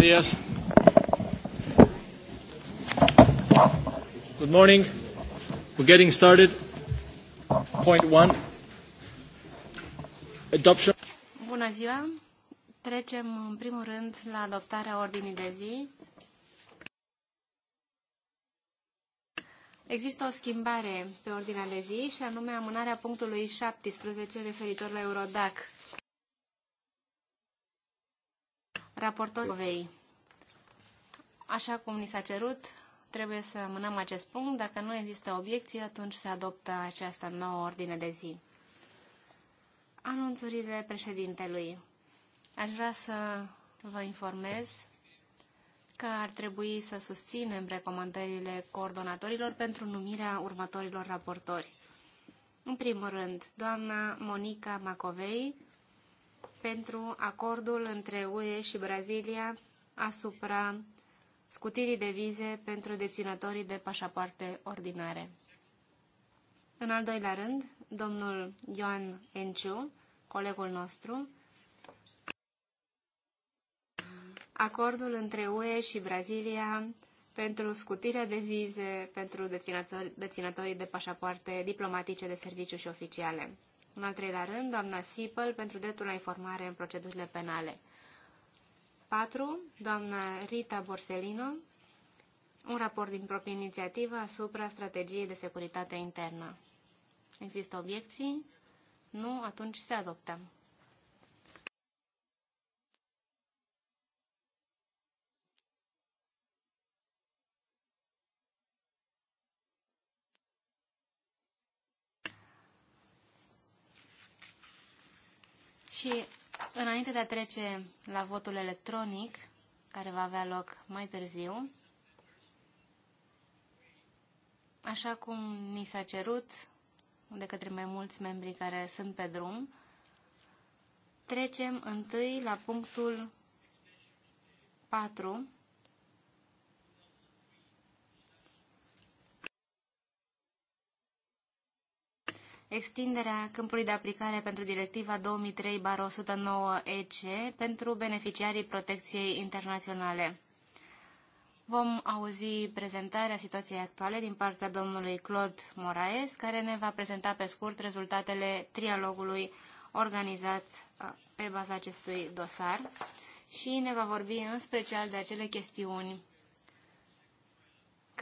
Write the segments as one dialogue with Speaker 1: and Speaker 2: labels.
Speaker 1: días. Good morning. We're getting started. Point one. Adoption.
Speaker 2: Bună ziua. Trecem în primul rând la adoptarea ordinii de zi. Există o schimbare pe ordinea de zi și anume amânarea punctului 17 referitor la Eurodac Raportorul vei. Așa cum ni s-a cerut, trebuie să amânăm acest punct. Dacă nu există obiecții, atunci se adoptă această nouă ordine de zi. Anunțurile președintelui. Aș vrea să vă informez că ar trebui să susținem recomandările coordonatorilor pentru numirea următorilor raportori. În primul rând, doamna Monica Macovei, pentru acordul între UE și Brazilia asupra scutirii de vize pentru deținătorii de pașapoarte ordinare. În al doilea rând, domnul Ioan Enciu, colegul nostru, acordul între UE și Brazilia pentru scutirea de vize pentru deținătorii de pașapoarte diplomatice de serviciu și oficiale. În al treilea rând, doamna Sipel pentru dreptul la informare în procedurile penale. 4. Doamna Rita Borsellino, un raport din proprie inițiativă asupra strategiei de securitate internă. Există obiecții? Nu? Atunci se adoptă. Și înainte de a trece la votul electronic, care va avea loc mai târziu, așa cum ni s-a cerut de către mai mulți membri care sunt pe drum, trecem întâi la punctul 4 extinderea câmpului de aplicare pentru directiva 2003-109-EC pentru beneficiarii protecției internaționale. Vom auzi prezentarea situației actuale din partea domnului Claude Moraes, care ne va prezenta pe scurt rezultatele trialogului organizat pe baza acestui dosar și ne va vorbi în special de acele chestiuni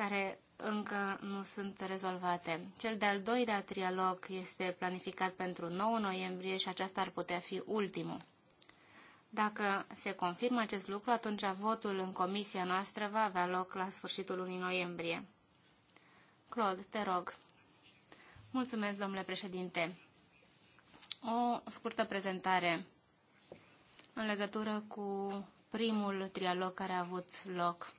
Speaker 2: care încă nu sunt rezolvate. Cel de-al doilea trialog este planificat pentru 9 noiembrie și aceasta ar putea fi ultimul. Dacă se confirmă acest lucru, atunci votul în comisia noastră va avea loc la sfârșitul lunii noiembrie. Claude, te rog. Mulțumesc, domnule președinte. O scurtă prezentare în legătură cu primul trialog care a avut loc.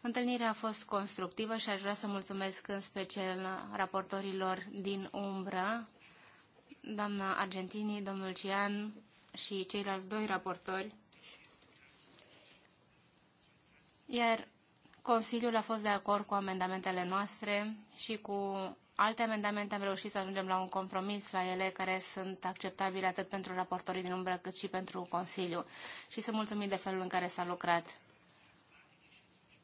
Speaker 2: Întâlnirea a fost constructivă și aș vrea să mulțumesc în special raportorilor din umbră, doamna Argentini, domnul Cian și ceilalți doi raportori. Iar Consiliul a fost de acord cu amendamentele noastre și cu alte amendamente am reușit să ajungem la un compromis la ele care sunt acceptabile atât pentru raportorii din umbră cât și pentru Consiliu. Și sunt mulțumit de felul în care s-a lucrat.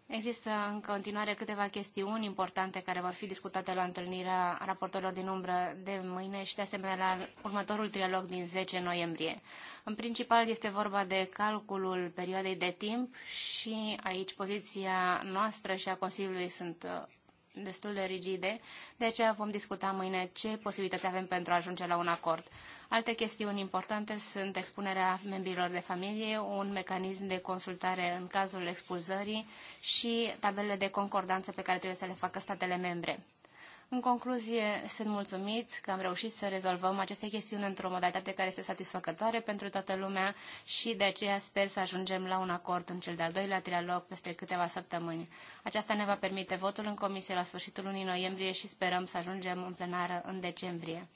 Speaker 2: Există în continuare câteva chestiuni importante care vor fi discutate la întâlnirea raportorilor din umbră de mâine și de asemenea la următorul trilog din 10 noiembrie. În principal este vorba de calculul perioadei de timp și aici poziția noastră și a Consiliului sunt uh, destul de rigide, de aceea vom discuta mâine ce posibilitate avem pentru a ajunge la un acord. Alte chestiuni importante sunt expunerea membrilor de familie, un mecanism de consultare în cazul expulzării și tabelele de concordanță pe care trebuie să le facă statele membre. În concluzie, sunt mulțumiți că am reușit să rezolvăm aceste chestiuni într-o modalitate care este satisfăcătoare pentru toată lumea și de aceea sper să ajungem la un acord în cel de-al doilea trialog peste câteva săptămâni. Aceasta ne va permite votul în comisie la sfârșitul lunii noiembrie și sperăm să ajungem în plenară în decembrie.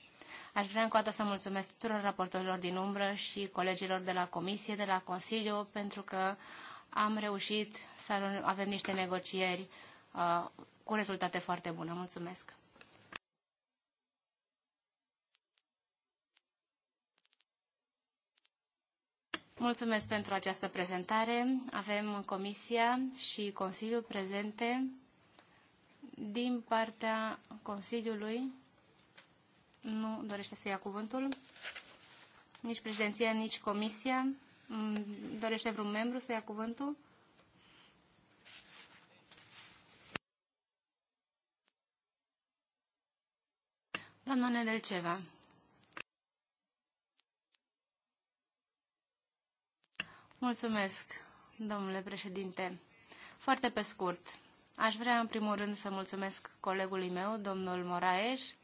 Speaker 2: Aș vrea încă o dată să mulțumesc tuturor raportorilor din umbră și colegilor de la Comisie, de la Consiliu, pentru că am reușit să avem niște negocieri uh, cu rezultate foarte bune. Mulțumesc! Mulțumesc pentru această prezentare. Avem Comisia și Consiliul prezente din partea Consiliului nu dorește să ia cuvântul. Nici președinția, nici comisia. Mm, dorește vreun membru să ia cuvântul? Doamna Nedelceva. Mulțumesc, domnule președinte. Foarte pe scurt, aș vrea în primul rând să mulțumesc colegului meu, domnul Moraes,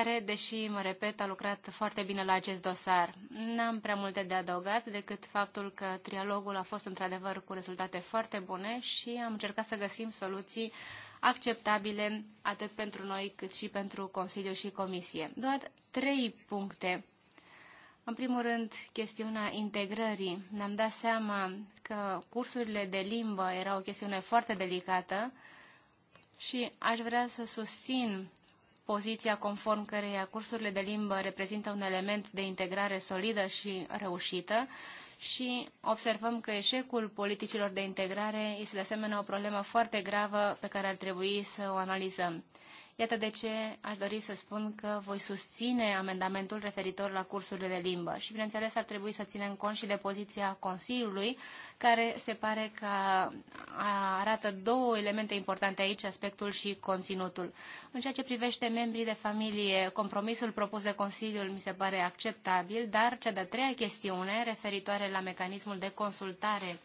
Speaker 2: care, deși, mă repet, a lucrat foarte bine la acest dosar. N-am prea multe de adăugat decât faptul că trialogul a fost într-adevăr cu rezultate foarte bune și am încercat să găsim soluții acceptabile atât pentru noi cât și pentru Consiliu și Comisie. Doar trei puncte. În primul rând, chestiunea integrării. Ne-am dat seama că cursurile de limbă era o chestiune foarte delicată și aș vrea să susțin poziția conform căreia cursurile de limbă reprezintă un element de integrare solidă și reușită și observăm că eșecul politicilor de integrare este de asemenea o problemă foarte gravă pe care ar trebui să o analizăm. Iată de ce aș dori să spun că voi susține amendamentul referitor la cursurile de limbă și, bineînțeles, ar trebui să ținem cont și de poziția Consiliului, care se pare că arată două elemente importante aici, aspectul și conținutul. În ceea ce privește membrii de familie, compromisul propus de Consiliul mi se pare acceptabil, dar cea de-a treia chestiune, referitoare la mecanismul de consultare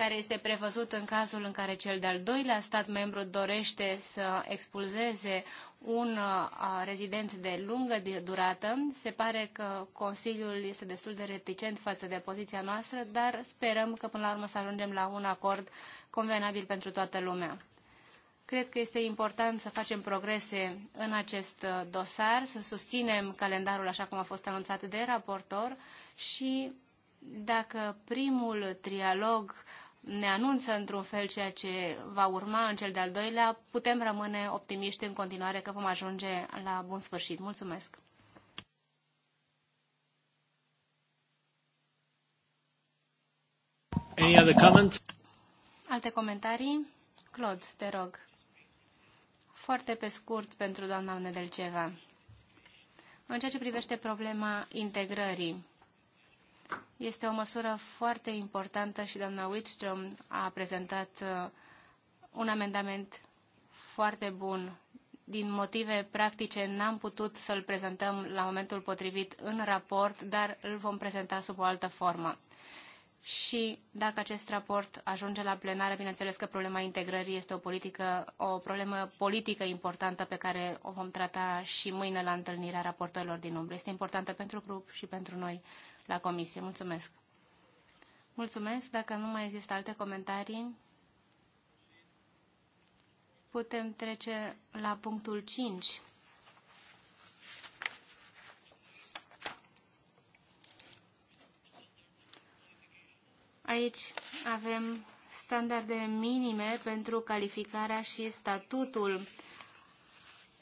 Speaker 2: care este prevăzut în cazul în care cel de-al doilea stat membru dorește să expulzeze un uh, rezident de lungă durată. Se pare că Consiliul este destul de reticent față de poziția noastră, dar sperăm că până la urmă să ajungem la un acord convenabil pentru toată lumea. Cred că este important să facem progrese în acest uh, dosar, să susținem calendarul așa cum a fost anunțat de raportor și dacă primul trialog ne anunță într-un fel ceea ce va urma în cel de-al doilea, putem rămâne optimiști în continuare că vom ajunge la bun sfârșit. Mulțumesc!
Speaker 1: Any other comment?
Speaker 2: Alte comentarii? Claude, te rog. Foarte pe scurt pentru doamna Nedelceva. În ceea ce privește problema integrării, este o măsură foarte importantă și doamna Wittström a prezentat uh, un amendament foarte bun. Din motive practice n-am putut să-l prezentăm la momentul potrivit în raport, dar îl vom prezenta sub o altă formă. Și dacă acest raport ajunge la plenară, bineînțeles că problema integrării este o, politică, o problemă politică importantă pe care o vom trata și mâine la întâlnirea raportorilor din umbră. Este importantă pentru grup și pentru noi la comisie. Mulțumesc! Mulțumesc! Dacă nu mai există alte comentarii, putem trece la punctul 5. Aici avem standarde minime pentru calificarea și statutul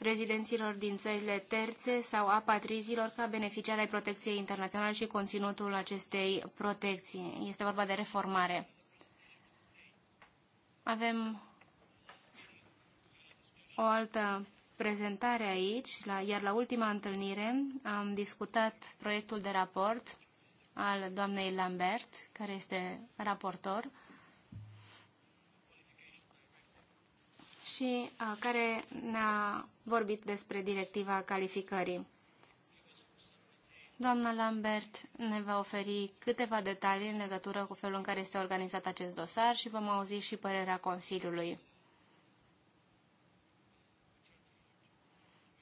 Speaker 2: rezidenților din țările terțe sau a patrizilor ca beneficiari ai protecției internaționale și conținutul acestei protecții. Este vorba de reformare. Avem o altă prezentare aici, la, iar la ultima întâlnire am discutat proiectul de raport al doamnei Lambert, care este raportor, și a, care ne-a vorbit despre directiva calificării. Doamna Lambert ne va oferi câteva detalii în legătură cu felul în care este organizat acest dosar și vom auzi și părerea Consiliului.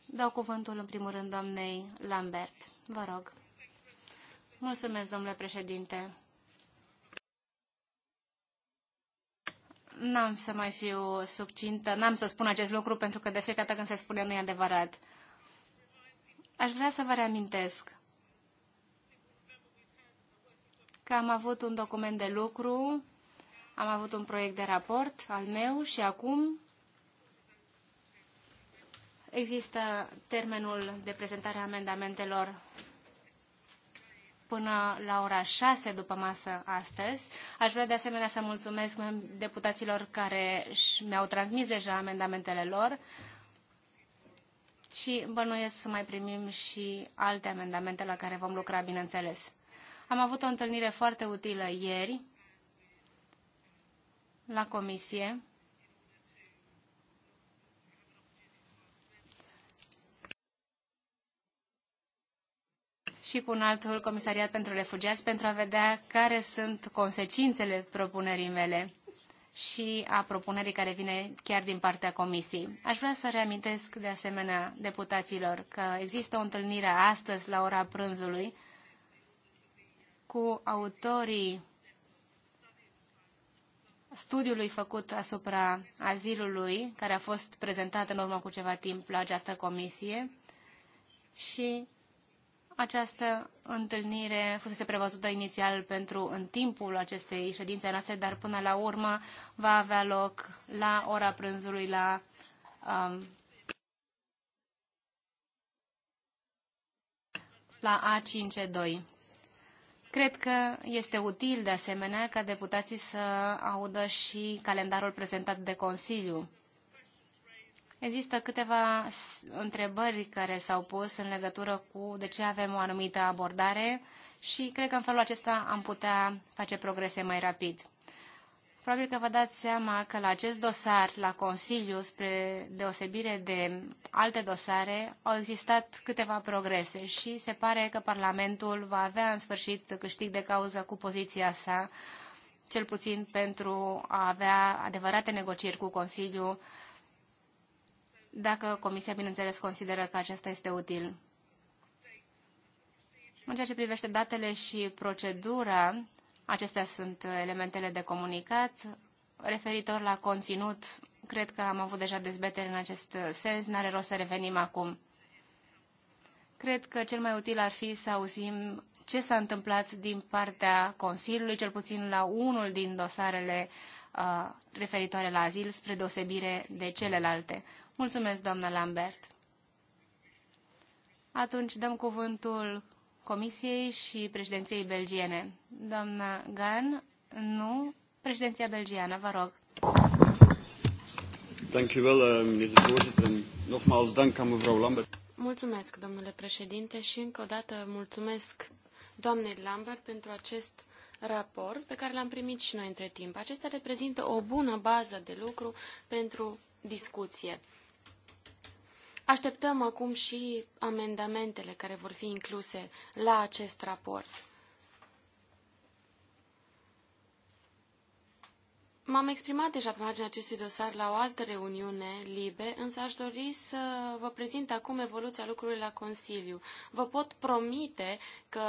Speaker 2: Dau cuvântul în primul rând doamnei Lambert. Vă rog. Mulțumesc, domnule președinte. n-am să mai fiu succintă, n-am să spun acest lucru pentru că de fiecare dată când se spune nu e adevărat. Aș vrea să vă reamintesc că am avut un document de lucru, am avut un proiect de raport al meu și acum există termenul de prezentare a amendamentelor până la ora 6 după masă astăzi. Aș vrea de asemenea să mulțumesc deputaților care mi-au transmis deja amendamentele lor și bănuiesc să mai primim și alte amendamente la care vom lucra, bineînțeles. Am avut o întâlnire foarte utilă ieri la comisie și cu un altul comisariat pentru refugiați pentru a vedea care sunt consecințele propunerii mele și a propunerii care vine chiar din partea Comisiei. Aș vrea să reamintesc de asemenea deputaților că există o întâlnire astăzi la ora prânzului cu autorii studiului făcut asupra azilului, care a fost prezentat în urmă cu ceva timp la această comisie și această întâlnire fusese prevăzută inițial pentru în timpul acestei ședințe noastre, dar până la urmă va avea loc la ora prânzului la um, la A52. Cred că este util, de asemenea, ca deputații să audă și calendarul prezentat de Consiliu. Există câteva întrebări care s-au pus în legătură cu de ce avem o anumită abordare și cred că în felul acesta am putea face progrese mai rapid. Probabil că vă dați seama că la acest dosar, la Consiliu, spre deosebire de alte dosare, au existat câteva progrese și se pare că Parlamentul va avea în sfârșit câștig de cauză cu poziția sa, cel puțin pentru a avea adevărate negocieri cu Consiliul dacă Comisia, bineînțeles, consideră că acesta este util. În ceea ce privește datele și procedura, acestea sunt elementele de comunicat. Referitor la conținut, cred că am avut deja dezbatere în acest sens, n-are rost să revenim acum. Cred că cel mai util ar fi să auzim ce s-a întâmplat din partea Consiliului, cel puțin la unul din dosarele uh, referitoare la azil, spre deosebire de celelalte. Mulțumesc, doamnă Lambert. Atunci dăm cuvântul Comisiei și președinției belgiene. Doamna Gan, nu, președinția belgiană, vă rog.
Speaker 3: Uh,
Speaker 4: mulțumesc, domnule președinte, și încă o dată mulțumesc doamnei Lambert pentru acest raport pe care l-am primit și noi între timp. Acesta reprezintă o bună bază de lucru pentru discuție. Așteptăm acum și amendamentele care vor fi incluse la acest raport. M-am exprimat deja pe marginea acestui dosar la o altă reuniune libe, însă aș dori să vă prezint acum evoluția lucrurilor la Consiliu. Vă pot promite că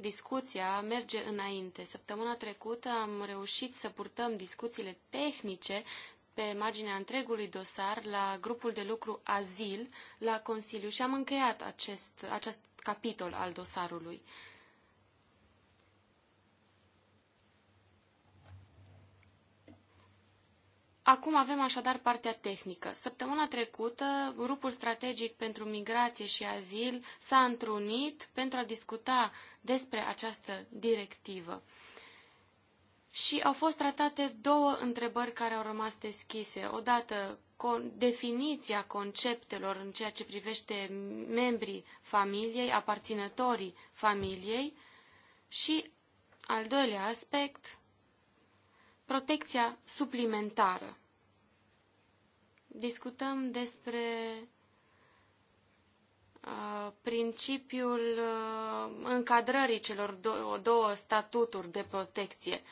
Speaker 4: discuția merge înainte. Săptămâna trecută am reușit să purtăm discuțiile tehnice pe marginea întregului dosar la grupul de lucru Azil la Consiliu și am încheiat acest, acest capitol al dosarului. Acum avem așadar partea tehnică. Săptămâna trecută, grupul strategic pentru migrație și azil s-a întrunit pentru a discuta despre această directivă și au fost tratate două întrebări care au rămas deschise. Odată, con definiția conceptelor în ceea ce privește membrii familiei, aparținătorii familiei și, al doilea aspect, protecția suplimentară. Discutăm despre uh, principiul uh, încadrării celor două statuturi de protecție.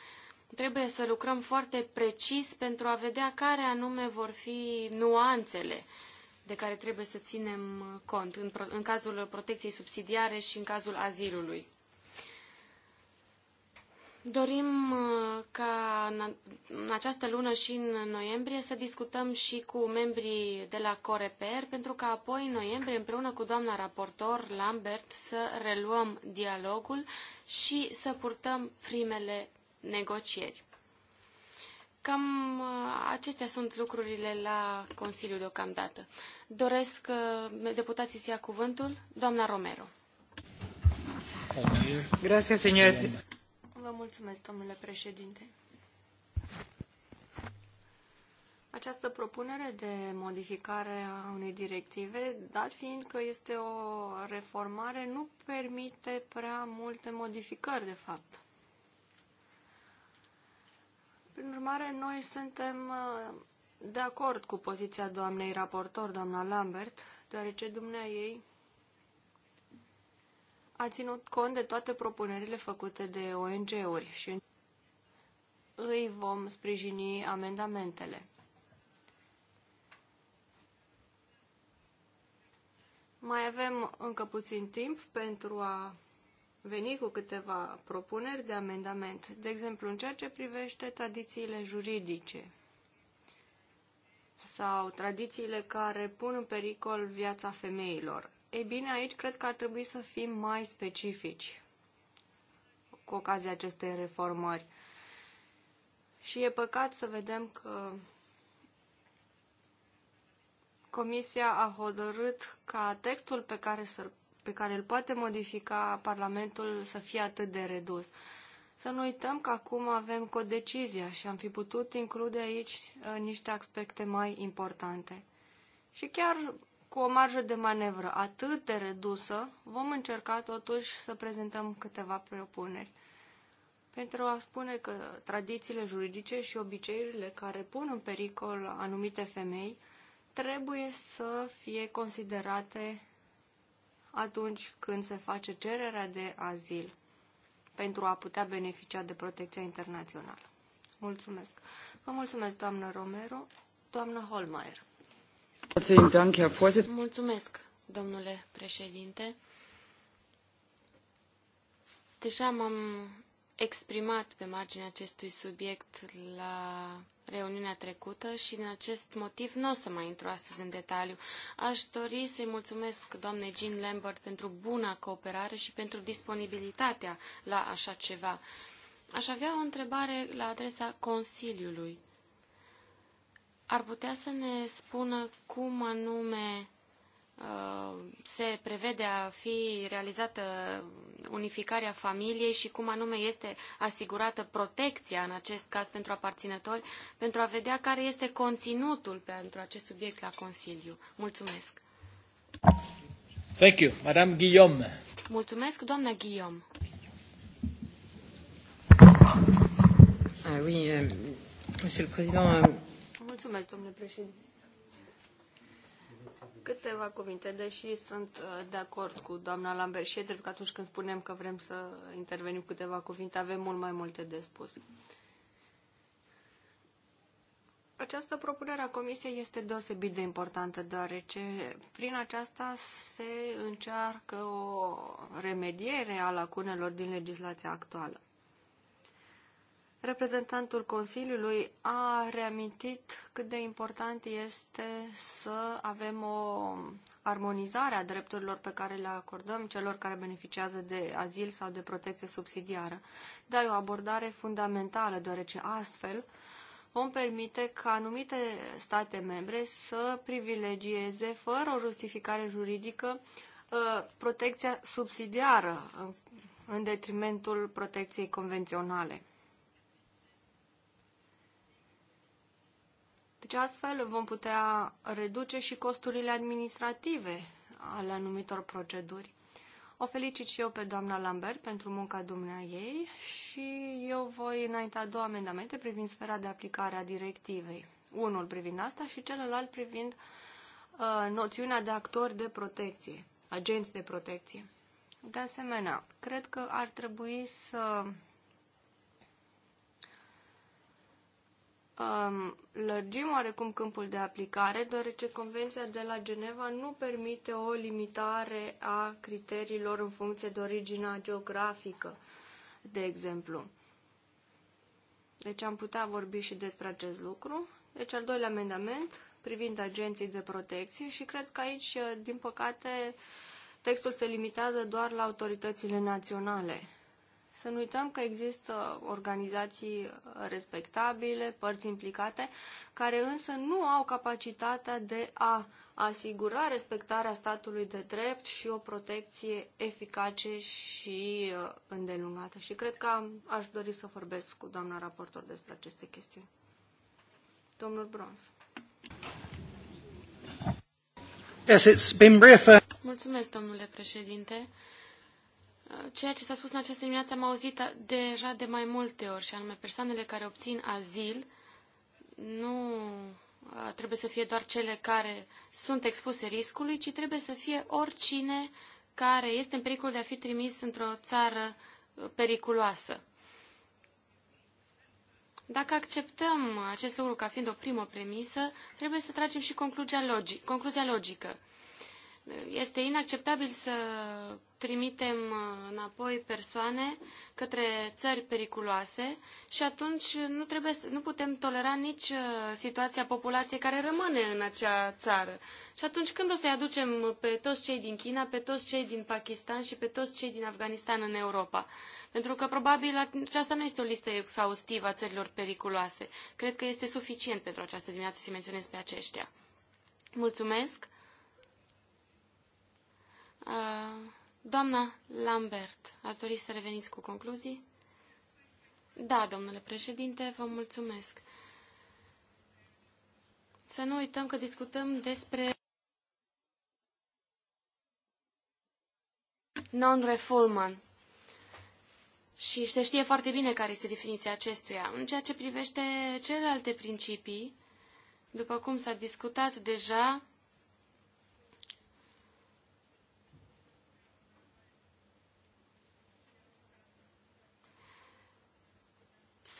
Speaker 4: Trebuie să lucrăm foarte precis pentru a vedea care anume vor fi nuanțele de care trebuie să ținem cont în, în cazul protecției subsidiare și în cazul azilului. Dorim uh, ca în această lună și în noiembrie să discutăm și cu membrii de la Coreper, pentru că apoi în noiembrie, împreună cu doamna raportor Lambert, să reluăm dialogul și să purtăm primele negocieri. Cam uh, acestea sunt lucrurile la Consiliu deocamdată. Doresc uh, deputații să ia cuvântul. Doamna Romero. Vă mulțumesc, domnule
Speaker 5: președinte. Această propunere de modificare a unei directive, dat fiind că este o reformare, nu permite prea multe modificări, de fapt. Prin urmare, noi suntem uh, de acord cu poziția doamnei raportor, doamna Lambert, deoarece dumnea ei a ținut cont de toate propunerile făcute de ONG-uri și îi vom sprijini amendamentele. Mai avem încă puțin timp pentru a veni cu câteva propuneri de amendament, de exemplu în ceea ce privește tradițiile juridice sau tradițiile care pun în pericol viața femeilor. Ei bine, aici cred că ar trebui să fim mai specifici cu ocazia acestei reformări. Și e păcat să vedem că Comisia a hotărât ca textul pe care să-l pe care îl poate modifica Parlamentul să fie atât de redus. Să nu uităm că acum avem codecizia și am fi putut include aici uh, niște aspecte mai importante. Și chiar cu o marjă de manevră atât de redusă, vom încerca totuși să prezentăm câteva propuneri. Pentru a spune că tradițiile juridice și obiceiurile care pun în pericol anumite femei trebuie să fie considerate atunci când se face cererea de azil pentru a putea beneficia de protecția internațională. Mulțumesc. Vă mulțumesc, doamnă Romero, doamnă Holmeier.
Speaker 4: Mulțumesc, domnule președinte. Deja m-am exprimat pe marginea acestui subiect la reuniunea trecută și din acest motiv nu o să mai intru astăzi în detaliu. Aș dori să-i mulțumesc doamnei Jean Lambert pentru buna cooperare și pentru disponibilitatea la așa ceva. Aș avea o întrebare la adresa Consiliului. Ar putea să ne spună cum anume se prevede a fi realizată unificarea familiei și cum anume este asigurată protecția în acest caz pentru aparținători, pentru a vedea care este conținutul pentru acest subiect la Consiliu. Mulțumesc!
Speaker 1: Thank you, Madame Guillaume.
Speaker 4: Mulțumesc, doamna Guillaume. Ah, oui, euh, Monsieur le Président. Euh... Mulțumesc, domnule președinte.
Speaker 5: Câteva cuvinte, deși sunt uh, de acord cu doamna Lambert și e drept că atunci când spunem că vrem să intervenim câteva cuvinte, avem mult mai multe de spus. Această propunere a Comisiei este deosebit de importantă, deoarece prin aceasta se încearcă o remediere a lacunelor din legislația actuală. Reprezentantul Consiliului a reamintit cât de important este să avem o armonizare a drepturilor pe care le acordăm celor care beneficiază de azil sau de protecție subsidiară. Dar e o abordare fundamentală, deoarece astfel vom permite ca anumite state membre să privilegieze, fără o justificare juridică, ă, protecția subsidiară în detrimentul protecției convenționale. Deci astfel vom putea reduce și costurile administrative ale anumitor proceduri. O felicit și eu pe doamna Lambert pentru munca dumnea ei și eu voi înainta două amendamente privind sfera de aplicare a directivei. Unul privind asta și celălalt privind uh, noțiunea de actori de protecție, agenți de protecție. De asemenea, cred că ar trebui să um, lărgim oarecum câmpul de aplicare, deoarece Convenția de la Geneva nu permite o limitare a criteriilor în funcție de originea geografică, de exemplu. Deci am putea vorbi și despre acest lucru. Deci al doilea amendament privind agenții de protecție și cred că aici, din păcate, textul se limitează doar la autoritățile naționale. Să nu uităm că există organizații respectabile, părți implicate, care însă nu au capacitatea de a asigura respectarea statului de drept și o protecție eficace și uh, îndelungată. Și cred că aș dori să vorbesc cu
Speaker 4: doamna raportor despre aceste chestiuni. Domnul Bronz.
Speaker 3: Yes, it's been brief. Uh,
Speaker 4: Mulțumesc, domnule președinte. Ceea ce s-a spus în această dimineață am auzit deja de mai multe ori, și anume persoanele care obțin azil nu uh, trebuie să fie doar cele care sunt expuse riscului, ci trebuie să fie oricine care este în pericol de a fi trimis într-o țară uh, periculoasă. Dacă acceptăm acest lucru ca fiind o primă premisă, trebuie să tragem și concluzia, logi- concluzia logică. Este inacceptabil să trimitem uh, înapoi persoane către țări periculoase și atunci nu, trebuie să, nu putem tolera nici uh, situația populației care rămâne în acea țară. Și atunci când o să-i aducem pe toți cei din China, pe toți cei din Pakistan și pe toți cei din Afganistan în Europa? Pentru că probabil aceasta nu este o listă exhaustivă a țărilor periculoase. Cred că este suficient pentru această dimineață să menționez pe aceștia. Mulțumesc! Uh, doamna Lambert, ați dori să reveniți cu concluzii? Da, domnule președinte, vă mulțumesc. Să nu uităm că discutăm despre non-refoulement. Și se știe foarte bine care este definiția acestuia. În ceea ce privește celelalte principii, după cum s-a discutat deja,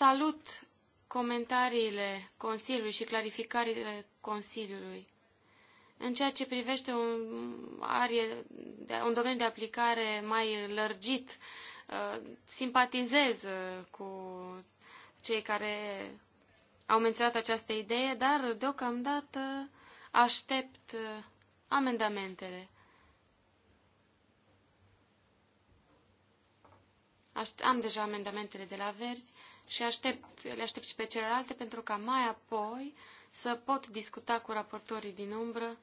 Speaker 4: Salut comentariile Consiliului și clarificările Consiliului în ceea ce privește un, arie, un domeniu de aplicare mai lărgit. Uh, simpatizez uh, cu cei care au menționat această idee, dar deocamdată aștept uh, amendamentele. Am deja amendamentele de la Verzi și aștept, le aștept și pe celelalte pentru ca mai apoi să pot discuta cu raportorii din umbră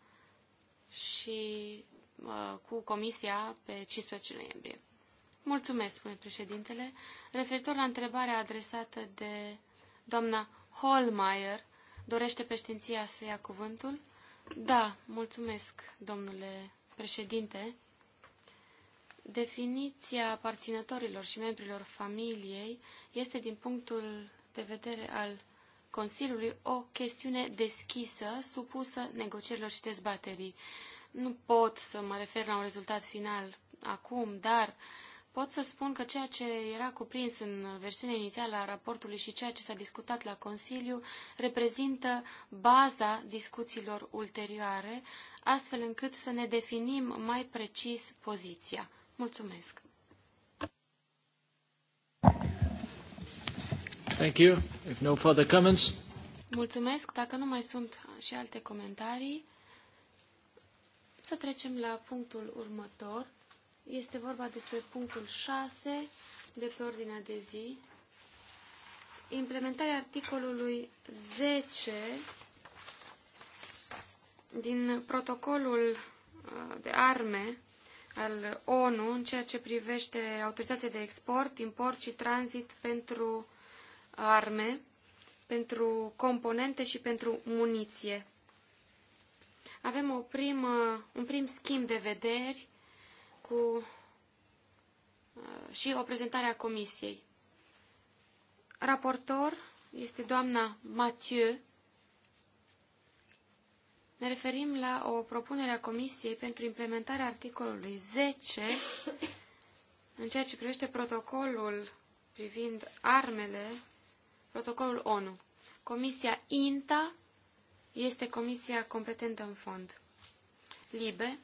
Speaker 4: și uh, cu comisia pe 15 noiembrie. Mulțumesc, spune președintele. Referitor la întrebarea adresată de doamna Holmeier, dorește președinția să ia cuvântul? Da, mulțumesc, domnule președinte. Definiția aparținătorilor și membrilor familiei este, din punctul de vedere al Consiliului, o chestiune deschisă, supusă negocierilor și dezbaterii. Nu pot să mă refer la un rezultat final acum, dar pot să spun că ceea ce era cuprins în versiunea inițială a raportului și ceea ce s-a discutat la Consiliu reprezintă baza discuțiilor ulterioare, astfel încât să ne definim mai precis poziția. Mulțumesc!
Speaker 1: Thank you. If no further comments.
Speaker 4: Mulțumesc. Dacă nu mai sunt și alte comentarii, să trecem la punctul următor. Este vorba despre punctul 6 de pe ordinea de zi. Implementarea articolului 10 din protocolul uh, de arme al ONU în ceea ce privește autorizația de export, import și tranzit pentru arme, pentru componente și pentru muniție. Avem o primă, un prim schimb de vederi cu, uh, și o prezentare a comisiei. Raportor este doamna Mathieu, ne referim la o propunere a Comisiei pentru implementarea articolului 10 în ceea ce privește protocolul privind armele, protocolul ONU. Comisia INTA este comisia competentă în fond. LIBE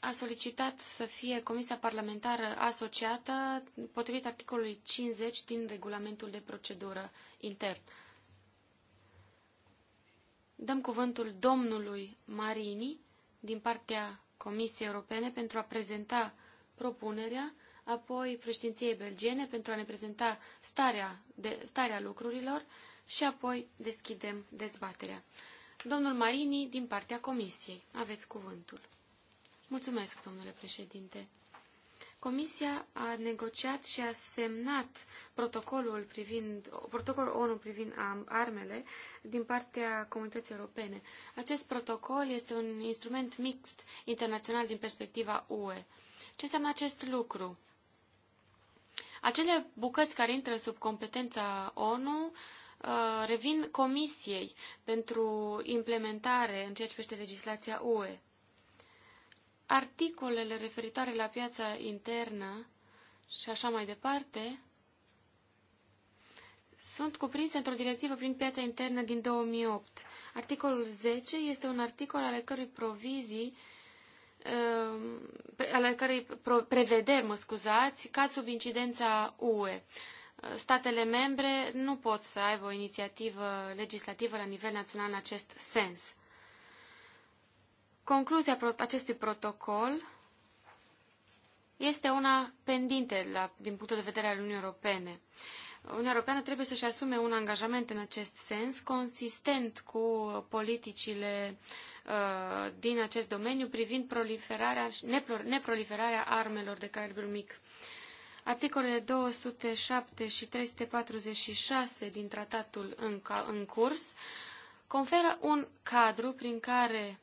Speaker 4: a solicitat să fie comisia parlamentară asociată potrivit articolului 50 din regulamentul de procedură intern. Dăm cuvântul domnului Marini din partea Comisiei Europene pentru a prezenta propunerea, apoi președinției belgiene pentru a ne prezenta starea, de, starea lucrurilor și apoi deschidem dezbaterea. Domnul Marini, din partea Comisiei, aveți cuvântul. Mulțumesc, domnule președinte. Comisia a negociat și a semnat protocolul, privind, protocolul ONU privind armele din partea comunității europene. Acest protocol este un instrument mixt internațional din perspectiva UE. Ce înseamnă acest lucru? Acele bucăți care intră sub competența ONU uh, revin Comisiei pentru implementare în ceea ce privește legislația UE articolele referitoare la piața internă și așa mai departe sunt cuprinse într-o directivă prin piața internă din 2008. Articolul 10 este un articol ale cărui provizii um, ale cărei prevederi, mă scuzați, cad sub incidența UE. Statele membre nu pot să aibă o inițiativă legislativă la nivel național în acest sens. Concluzia acestui protocol este una pendinte la, din punctul de vedere al Uniunii Europene. Uniunea Europeană trebuie să-și asume un angajament în acest sens, consistent cu politicile uh, din acest domeniu privind proliferarea, nepro, neproliferarea armelor de calibru mic. Articolele 207 și 346 din tratatul în, în curs conferă un cadru prin care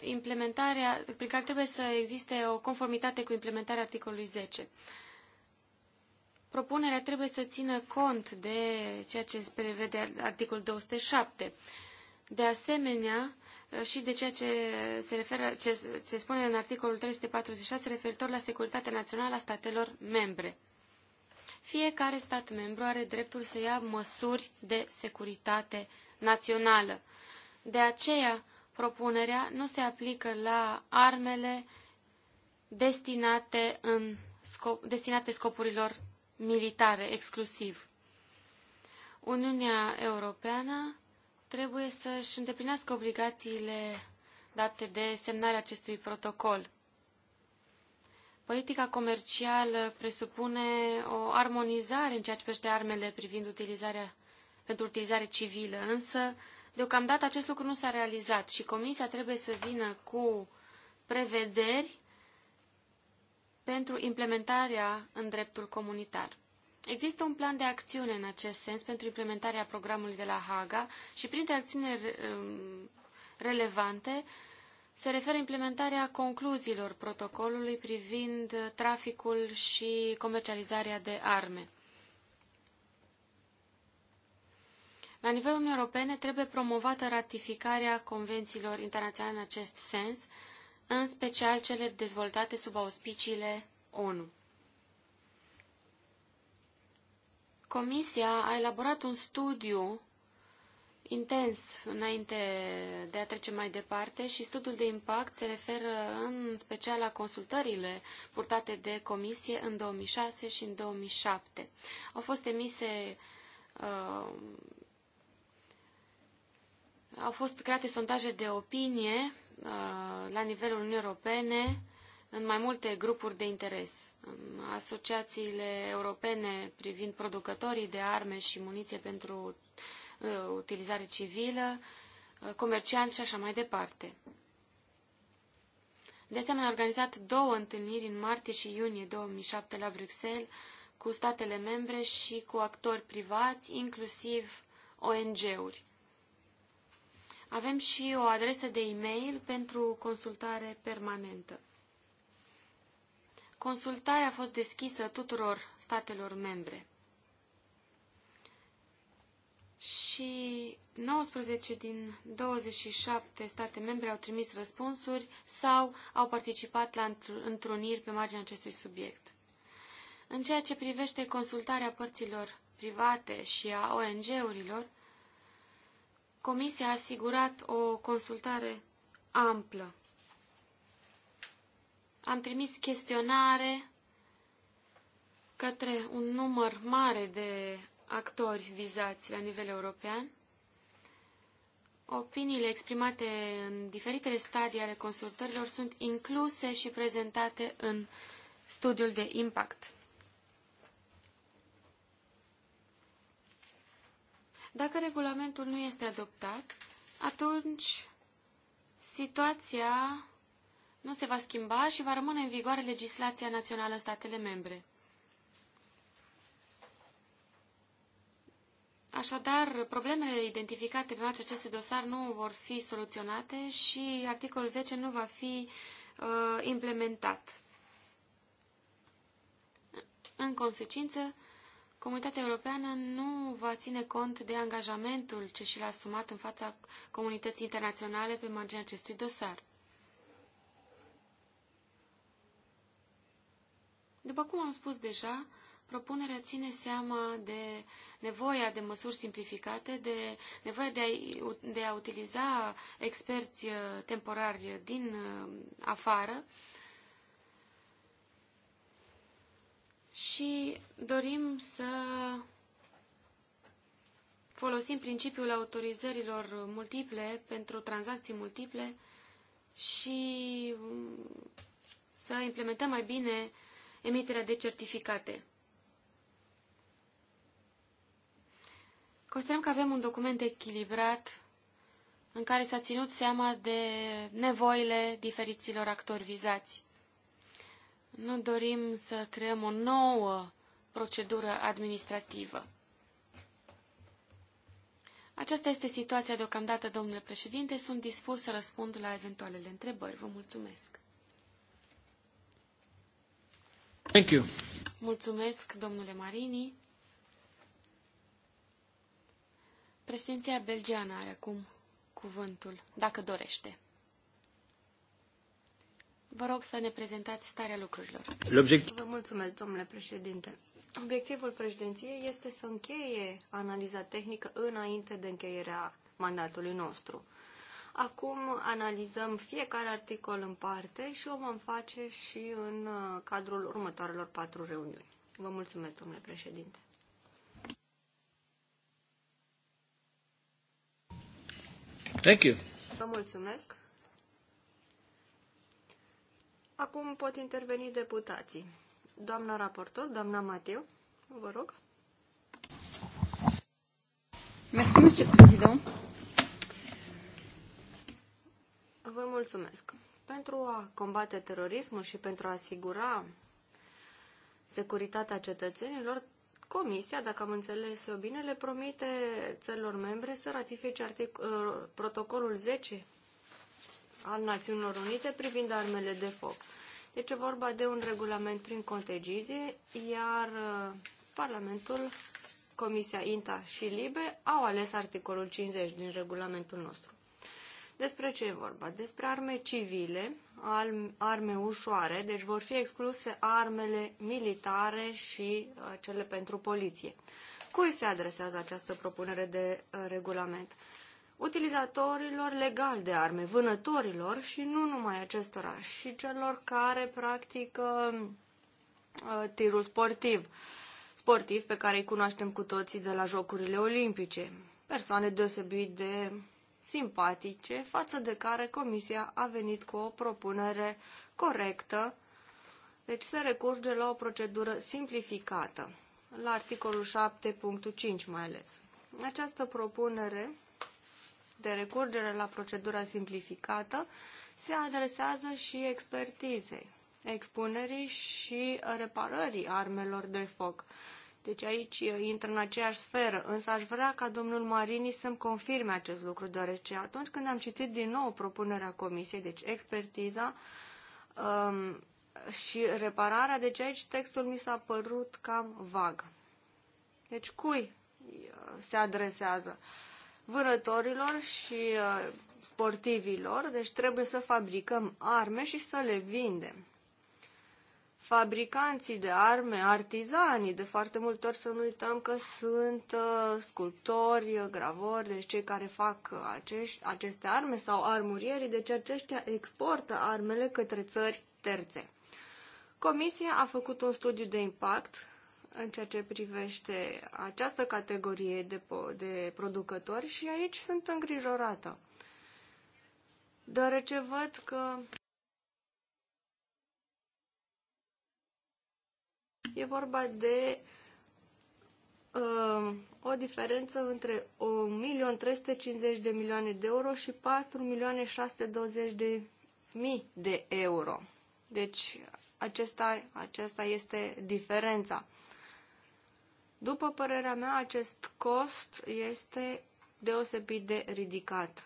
Speaker 4: implementarea, prin care trebuie să existe o conformitate cu implementarea articolului 10. Propunerea trebuie să țină cont de ceea ce prevede articolul 207. De asemenea, și de ceea ce se, referă, ce se spune în articolul 346 referitor la securitatea națională a statelor membre. Fiecare stat membru are dreptul să ia măsuri de securitate națională. De aceea, propunerea nu se aplică la armele destinate, în scop, destinate scopurilor militare exclusiv. Uniunea Europeană trebuie să-și îndeplinească obligațiile date de semnarea acestui protocol. Politica comercială presupune o armonizare în ceea ce privește armele privind utilizarea, pentru utilizare civilă, însă Deocamdată acest lucru nu s-a realizat și Comisia trebuie să vină cu prevederi pentru implementarea în dreptul comunitar. Există un plan de acțiune în acest sens pentru implementarea programului de la Haga și printre acțiunile um, relevante se referă implementarea concluziilor protocolului privind traficul și comercializarea de arme. La nivelul Uniunii Europene trebuie promovată ratificarea convențiilor internaționale în acest sens, în special cele dezvoltate sub auspiciile ONU. Comisia a elaborat un studiu intens înainte de a trece mai departe și studiul de impact se referă în special la consultările purtate de comisie în 2006 și în 2007. Au fost emise uh, au fost create sondaje de opinie uh, la nivelul Uniunii Europene în mai multe grupuri de interes. Asociațiile europene privind producătorii de arme și muniție pentru uh, utilizare civilă, uh, comercianți și așa mai departe. De asemenea, a organizat două întâlniri în martie și iunie 2007 la Bruxelles cu statele membre și cu actori privați, inclusiv ONG-uri. Avem și o adresă de e-mail pentru consultare permanentă. Consultarea a fost deschisă tuturor statelor membre. Și 19 din 27 state membre au trimis răspunsuri sau au participat la întruniri pe marginea acestui subiect. În ceea ce privește consultarea părților private și a ONG-urilor, Comisia a asigurat o consultare amplă. Am trimis chestionare către un număr mare de actori vizați la nivel european. Opiniile exprimate în diferitele stadii ale consultărilor sunt incluse și prezentate în studiul de impact. Dacă regulamentul nu este adoptat, atunci situația nu se va schimba și va rămâne în vigoare legislația națională în statele membre. Așadar, problemele identificate pe acest aceste dosar nu vor fi soluționate și articolul 10 nu va fi uh, implementat. În consecință, comunitatea europeană nu va ține cont de angajamentul ce și l-a asumat în fața comunității internaționale pe marginea acestui dosar. După cum am spus deja, propunerea ține seama de nevoia de măsuri simplificate, de nevoia de a, de a utiliza experți uh, temporari din uh, afară, și dorim să folosim principiul autorizărilor multiple pentru tranzacții multiple și um, să implementăm mai bine emiterea de certificate. Considerăm că avem un document echilibrat în care s-a ținut seama de nevoile diferiților actori vizați. Nu dorim să creăm o nouă procedură administrativă. Aceasta este situația deocamdată, domnule președinte. Sunt dispus să răspund la eventualele întrebări. Vă mulțumesc. Thank you. Mulțumesc, domnule Marini. Președinția belgeană are acum cuvântul, dacă dorește. Vă rog să ne prezentați starea lucrurilor.
Speaker 5: Vă mulțumesc, domnule președinte. Obiectivul președinției este să încheie analiza tehnică înainte de încheierea mandatului nostru. Acum analizăm fiecare articol în parte și o vom face și în uh, cadrul următoarelor patru reuniuni. Vă mulțumesc, domnule președinte. Thank you. Vă mulțumesc. Acum pot interveni deputații. Doamna raportor, doamna Mateu, vă rog. Mersi, monsieur président. Vă mulțumesc. Pentru a combate terorismul și pentru a asigura securitatea cetățenilor, Comisia, dacă am înțeles eu bine, le promite țărilor membre să ratifice artic- uh, protocolul 10 al Națiunilor Unite privind armele de foc. Deci e vorba de un regulament prin contegizie, iar uh, Parlamentul, Comisia INTA și LIBE au ales articolul 50 din regulamentul nostru. Despre ce e vorba? Despre arme civile, arme ușoare, deci vor fi excluse armele militare și uh, cele pentru poliție. Cui se adresează această propunere de uh, regulament? utilizatorilor legali de arme, vânătorilor și nu numai acestora, și celor care practică uh, tirul sportiv, sportiv pe care îi cunoaștem cu toții de la Jocurile Olimpice. Persoane deosebit de simpatice, față de care Comisia a venit cu o propunere corectă, deci se recurge la o procedură simplificată, la articolul 7.5 mai ales. Această propunere de recurgere la procedura simplificată se adresează și expertizei, expunerii și reparării armelor de foc. Deci aici uh, intră în aceeași sferă, însă aș vrea ca domnul Marini să-mi confirme acest lucru, deoarece atunci când am citit din nou propunerea comisiei, deci expertiza um, și repararea, deci aici textul mi s-a părut cam vag. Deci cui uh, se adresează? vânătorilor și uh, sportivilor, deci trebuie să fabricăm arme și să le vindem. Fabricanții de arme, artizanii, de foarte multe ori să nu uităm că sunt uh, sculptori, uh, gravori, deci cei care fac uh, acești, aceste arme sau armurierii, deci aceștia exportă armele către țări terțe. Comisia a făcut un studiu de impact în ceea ce privește această categorie de, de producători și aici sunt îngrijorată, deoarece văd că e vorba de uh, o diferență între 1.350 de milioane de euro și 4.620.000 de mii de euro. Deci acesta, acesta este diferența. După părerea mea, acest cost este deosebit de ridicat.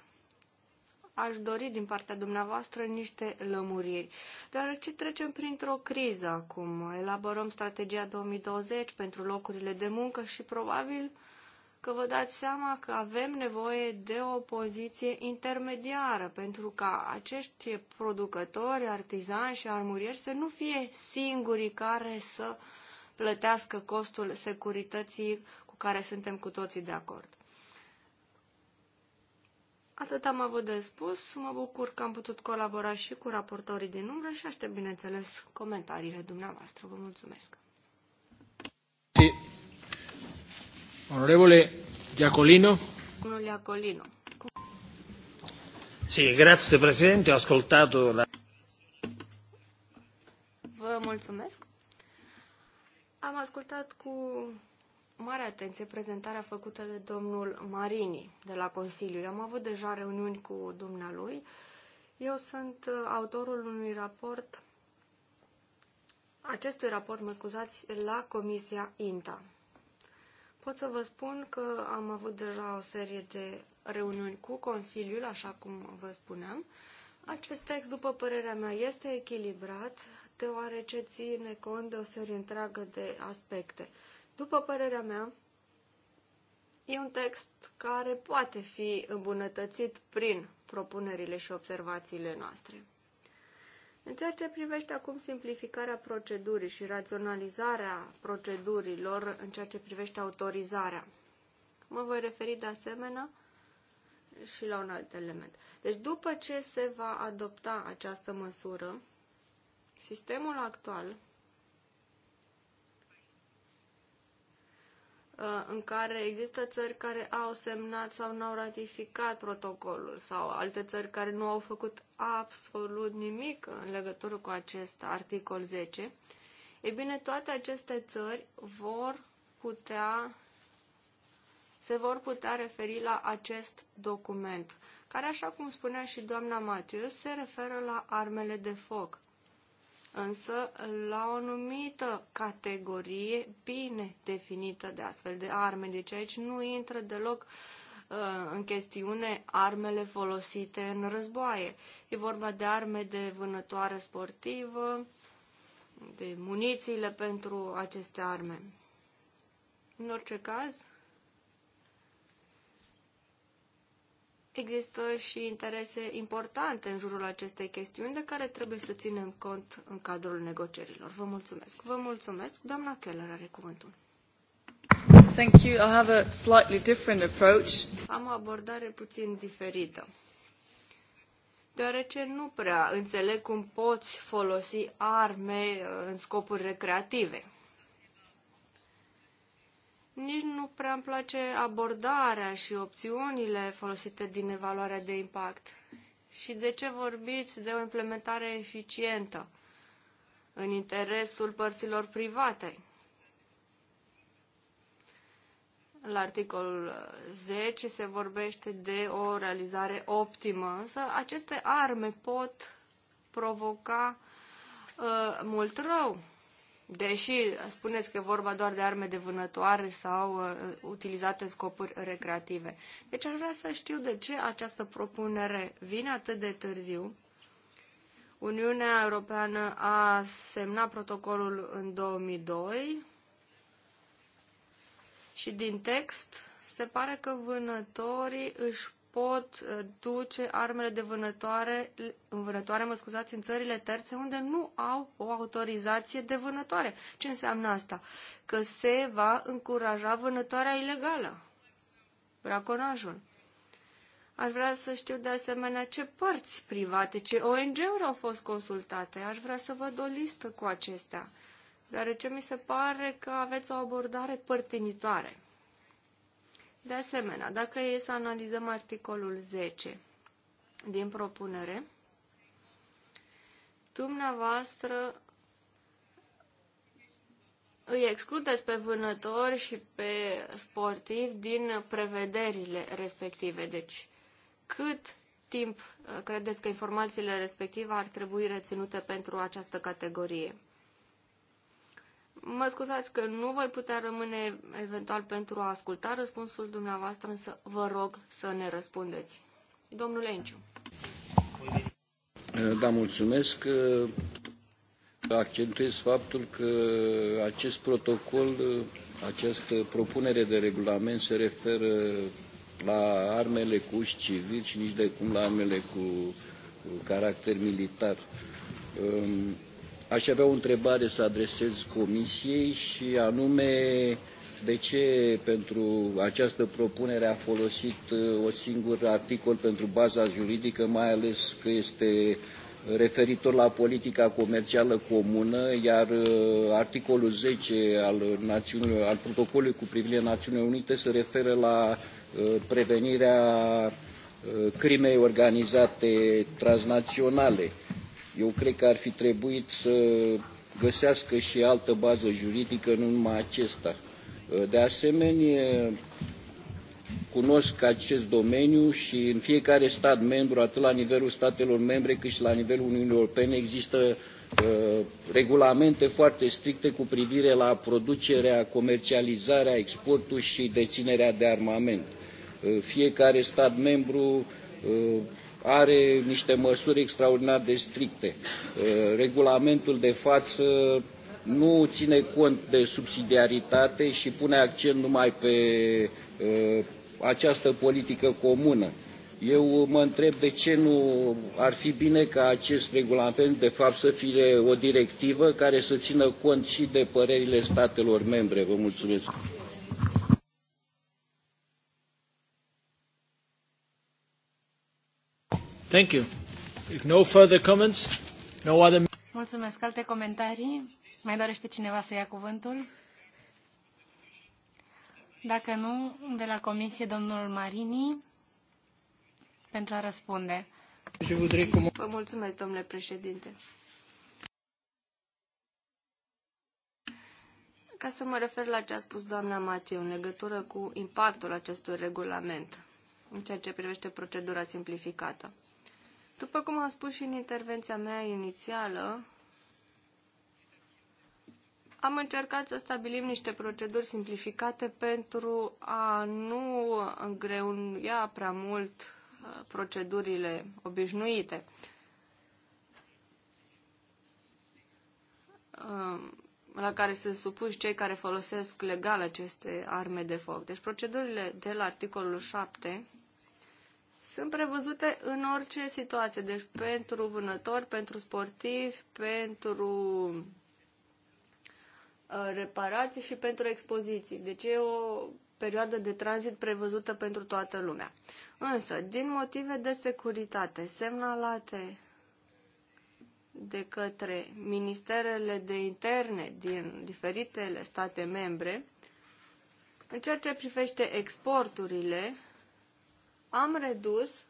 Speaker 5: Aș dori din partea dumneavoastră niște lămuriri, deoarece trecem printr-o criză acum. Elaborăm strategia 2020 pentru locurile de muncă și probabil că vă dați seama că avem nevoie de o poziție intermediară pentru ca acești producători, artizani și armurieri să nu fie singurii care să uh, plătească costul securității cu care suntem cu toții de acord. Atât am avut de spus, mă bucur că am putut colabora și cu raportorii din umbră și aștept, bineînțeles, comentariile dumneavoastră. Vă mulțumesc.
Speaker 1: Onorevole Iacolino.
Speaker 5: Domnul Iacolino.
Speaker 1: Sì, grazie Presidente, ho ascoltato la...
Speaker 5: Vă mulțumesc. Am ascultat cu mare atenție prezentarea făcută de domnul Marini de la Consiliu. Eu am avut deja reuniuni cu dumnealui. Eu sunt uh, autorul unui raport, acestui raport, mă scuzați, la Comisia INTA. Pot să vă spun că am avut deja o serie de reuniuni cu Consiliul, așa cum vă spuneam. Acest text, după părerea mea, este echilibrat, deoarece ține cont de o serie întreagă de aspecte. După părerea mea, e un text care poate fi îmbunătățit prin propunerile și observațiile noastre. În ceea ce privește acum simplificarea procedurii și raționalizarea procedurilor în ceea ce privește autorizarea, mă voi referi de asemenea și la un alt element. Deci după ce se va adopta această măsură, Sistemul actual uh, în care există țări care au semnat sau nu au ratificat protocolul sau alte țări care nu au făcut absolut nimic în legătură cu acest articol 10, e bine, toate aceste țări vor putea se vor putea referi la acest document, care, așa cum spunea și doamna Matius, se referă la armele de foc însă la o anumită categorie bine definită de astfel de arme. Deci aici nu intră deloc uh, în chestiune armele folosite în războaie. E vorba de arme de vânătoare sportivă, de munițiile pentru aceste arme. În orice caz, Există și interese importante în jurul acestei chestiuni de care trebuie să ținem cont în cadrul negocierilor. Vă mulțumesc. Vă mulțumesc. Doamna Keller are cuvântul. Thank you. I have a
Speaker 1: slightly different approach.
Speaker 5: Am o abordare puțin diferită. Deoarece nu prea înțeleg cum poți folosi arme uh, în scopuri recreative. Nici nu prea îmi place abordarea și opțiunile folosite din evaluarea de impact. Și de ce vorbiți de o implementare eficientă în interesul părților private? La articolul 10 se vorbește de o realizare optimă, însă aceste arme pot provoca uh, mult rău Deși spuneți că e vorba doar de arme de vânătoare sau uh, utilizate în scopuri recreative. Deci aș vrea să știu de ce această propunere vine atât de târziu. Uniunea Europeană a semnat protocolul în 2002 și din text se pare că vânătorii își pot uh, duce armele de vânătoare, vânătoare mă scuzați, în țările terțe unde nu au o autorizație de vânătoare. Ce înseamnă asta? Că se va încuraja vânătoarea ilegală, braconajul. Aș vrea să știu de asemenea ce părți private, ce ONG-uri au fost consultate. Aș vrea să văd o listă cu acestea, deoarece mi se pare că aveți o abordare părtinitoare. De asemenea, dacă e să analizăm articolul 10 din propunere, dumneavoastră îi excludeți pe vânători și pe sportivi din prevederile respective. Deci, cât timp uh, credeți că informațiile respective ar trebui reținute pentru această categorie? Mă scuzați că nu voi putea rămâne eventual pentru a asculta răspunsul dumneavoastră, însă vă rog să ne răspundeți. Domnule Enciu.
Speaker 3: Eh, da, mulțumesc. Eh, accentuez faptul că acest protocol, eh, această propunere de regulament se referă la armele cu uși civili și nici de cum la armele cu caracter militar. Ehm, Aș avea o întrebare să adresez Comisiei și anume de ce pentru această propunere a folosit uh, o singur articol pentru baza juridică, mai ales că este referitor la politica comercială comună, iar uh, articolul 10 al, al protocolului cu privire la Națiunile Unite se referă la uh, prevenirea crimei organizate transnaționale eu cred că ar fi trebuit să găsească și altă bază juridică, nu numai acesta. De asemenea, cunosc acest domeniu și în fiecare stat membru, atât la nivelul statelor membre cât și la nivelul Uniunii Europene, există uh, regulamente foarte stricte cu privire la producerea, comercializarea, exportul și deținerea de armament. Uh, fiecare stat membru uh, are niște măsuri extraordinar de stricte. Uh, regulamentul de față nu ține cont de subsidiaritate și pune accent numai pe uh, această politică comună. Eu mă întreb de ce nu ar fi bine ca acest regulament, de fapt, să fie o directivă care să țină cont și de părerile statelor membre. Vă mulțumesc. Thank you.
Speaker 1: If no further comments, no other...
Speaker 2: Mulțumesc. Alte comentarii? Mai dorește cineva să ia cuvântul? Dacă nu, de la comisie, domnul Marini, pentru a răspunde. Vă
Speaker 5: mulțumesc, domnule președinte. Ca să mă refer la ce a spus doamna Matiu în legătură cu impactul acestui regulament în ceea ce privește procedura simplificată. După cum am spus și în intervenția mea inițială, am încercat să stabilim niște proceduri simplificate pentru a nu îngreuna prea mult uh, procedurile obișnuite. Um, la care sunt supuși cei care folosesc legal aceste arme de foc. Deci procedurile de la articolul 7 sunt prevăzute în orice situație, deci pentru vânători, pentru sportivi, pentru uh, reparații și pentru expoziții. Deci e o perioadă de tranzit prevăzută pentru toată lumea. Însă, din motive de securitate semnalate de către ministerele de interne din diferitele state membre, în ceea ce privește exporturile, am redus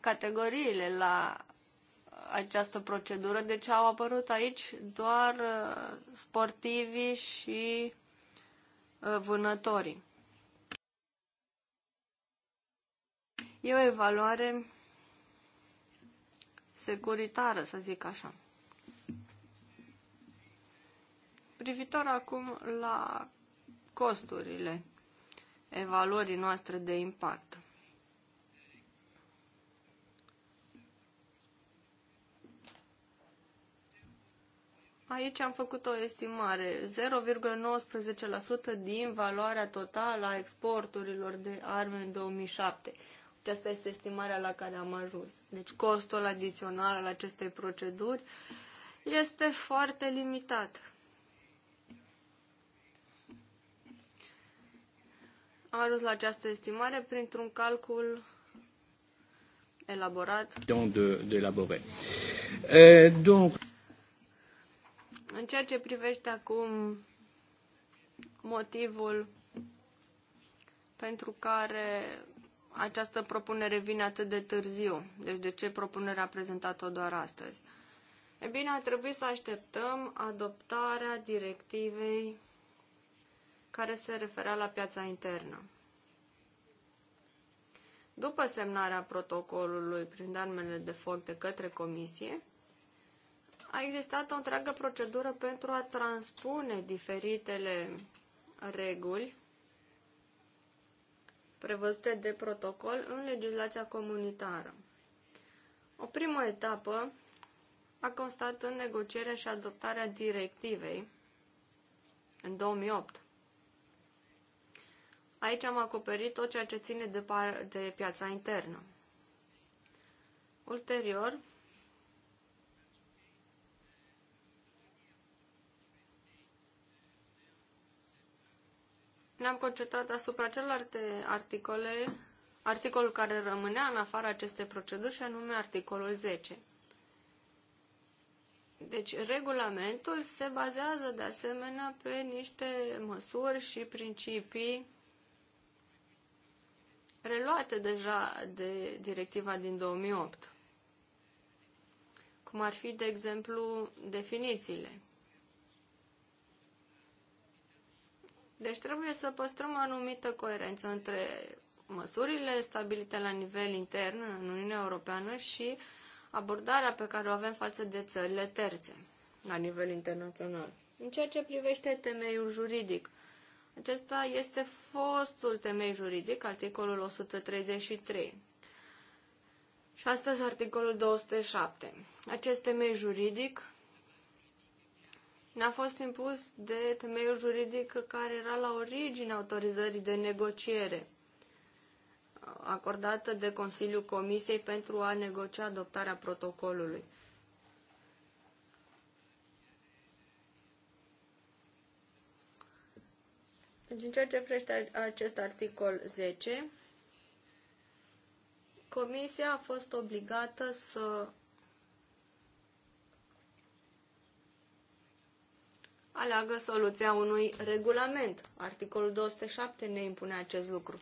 Speaker 5: categoriile la această procedură, deci au apărut aici doar uh, sportivii și uh, vânătorii. E o evaluare securitară, să zic așa. Privitor acum la costurile evaluării noastre de impact. Aici am făcut o estimare, 0,19% din valoarea totală a exporturilor de arme în 2007. Aceasta este estimarea la care am ajuns. Deci costul adițional al acestei proceduri este foarte limitat. Am ajuns la această estimare printr-un calcul elaborat.
Speaker 3: De, de elaboré. Euh, donc...
Speaker 5: În ceea ce privește acum motivul pentru care această propunere vine atât de târziu, deci de ce propunerea a prezentat-o doar astăzi? E bine, a trebuit să așteptăm adoptarea directivei care se referea la piața internă. După semnarea protocolului prin armele de foc de către Comisie, a existat o întreagă procedură pentru a transpune diferitele reguli prevăzute de protocol în legislația comunitară. O primă etapă a constat în negocierea și adoptarea directivei în 2008 Aici am acoperit tot ceea ce ține de, de piața internă. Ulterior, ne-am concentrat asupra celelalte articole, articolul care rămânea în afara acestei proceduri și anume articolul 10. Deci, regulamentul se bazează de asemenea pe niște măsuri și principii reluate deja de directiva din 2008, cum ar fi, de exemplu, definițiile. Deci trebuie să păstrăm o anumită coerență între măsurile stabilite la nivel intern în Uniunea Europeană și abordarea pe care o avem față de țările terțe la nivel internațional. În ceea ce privește temeiul juridic, acesta este fostul temei juridic, articolul 133. Și astăzi articolul 207. Acest temei juridic ne-a fost impus de temeiul juridic care era la origine autorizării de negociere acordată de Consiliul Comisiei pentru a negocia adoptarea protocolului. Deci, în ceea ce privește acest articol 10, Comisia a fost obligată să aleagă soluția unui regulament. Articolul 207 ne impune acest lucru.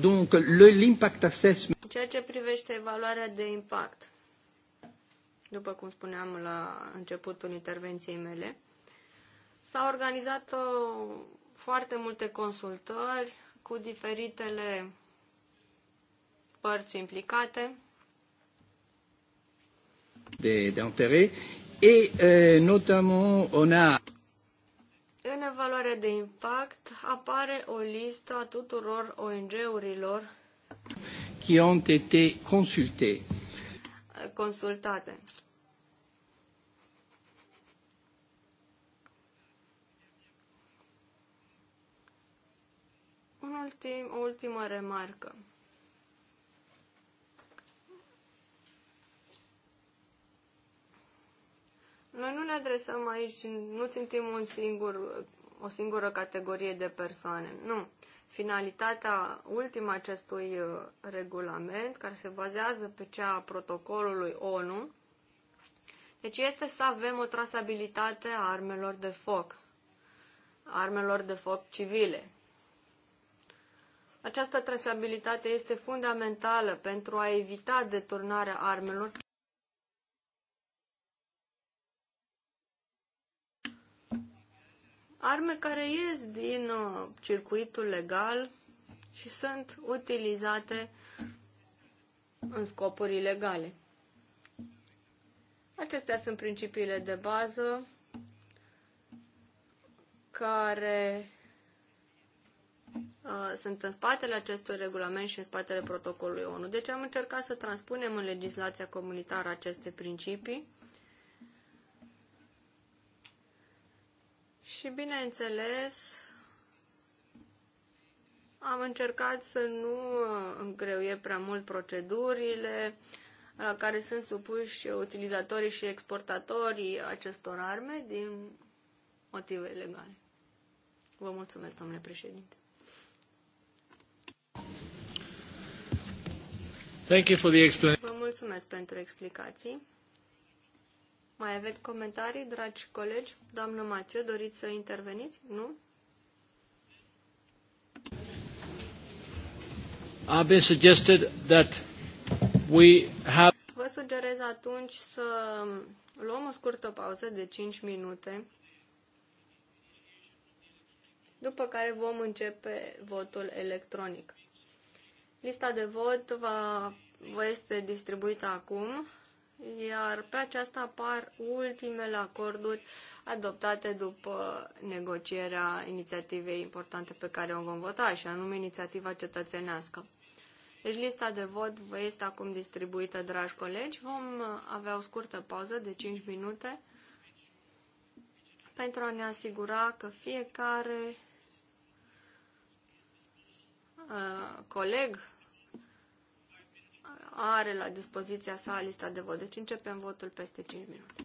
Speaker 3: Donc, l'impact assessment.
Speaker 5: În ceea ce privește evaluarea de impact, după cum spuneam la începutul intervenției mele, s-a organizat o foarte multe consultări cu diferitele părți implicate.
Speaker 3: De, de intérêt. Et euh, notamment, on a
Speaker 5: în evaluarea de impact apare o listă a tuturor ONG-urilor
Speaker 3: qui ont été consultate.
Speaker 5: Un ultim, o ultimă remarcă. Noi nu ne adresăm aici, nu țintim un singur, o singură categorie de persoane. Nu. Finalitatea ultimă acestui uh, regulament, care se bazează pe cea a protocolului ONU, deci este să avem o trasabilitate a armelor de foc, armelor de foc civile. Această trasabilitate este fundamentală pentru a evita deturnarea armelor arme care ies din uh, circuitul legal și sunt utilizate în scopuri ilegale. Acestea sunt principiile de bază care Uh, sunt în spatele acestui regulament și în spatele protocolului ONU. Deci am încercat să transpunem în legislația comunitară aceste principii și, bineînțeles, am încercat să nu uh, îngreuie prea mult procedurile la care sunt supuși utilizatorii și exportatorii acestor arme din motive legale. Vă mulțumesc, domnule președinte.
Speaker 1: Thank you for the explanation.
Speaker 5: Vă mulțumesc pentru explicații. Mai aveți comentarii, dragi colegi? Doamnă Matiu, doriți să interveniți? Nu?
Speaker 1: I've been suggested that we have...
Speaker 5: Vă sugerez atunci să luăm o scurtă pauză de 5 minute, după care vom începe votul electronic. Lista de vot va, va este distribuită acum, iar pe aceasta apar ultimele acorduri adoptate după negocierea inițiativei importante pe care o vom vota, și anume inițiativa cetățenească. Deci lista de vot vă este acum distribuită, dragi colegi. Vom avea o scurtă pauză de 5 minute pentru a ne asigura că fiecare uh, coleg are la dispoziția sa lista de vot. Deci începem votul peste 5
Speaker 1: minute.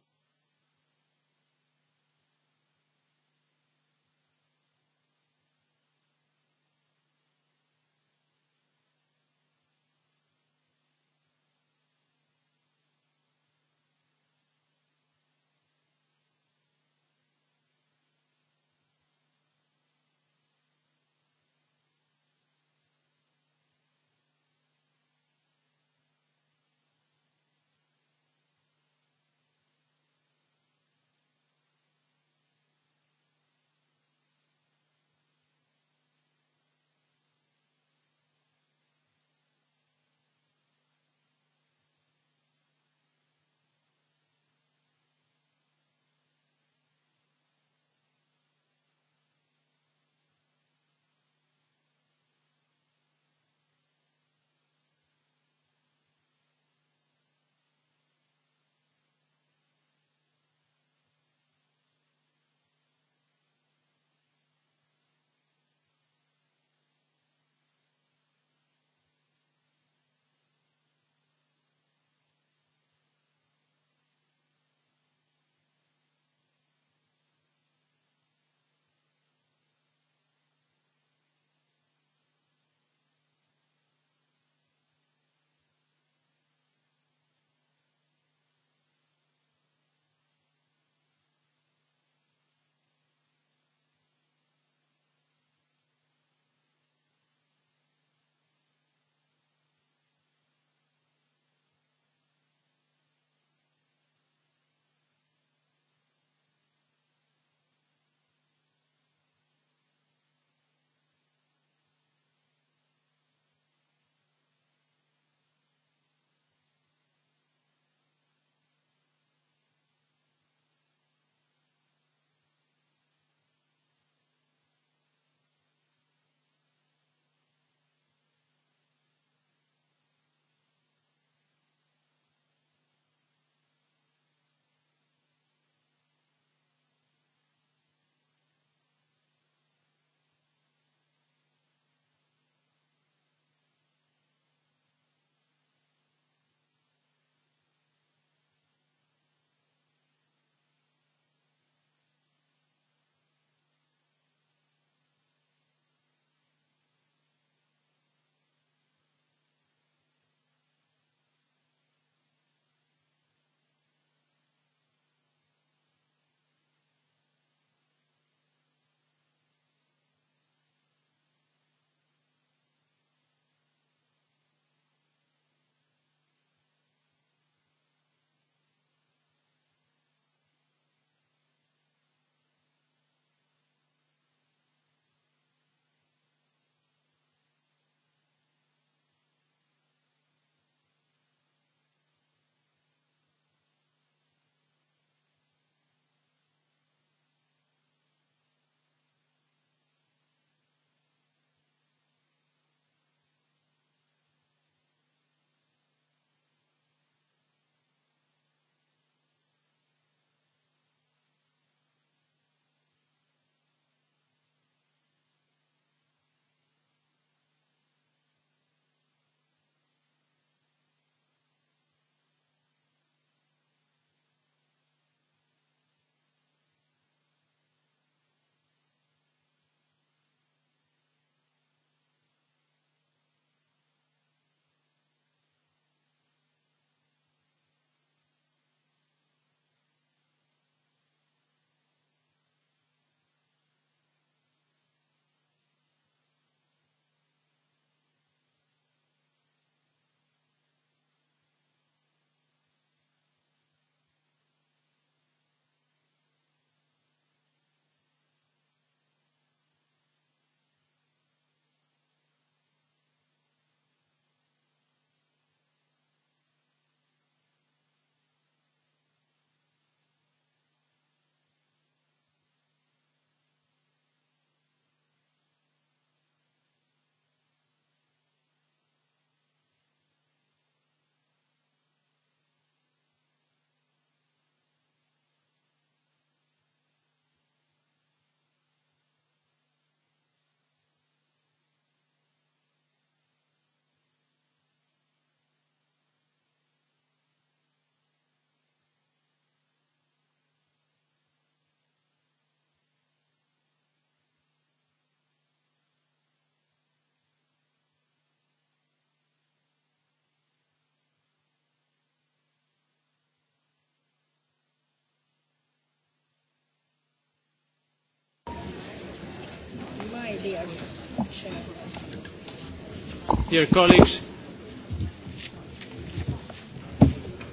Speaker 1: Dear colleagues,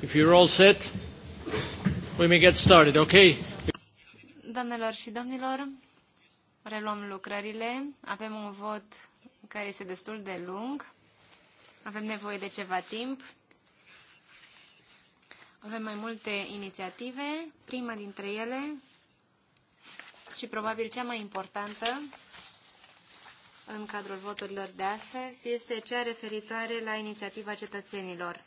Speaker 1: if you're all set, we may get started, okay?
Speaker 2: Doamnelor și domnilor, reluăm lucrările. Avem un vot care este destul de lung. Avem nevoie de ceva timp. Avem mai multe inițiative. Prima dintre ele și probabil cea mai importantă în cadrul voturilor de astăzi este cea referitoare la inițiativa cetățenilor.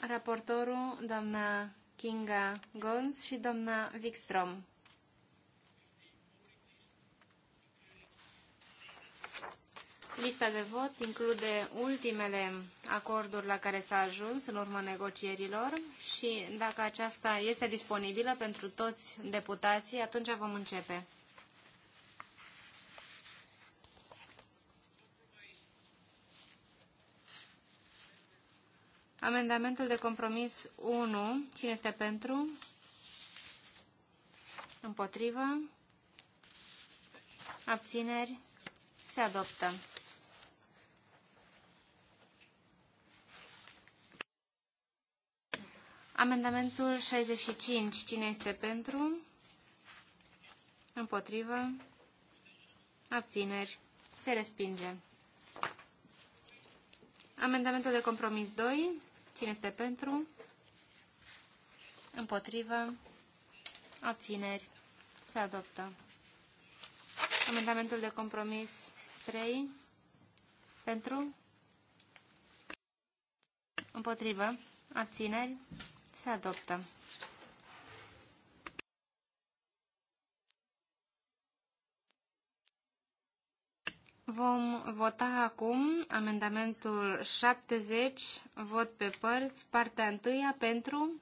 Speaker 2: Raportorul, doamna Kinga Gons și doamna Wikstrom. Lista de vot include ultimele acorduri la care s-a ajuns în urma negocierilor și dacă aceasta este disponibilă pentru toți deputații, atunci vom începe. Amendamentul de compromis 1. Cine este pentru? Împotrivă? Abțineri? Se adoptă. Amendamentul 65. Cine este pentru? Împotrivă? Abțineri? Se respinge. Amendamentul de compromis 2. Cine este pentru? Împotrivă. Abțineri. Se adoptă. Amendamentul de compromis 3. Pentru. Împotrivă. Abțineri. Se adoptă. Vom vota acum amendamentul 70, vot pe părți, partea întâia pentru...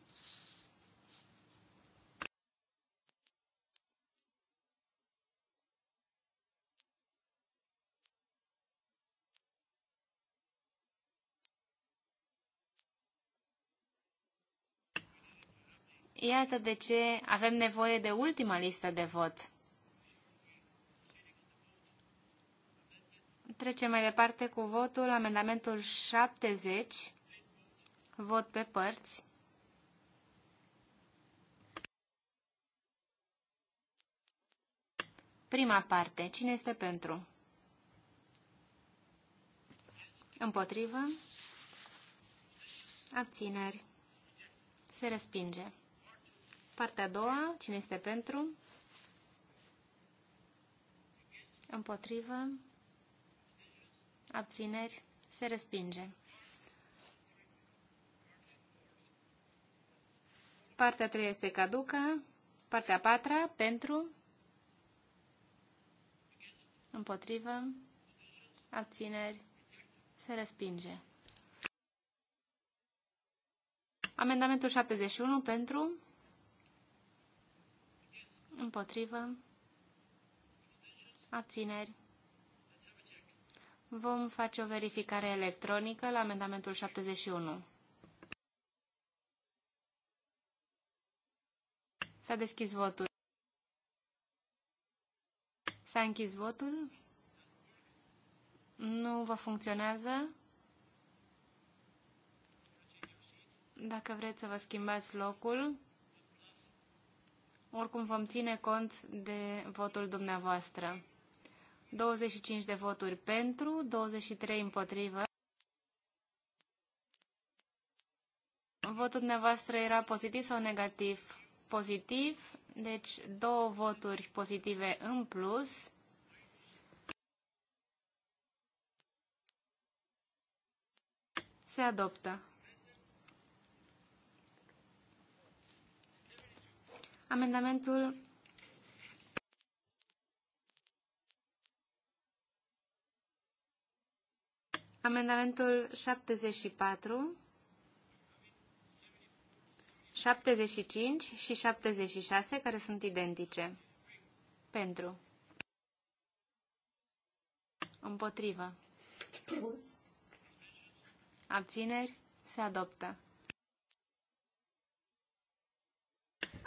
Speaker 2: Iată de ce avem nevoie de ultima listă de vot. Trecem mai departe cu votul. Amendamentul 70. Vot pe părți. Prima parte. Cine este pentru? Împotrivă. Abțineri. Se respinge. Partea a doua. Cine este pentru? Împotrivă abțineri, se respinge. Partea 3 este caducă. Partea 4 pentru, împotrivă, abțineri, se respinge. Amendamentul 71 pentru, împotrivă, abțineri, Vom face o verificare electronică la amendamentul 71. S-a deschis votul. S-a închis votul. Nu vă funcționează. Dacă vreți să vă schimbați locul, oricum vom ține cont de votul dumneavoastră. 25 de voturi pentru, 23 împotrivă. Votul dumneavoastră era pozitiv sau negativ? Pozitiv, deci două voturi pozitive în plus. Se adoptă. Amendamentul Amendamentul 74, 75 și 76, care sunt identice. Pentru. Împotrivă. Abțineri. Se adoptă.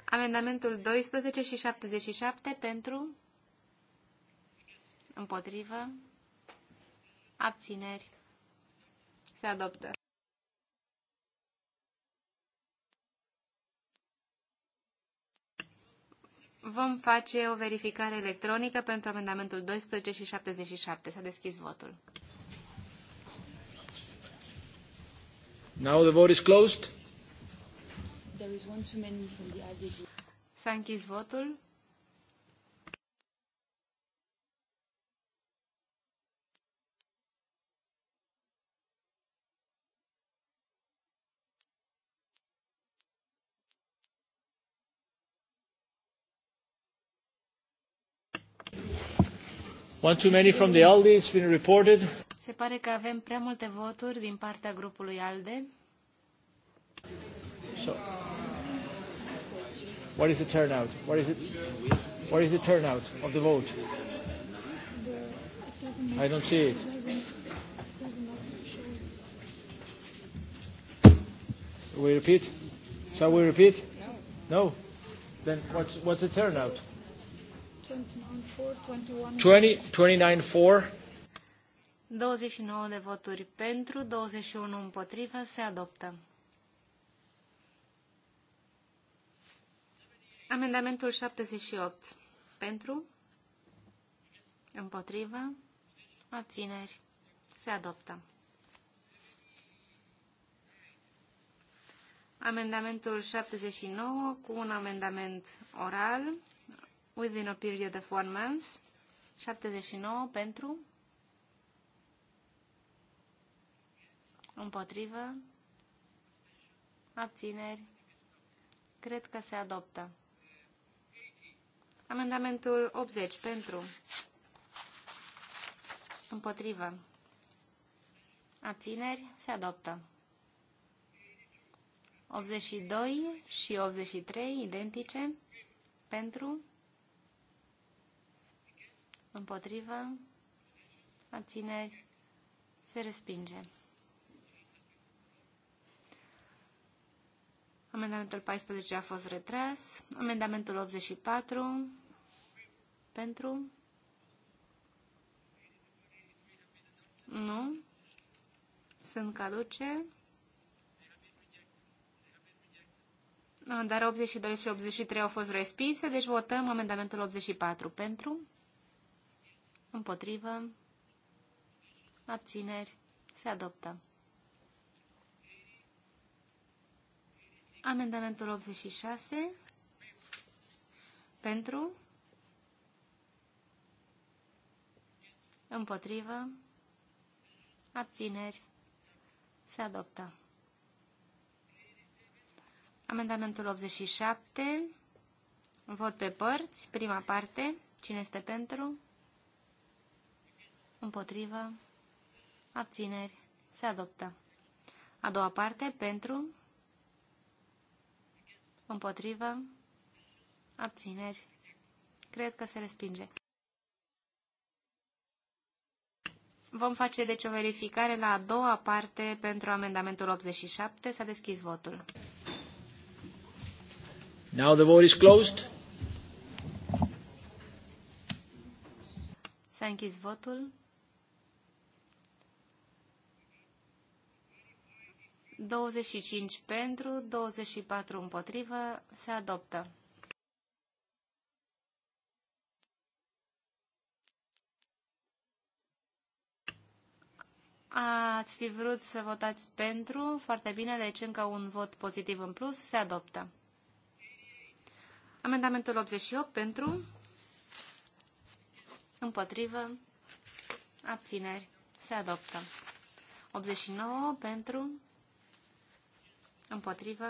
Speaker 2: Amendamentul 12 și 77 pentru, împotrivă, abțineri. Se adoptă. Vom face o verificare electronică pentru amendamentul 12 și 77. S-a deschis votul.
Speaker 1: Now the vote is closed.
Speaker 2: S-a închis votul.
Speaker 1: One too many from the ALDE, it's been reported.
Speaker 2: Se pare că avem prea multe voturi din partea grupului ALDE.
Speaker 1: So, what is the turnout? What is it?
Speaker 3: What is the turnout of the vote? I don't see it.
Speaker 1: We repeat? Shall we repeat? No. Then what's, what's the turnout? 20, 29-4.
Speaker 2: 29 de voturi pentru, 21 împotrivă, se adoptă. Amendamentul 78. Pentru, împotrivă, abțineri, se adoptă. Amendamentul 79 cu un amendament oral within a period of one month, 79 pentru, împotrivă, abțineri, cred că se adoptă. Amendamentul 80 pentru, împotrivă, abțineri, se adoptă. 82 și 83 identice pentru, împotrivă, abțineri, se respinge. Amendamentul 14 a fost retras. Amendamentul 84 pentru. Nu. Sunt caduce. Dar 82 și 83 au fost respinse, deci votăm amendamentul 84 pentru împotrivă, abțineri, se adoptă. Amendamentul 86 pentru, împotrivă, abțineri, se adoptă. Amendamentul 87, vot pe părți, prima parte, cine este pentru, împotrivă, abțineri, se adoptă. A doua parte, pentru, împotrivă, abțineri, cred că se respinge. Vom face deci o verificare la a doua parte pentru amendamentul 87. S-a deschis votul.
Speaker 1: Now the vote is closed.
Speaker 2: S-a închis votul. 25 pentru, 24 împotrivă, se adoptă. Ați fi vrut să votați pentru, foarte bine, deci încă un vot pozitiv în plus, se adoptă. Amendamentul 88 pentru, împotrivă, abțineri, se adoptă. 89 pentru, împotrivă,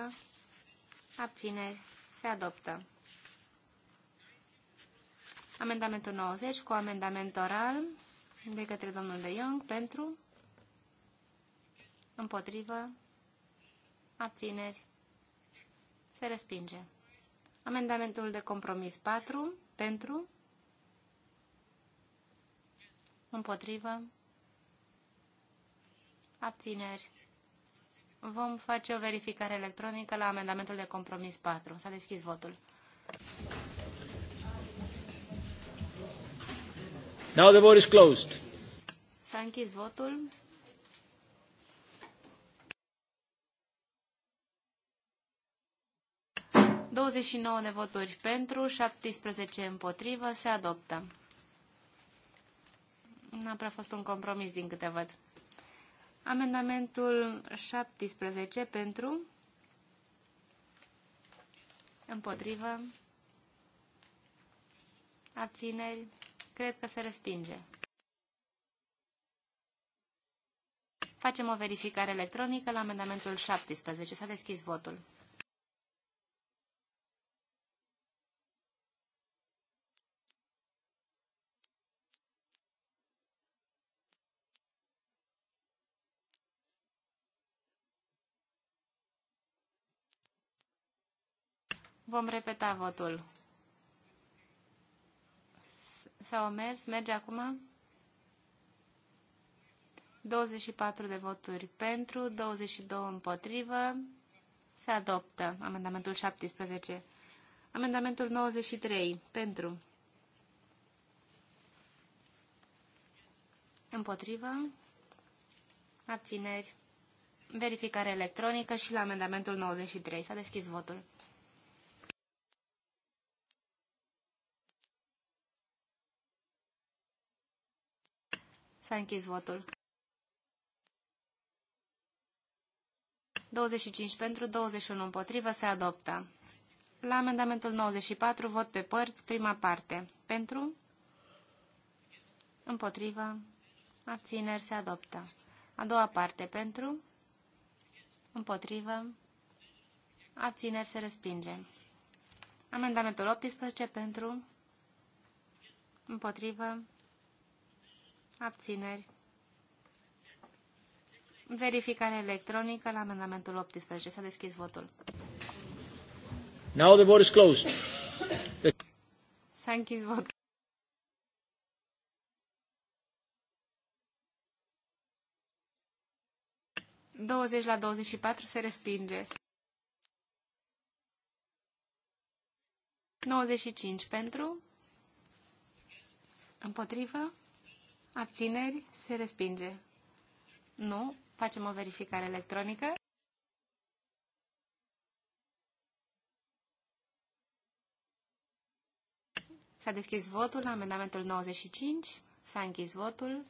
Speaker 2: abțineri, se adoptă. Amendamentul 90 cu amendament oral de către domnul De Jong pentru, împotrivă, abțineri, se respinge. Amendamentul de compromis 4 pentru, împotrivă, abțineri, Vom face o verificare electronică la amendamentul de compromis 4. S-a deschis votul.
Speaker 1: Now the vote is closed.
Speaker 2: S-a închis votul. Douăzeci și nouă de voturi pentru, 17 împotrivă, se adoptă. N-a prea fost un compromis din câte văd. Amendamentul 17 pentru, împotrivă, abțineri, cred că se respinge. Facem o verificare electronică la amendamentul 17. S-a deschis votul. Vom repeta votul. S-au mers? Merge acum? 24 de voturi pentru, 22 împotrivă. Se adoptă amendamentul 17. Amendamentul 93 pentru. Împotrivă. Abțineri. Verificare electronică și la amendamentul 93. S-a deschis votul. S-a închis votul. 25 pentru, 21 împotrivă, se adoptă. La amendamentul 94, vot pe părți, prima parte. Pentru, împotrivă, abțineri, se adoptă. A doua parte, pentru, împotrivă, abțineri, se respinge. Amendamentul 18, pentru, împotrivă, abțineri. Verificare electronică la amendamentul 18. S-a deschis votul.
Speaker 1: Now the vote is closed.
Speaker 2: S-a închis votul. Douăzeci la patru se respinge. cinci pentru, împotrivă, Abțineri? Se respinge. Nu. Facem o verificare electronică. S-a deschis votul la amendamentul 95. S-a închis votul.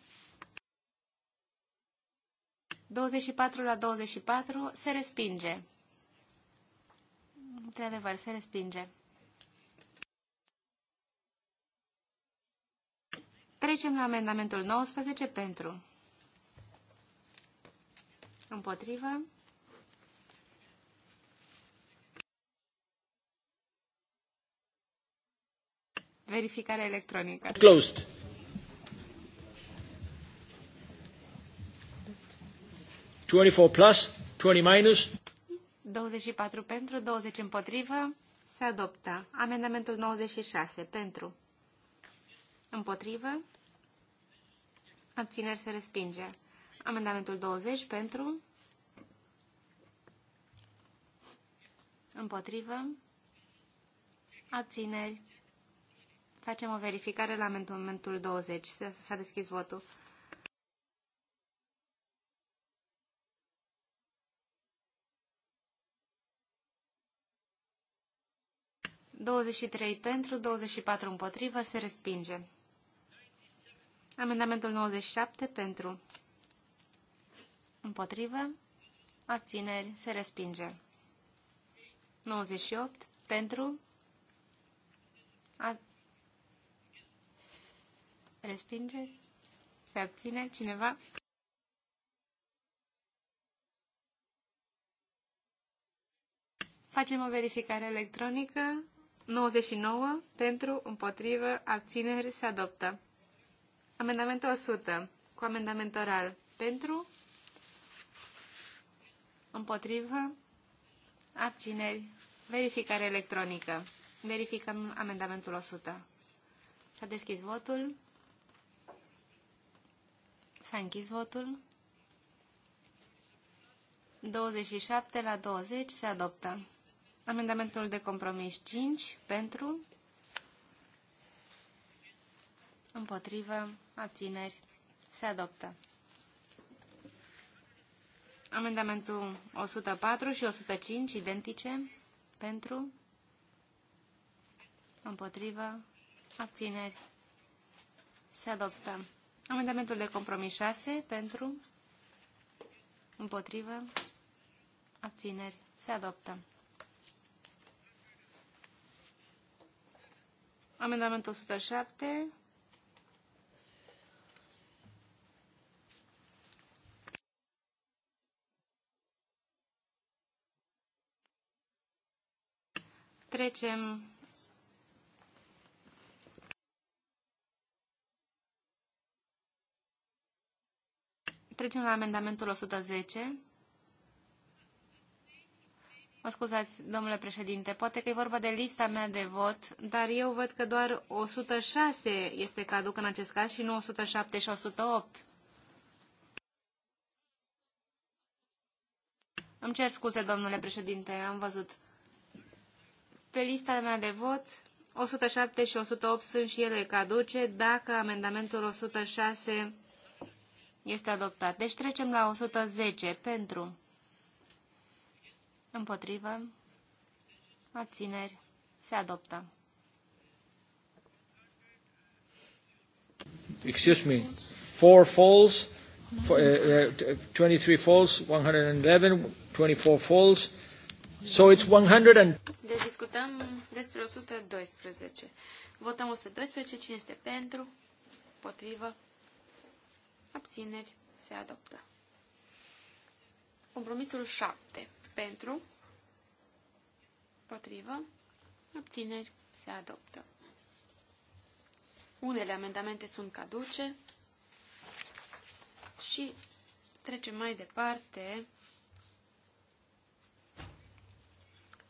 Speaker 2: 24 la 24 se respinge. Într-adevăr, se respinge. Trecem la amendamentul 19 pentru. Împotrivă. Verificare electronică. Closed.
Speaker 1: Twenty-four plus, twenty minus.
Speaker 2: 24 pentru, 20 împotrivă. Se adoptă. Amendamentul 96 pentru. Împotrivă. Abțineri se respinge. Amendamentul 20 pentru. Împotrivă. Abțineri. Facem o verificare la amendamentul 20. S-a deschis votul. Douăzeci și trei pentru, douăzeci și patru împotrivă, se respinge. Amendamentul 97 pentru împotrivă, abțineri, se respinge. 98 pentru a, respinge, se abține cineva. Facem o verificare electronică. 99 pentru, împotrivă, abțineri, se adoptă. Amendamentul 100 cu amendament oral pentru, împotrivă, abțineri, verificare electronică. Verificăm amendamentul 100. S-a deschis votul. S-a închis votul. 27 la 20 se adoptă. Amendamentul de compromis 5 pentru, împotrivă, abțineri, se adoptă. Amendamentul 104 și 105, identice, pentru, împotrivă, abțineri, se adoptă. Amendamentul de compromis 6, pentru, împotrivă, abțineri, se adoptă. Amendamentul
Speaker 4: 107,
Speaker 2: trecem Trecem la amendamentul 110. Mă scuzați, domnule președinte, poate că e vorba de lista mea de vot, dar eu văd că doar 106 este caduc în acest caz și nu 107 și 108. Îmi cer scuze, domnule președinte, am văzut. Pe lista mea de vot, 107 și 108 sunt și ele caduce dacă amendamentul 106 este adoptat. Deci trecem la 110 pentru împotrivă abțineri se adoptă.
Speaker 1: Excuse me, 4 falls, 23 falls, 111, 24 falls, So it's 100 and...
Speaker 4: Deci discutăm despre 112. Votăm 112. Cine este pentru? Potrivă? Abțineri? Se adoptă. Compromisul 7. Pentru? Potrivă? Abțineri? Se adoptă. Unele amendamente sunt caduce și trecem mai departe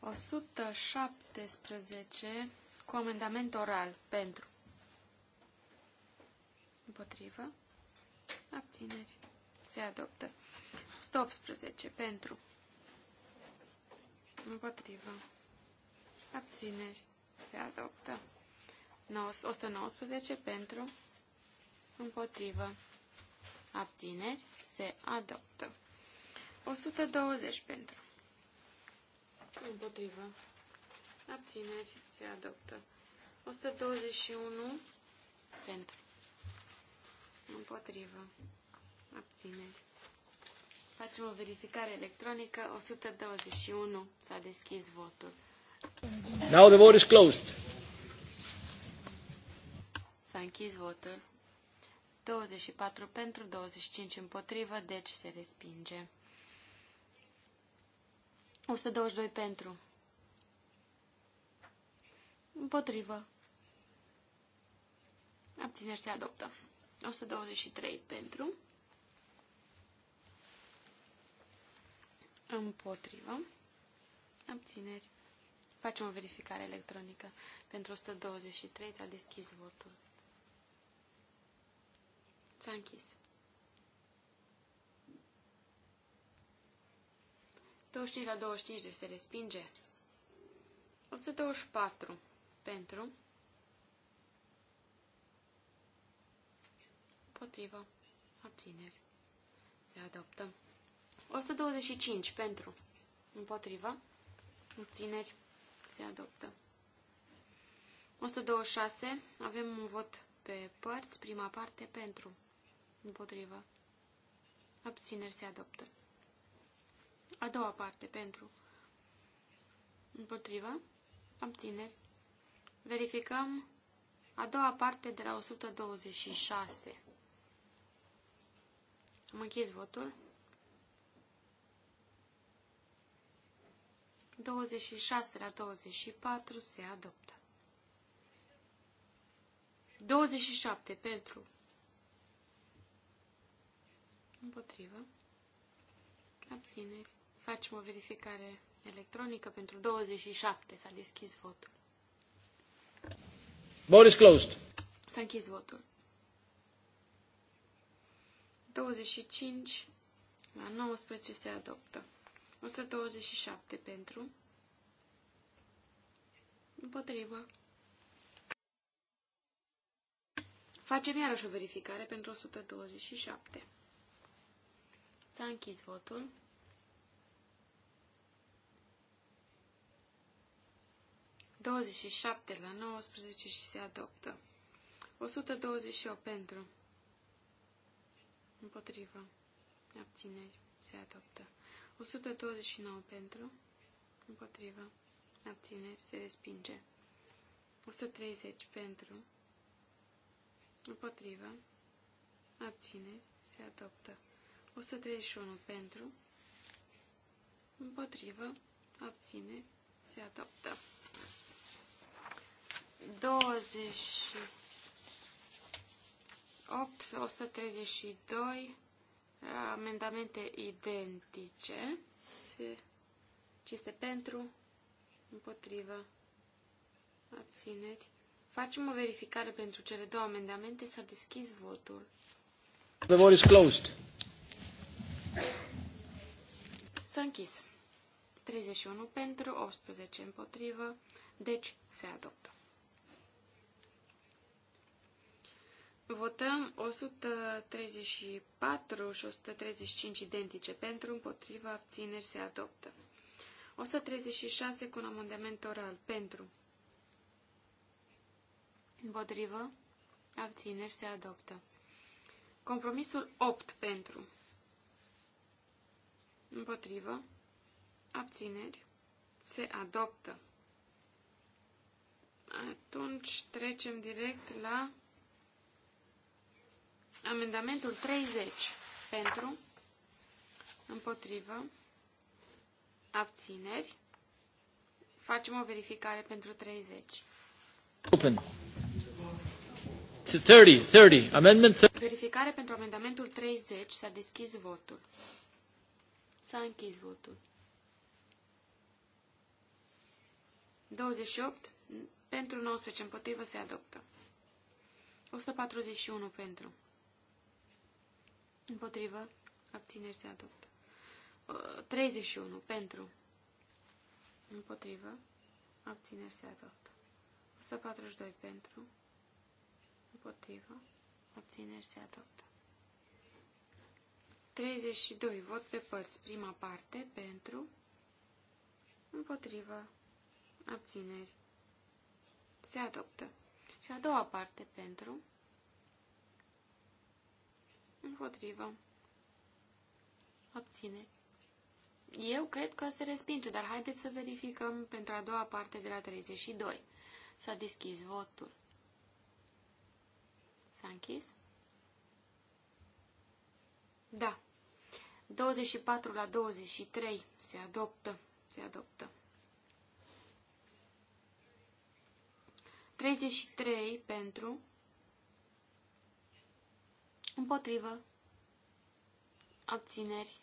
Speaker 4: 117 cu amendament oral pentru. Împotrivă. Abțineri. Se adoptă. 118 pentru. Împotrivă. Abțineri. Se adoptă. 119 pentru. Împotrivă. Abțineri. Se adoptă. 120 pentru. Împotrivă. Abțineri. Se adoptă. 121 pentru. Împotrivă. Abțineri. Facem o verificare electronică. 121 s-a deschis votul. Now the
Speaker 1: vote is closed.
Speaker 4: S-a închis votul. 24 pentru, 25 împotrivă, deci se respinge. 122 pentru. Împotrivă. Abțineri se adoptă. 123 pentru. Împotrivă. Abțineri. Facem o verificare electronică. Pentru 123 s-a deschis votul. S-a închis. 25 la 25, de deci se respinge. 124 pentru. Potrivă. Abțineri. Se adoptă. 125 pentru. Împotrivă. Abțineri. Se adoptă. 126. Avem un vot pe părți. Prima parte pentru. Împotrivă. Abțineri se adoptă. A doua parte, pentru. Împotrivă. Abțineri. Verificăm a doua parte de la 126. Am închis votul. 26 la 24 se adoptă. 27 pentru. Împotrivă. Abțineri. Facem o verificare electronică pentru 27. S-a deschis votul.
Speaker 1: Vote is closed.
Speaker 4: S-a închis votul. 25 la 19 se adoptă. 127 pentru. Împotrivă. Facem iarăși o verificare pentru 127. S-a închis votul. 27 la 19 și se adoptă. 128 pentru. Împotrivă. Abțineri. Se adoptă. 129 pentru. Împotrivă. Abțineri. Se respinge. 130 pentru. Împotrivă. Abțineri. Se adoptă. 131 pentru. Împotrivă. Abțineri. Se adoptă. 28, 132, amendamente identice. Se, ce este pentru, împotriva, abțineri. Facem o verificare pentru cele două amendamente. S-a deschis votul.
Speaker 1: The vote is closed.
Speaker 4: S-a închis. 31 pentru, 18 împotrivă, deci se adoptă. Votăm 134 și 135 identice pentru, împotriva, abțineri se adoptă. 136 cu un amendament oral pentru, împotrivă, abțineri se adoptă. Compromisul 8 pentru, împotrivă, abțineri se adoptă. Atunci trecem direct la Amendamentul 30 pentru, împotrivă, abțineri. Facem o verificare pentru 30.
Speaker 1: Open. 30, 30. Amendment 30.
Speaker 4: Verificare pentru amendamentul 30. S-a deschis votul. S-a închis votul. 28 pentru 19 împotrivă se adoptă. 141 pentru. Împotrivă. Abțineri se adoptă. 31. Uh, Pentru. Împotrivă. Abțineri se adoptă. 142. Pentru. Împotrivă. Abțineri se adoptă. 32. Vot pe părți. Prima parte. Pentru. Împotrivă. Abțineri. Se adoptă. Și a doua parte. Pentru. Împotrivă. Abțineri. Eu cred că se respinge, dar haideți să verificăm pentru a doua parte de la 32. S-a deschis votul. S-a închis? Da. 24 la 23 se adoptă. Se adoptă. 33 pentru împotrivă, abțineri.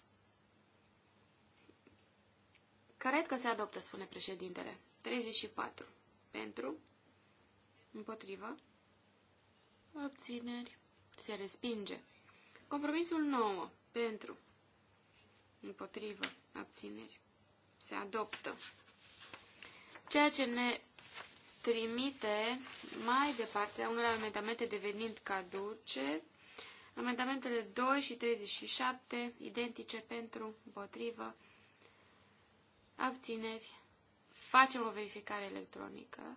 Speaker 4: Cred că se adoptă, spune președintele. 34. Pentru, împotrivă, abțineri, se respinge. Compromisul 9. Pentru, împotrivă, abțineri, se adoptă. Ceea ce ne trimite mai departe unele amendamente devenind caduce, Amendamentele 2 și 37, identice pentru, împotrivă, abțineri. Facem o verificare electronică.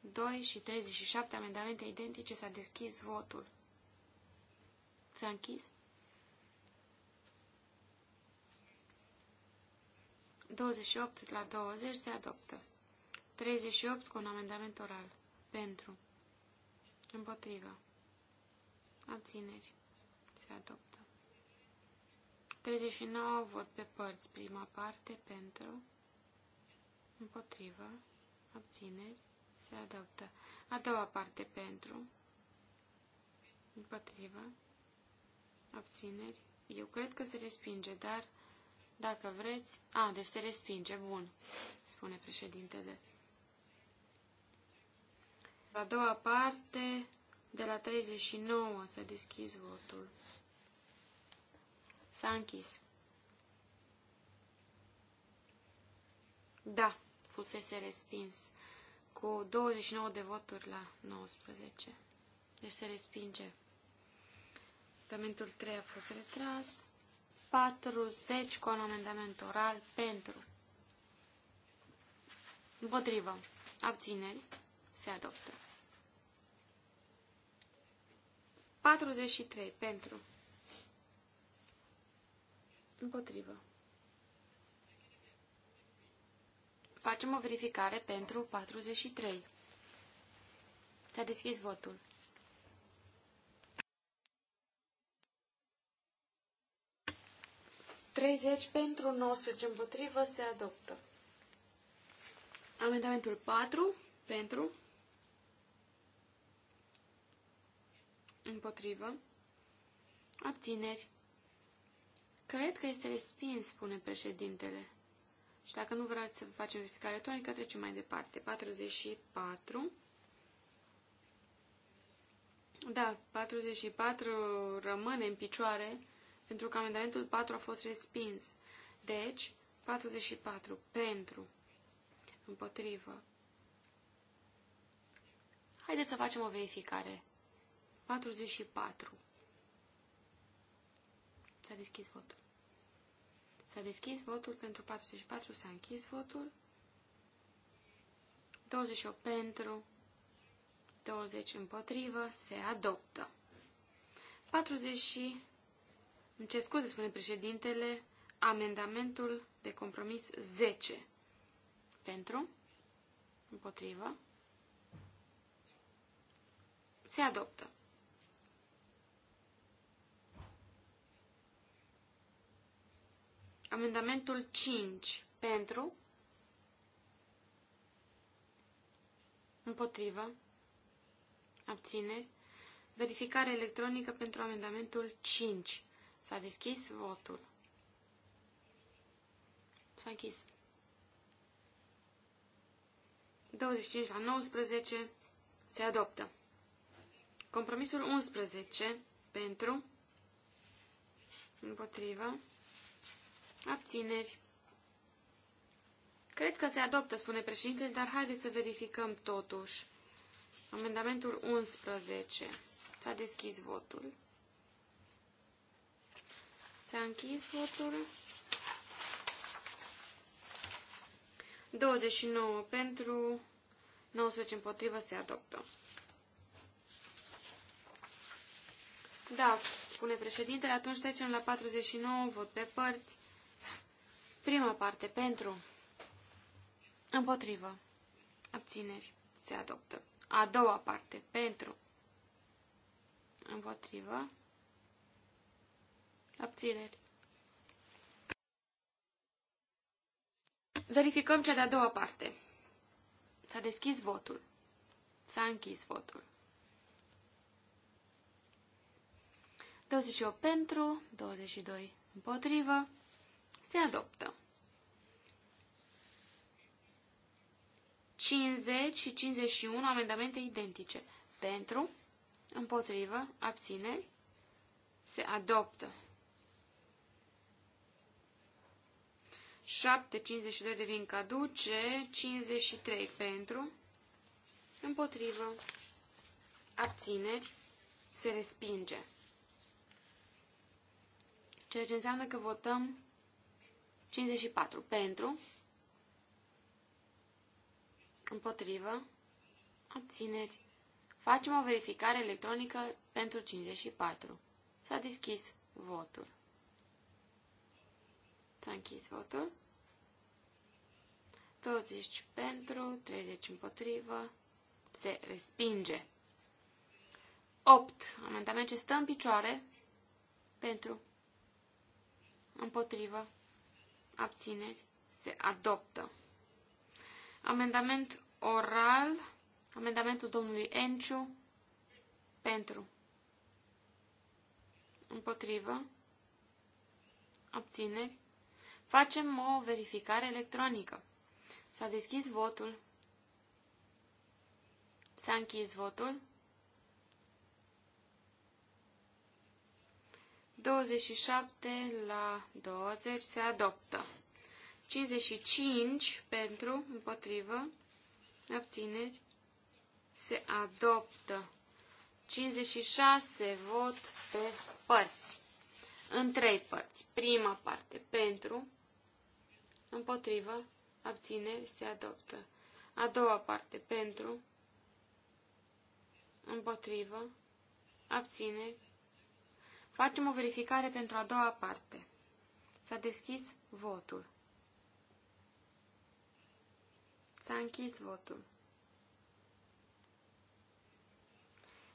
Speaker 4: 2 și 37, amendamente identice, s-a deschis votul. S-a închis. 28 la 20 se adoptă. 38 cu un amendament oral. Pentru. Împotrivă abțineri, se adoptă. 39 vot pe părți, prima parte, pentru, împotrivă, abțineri, se adoptă. A doua parte, pentru, împotrivă, abțineri. Eu cred că se respinge, dar dacă vreți... A, deci se respinge, bun, spune președintele. A doua parte, de la 39 s-a deschis votul. S-a închis. Da, fusese respins cu 29 de voturi la 19. Deci se respinge. Amendamentul 3 a fost retras. 40 cu un amendament oral pentru. Împotrivă. Abțineri. Se adoptă. 43. Pentru. Împotrivă. Facem o verificare pentru 43. S-a deschis votul. Treizeci pentru 19 împotrivă se adoptă. Amendamentul 4 pentru Împotrivă. Abțineri. Cred că este respins, spune președintele. Și dacă nu vreau să facem verificare electronică, trecem mai departe. 44. Da, 44 rămâne în picioare, pentru că amendamentul 4 a fost respins. Deci, 44 pentru, împotrivă. Haideți să facem o verificare. 44. S-a deschis votul. S-a deschis votul pentru 44, s-a închis votul. 28 pentru, 20 împotrivă, se adoptă. 40, îmi cer scuze, spune președintele, amendamentul de compromis 10. Pentru, împotrivă, se adoptă. Amendamentul 5 pentru, împotrivă, abțineri, verificare electronică pentru amendamentul 5. S-a deschis votul. S-a închis. 25 la 19 se adoptă. Compromisul 11 pentru, împotrivă, Abțineri. Cred că se adoptă, spune președintele, dar haideți să verificăm totuși. Amendamentul 11. S-a deschis votul. S-a închis votul. 29 pentru, 19 împotrivă, se adoptă. Da, spune președintele, atunci trecem la 49, vot pe părți. Prima parte, pentru, împotrivă, abțineri, se adoptă. A doua parte, pentru, împotrivă, abțineri. Verificăm cea de-a doua parte. S-a deschis votul. S-a închis votul. 28 pentru, 22 împotrivă, se adoptă. 50 și 51 amendamente identice. Pentru, împotrivă, abțineri, se adoptă. 7, 52 devin caduce, 53 pentru, împotrivă, abțineri, se respinge. Ceea ce înseamnă că votăm 54. Pentru. Împotrivă. Abțineri. Facem o verificare electronică pentru 54. S-a deschis votul. S-a închis votul. 20 pentru, 30 împotrivă. Se respinge. 8. Amendament ce stă în picioare. Pentru. Împotrivă abțineri, se adoptă. Amendament oral, amendamentul domnului Enciu, pentru, împotrivă, abțineri, facem o verificare electronică. S-a deschis votul. S-a închis votul. 27 la 20 se adoptă. 55 pentru, împotrivă, abțineri, se adoptă. 56 vot pe părți. În trei părți. Prima parte pentru, împotrivă, abțineri, se adoptă. A doua parte pentru, împotrivă, abțineri, Facem o verificare pentru a doua parte. S-a deschis votul. S-a închis votul.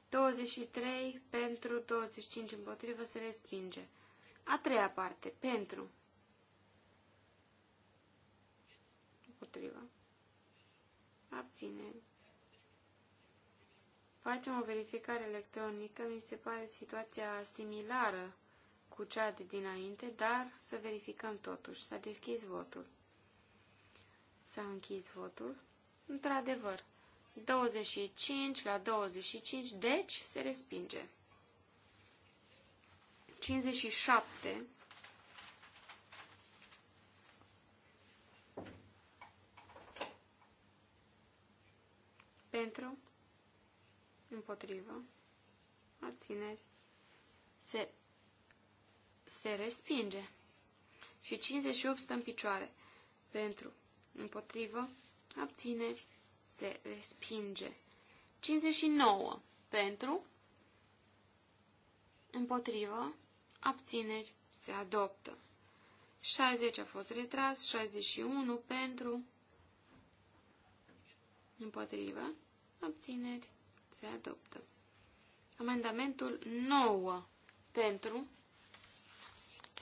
Speaker 4: 23 pentru, 25 împotrivă, se respinge. A treia parte, pentru. Împotrivă. Abțineri facem o verificare electronică, mi se pare situația similară cu cea de dinainte, dar să verificăm totuși. S-a deschis votul. S-a închis votul. Într-adevăr, 25 la 25, deci se respinge. 57 pentru împotrivă, abțineri, se, se respinge. Și 58 stă în picioare. Pentru, împotrivă, abțineri, se respinge. 59 pentru, împotrivă, abțineri, se adoptă. 60 a fost retras, 61 pentru, împotrivă, abțineri, se adoptă. Amendamentul 9 pentru,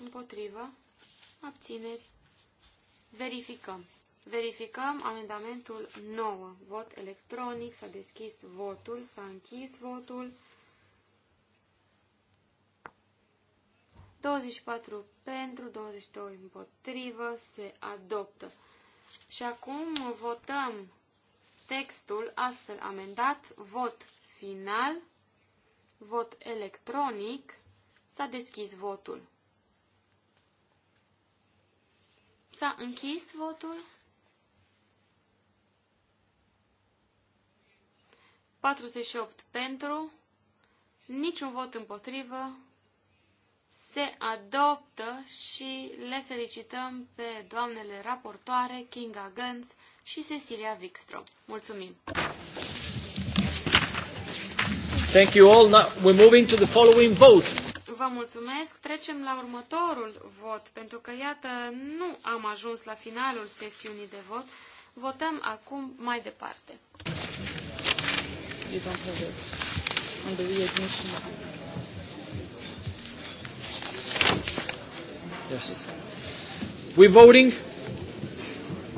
Speaker 4: împotrivă, abțineri. Verificăm. Verificăm amendamentul 9. Vot electronic. S-a deschis votul. S-a închis votul. 24 pentru, 22 împotrivă, se adoptă. Și acum votăm textul astfel amendat, vot final, vot electronic, s-a deschis votul. S-a închis votul. 48 pentru, niciun vot împotrivă, se adoptă și le felicităm pe doamnele raportoare Kinga Gans și Cecilia Wikström. Mulțumim!
Speaker 1: Thank you all. Now we're moving to the following vote.
Speaker 4: Vă mulțumesc. Trecem la următorul vot, pentru că, iată, nu am ajuns la finalul sesiunii de vot. Votăm acum mai departe.
Speaker 1: You don't have it. Under the readmission. Yes. We voting?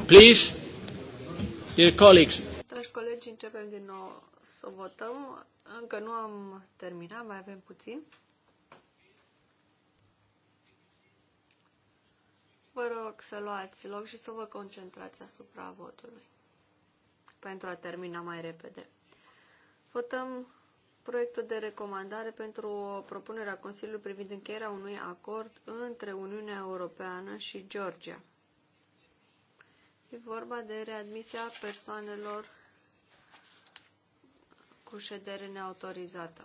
Speaker 1: Please. Dear colleagues. Dragi
Speaker 5: colegi, începem din nou să votăm. Încă nu am terminat, mai avem puțin. Vă rog să luați loc și să vă concentrați asupra votului pentru a termina mai repede. Votăm proiectul de recomandare pentru propunerea Consiliului privind încheierea unui acord între Uniunea Europeană și Georgia. E vorba de readmisia persoanelor cu ședere neautorizată.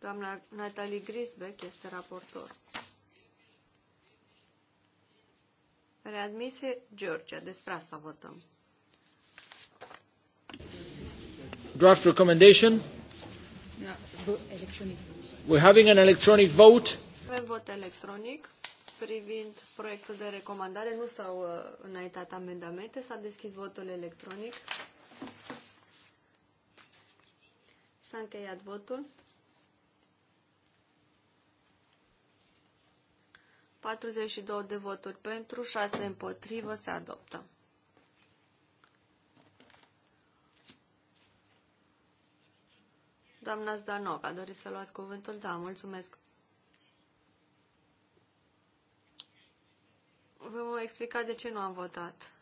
Speaker 5: Doamna Natalie Grisbeck este raportor. Readmisie Georgia, despre asta votăm.
Speaker 1: draft recommendation?
Speaker 5: We
Speaker 4: are
Speaker 1: We're having an electronic vote.
Speaker 5: Avem vot electronic privind proiectul de recomandare. Nu s-au uh, înaintat amendamente, s-a deschis votul electronic. S-a încheiat votul. 42 de voturi pentru, 6 împotrivă, se adoptă. Doamna Zdanoca, doriți să luați cuvântul? Da, mulțumesc. Vă voi explica de ce nu am votat.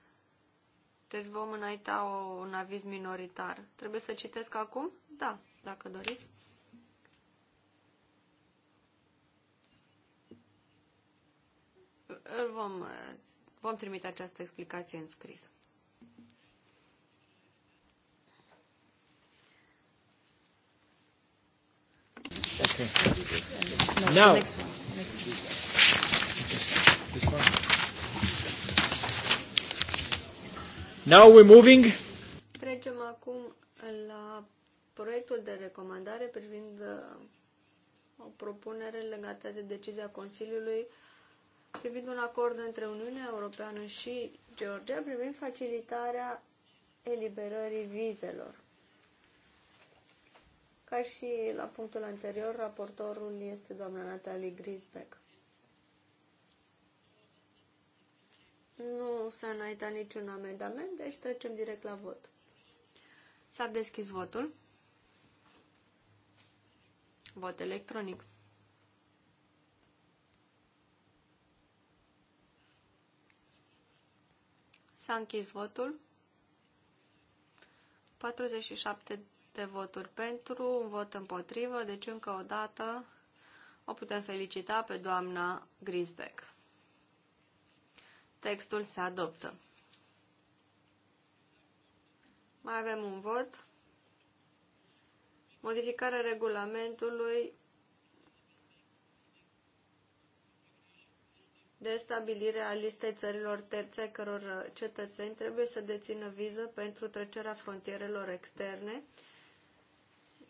Speaker 5: Deci vom înainta o, un aviz minoritar. Trebuie să citesc acum? Da, dacă doriți. Îl vom, eh, vom trimite această explicație în scris.
Speaker 1: Okay. No, now. Now we're moving.
Speaker 5: Trecem acum la proiectul de recomandare privind uh, o propunere legată de decizia Consiliului privind un acord între Uniunea Europeană și Georgia privind facilitarea eliberării vizelor. Ca și la punctul anterior, raportorul este doamna Natalie
Speaker 4: Grisbeck.
Speaker 5: Nu s-a înaintat niciun amendament, deci trecem direct la vot. S-a deschis votul. Vot electronic. S-a închis votul. 47 de voturi pentru, un vot împotrivă, deci încă o dată o putem felicita pe doamna Grisbeck. Textul se adoptă. Mai avem un vot. Modificarea regulamentului de stabilire a listei țărilor terțe căror cetățeni trebuie să dețină viză pentru trecerea frontierelor externe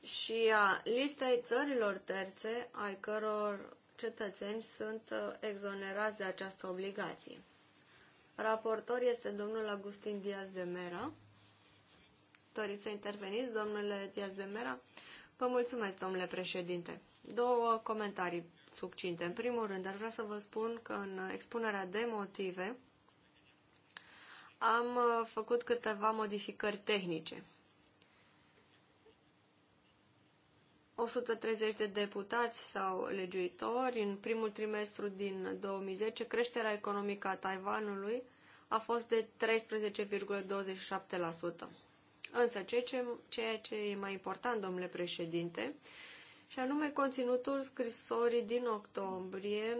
Speaker 5: și a listei țărilor terțe ai căror cetățeni sunt uh, exonerați de această obligație. Raportor este domnul Agustin Diaz de Mera. Doriți să interveniți, domnule Diaz de Mera? Vă mulțumesc, domnule președinte. Două comentarii succinte. În primul rând, ar vrea să vă spun că în expunerea de motive am uh, făcut câteva modificări tehnice 130 de deputați sau legiuitori. În primul trimestru din 2010, creșterea economică a Taiwanului a fost de 13,27%. Însă, ceea ce e mai important, domnule președinte, și anume conținutul scrisorii din octombrie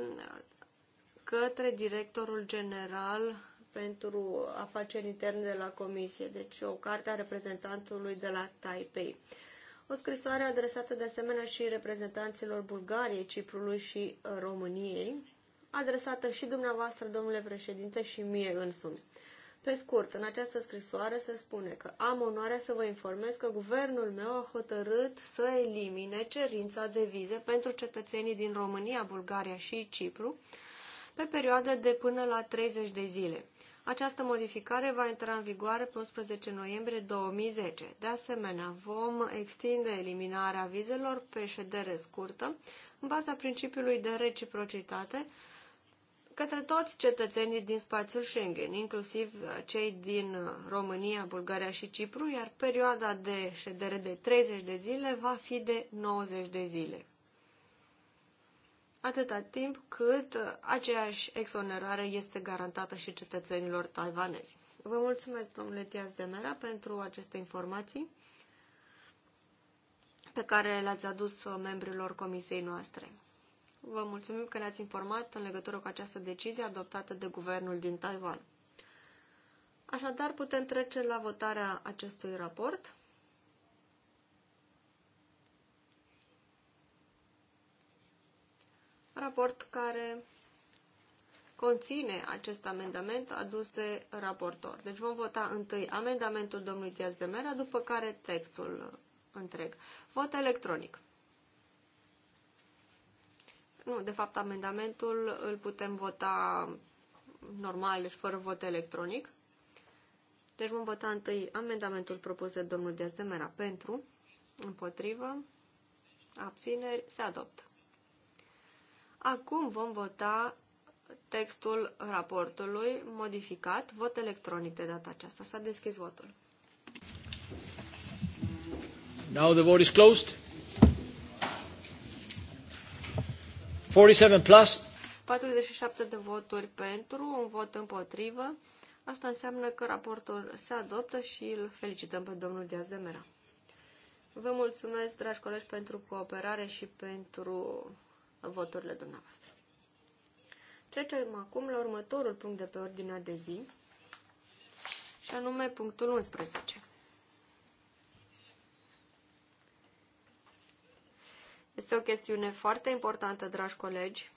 Speaker 5: către directorul general pentru afaceri interne de la Comisie, deci o carte a reprezentantului de la Taipei. O scrisoare adresată de asemenea și reprezentanților Bulgariei, Ciprului și uh, României, adresată și dumneavoastră, domnule președinte, și mie însumi. Pe scurt, în această scrisoare se spune că am onoarea să vă informez că guvernul meu a hotărât să elimine cerința de vize pentru cetățenii din România, Bulgaria și Cipru pe perioadă de până la 30 de zile. Această modificare va intra în vigoare pe 11 noiembrie 2010. De asemenea, vom extinde eliminarea vizelor pe ședere scurtă, în baza principiului de reciprocitate, către toți cetățenii din spațiul Schengen, inclusiv cei din România, Bulgaria și Cipru, iar perioada de ședere de 30 de zile va fi de 90 de zile atâta timp cât uh, aceeași exonerare este garantată și cetățenilor taiwanezi. Vă mulțumesc, domnule Tias de Mera, pentru aceste informații pe care le-ați adus uh, membrilor comisiei noastre. Vă mulțumim că ne-ați informat în legătură cu această decizie adoptată de guvernul din Taiwan. Așadar, putem trece la votarea acestui raport. raport care conține acest amendament adus de raportor. Deci vom vota întâi amendamentul domnului Tias de Mera, după care textul întreg. Vot electronic. Nu, de fapt, amendamentul îl putem vota normal, deci fără vot electronic. Deci vom vota întâi amendamentul propus de domnul Dias de Mera pentru, împotrivă, abțineri, se adoptă. Acum vom vota textul raportului modificat, vot electronic de data aceasta. S-a deschis votul.
Speaker 1: Now the vote is closed. 47 plus.
Speaker 5: 47 de voturi pentru, un vot împotrivă. Asta înseamnă că raportul se adoptă și îl felicităm pe domnul Diaz de Mera. Vă mulțumesc, dragi colegi, pentru cooperare și pentru voturile dumneavoastră. Trecem acum la următorul punct de pe ordinea de zi, și anume punctul 11. Este o chestiune foarte importantă, dragi colegi,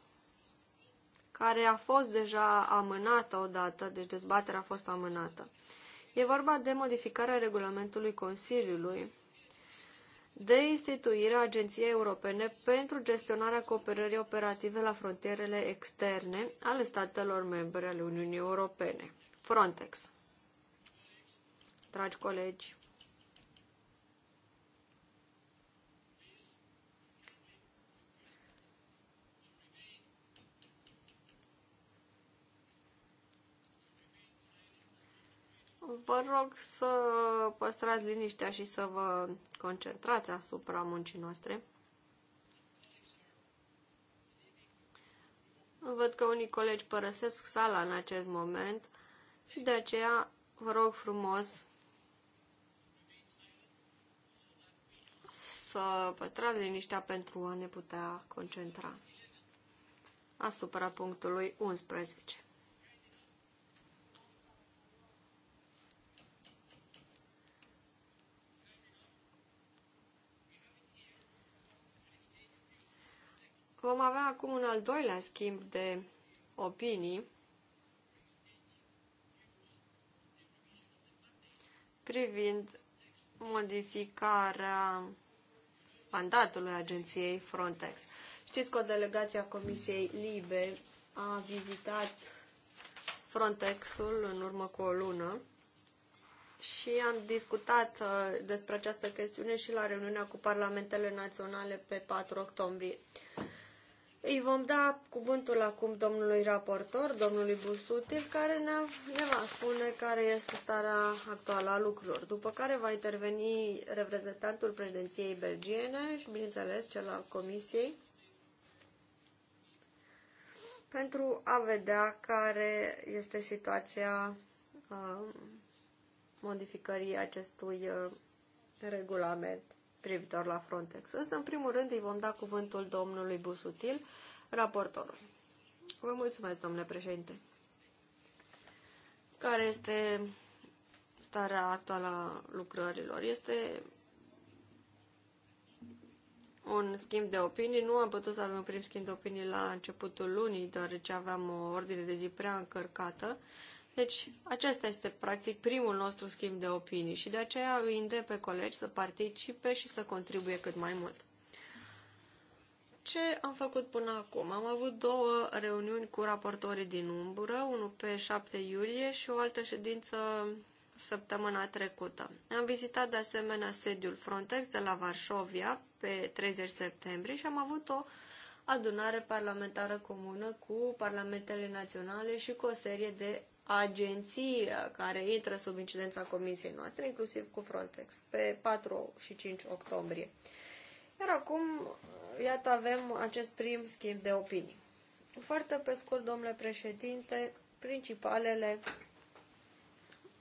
Speaker 5: care a fost deja amânată odată, deci dezbaterea a fost amânată. E vorba de modificarea regulamentului Consiliului de instituirea Agenției Europene pentru gestionarea cooperării operative la frontierele externe ale statelor membre ale Uniunii Europene, Frontex. Dragi colegi, Vă rog să păstrați liniștea și să vă concentrați asupra muncii noastre. Văd că unii colegi părăsesc sala în acest moment și de aceea vă rog frumos să păstrați liniștea pentru a ne putea concentra asupra punctului 11. Vom avea acum un al doilea schimb de opinii privind modificarea mandatului agenției Frontex. Știți că o delegație a Comisiei Libe a vizitat Frontexul în urmă cu o lună și am discutat uh, despre această chestiune și la reuniunea cu parlamentele naționale pe 4 octombrie. Îi vom da cuvântul acum domnului raportor, domnului Busutil, care ne, ne va spune care este starea actuală a lucrurilor, după care va interveni reprezentantul președinției belgiene și, bineînțeles, cel al Comisiei, pentru a vedea care este situația uh, modificării acestui uh, regulament privitor la Frontex. Însă, în primul rând, îi vom da cuvântul domnului Busutil, raportorul. Vă mulțumesc, domnule președinte. Care este starea actuală a lucrărilor? Este un schimb de opinii. Nu am putut să avem un prim schimb de opinii la începutul lunii, deoarece aveam o ordine de zi prea încărcată. Uh, deci, acesta este practic primul nostru schimb de opinii și de aceea îi îndemn pe colegi să participe și să contribuie cât mai mult. Ce am făcut până acum? Am avut două reuniuni cu raportorii din umbră, unul pe 7 iulie și o altă ședință săptămâna trecută. Am vizitat de asemenea sediul Frontex de la Varșovia pe 30 septembrie și am avut o adunare parlamentară comună cu parlamentele naționale și cu o serie de agențiile uh, care intră sub incidența comisiei noastre, inclusiv cu Frontex, pe 4 și 5 octombrie. Iar acum, uh, iată, avem acest prim schimb de opinii. Foarte pe scurt, domnule președinte, principalele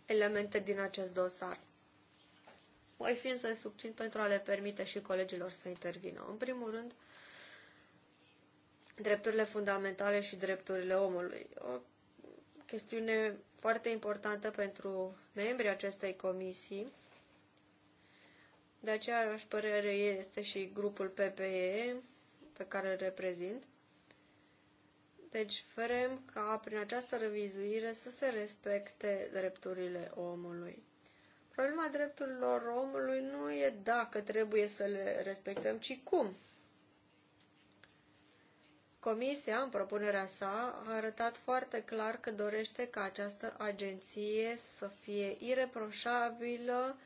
Speaker 5: elemente din acest dosar. Voi fi să subțin pentru a le permite și colegilor să intervină. În primul rând, drepturile fundamentale și drepturile omului. O chestiune foarte importantă pentru membrii acestei comisii. De aceeași părere este și grupul PPE pe care îl reprezint. Deci vrem ca prin această revizuire să se respecte drepturile omului. Problema drepturilor omului nu e dacă trebuie să le respectăm, ci cum Comisia, în propunerea sa, a arătat foarte clar că dorește ca această agenție să fie ireproșabilă,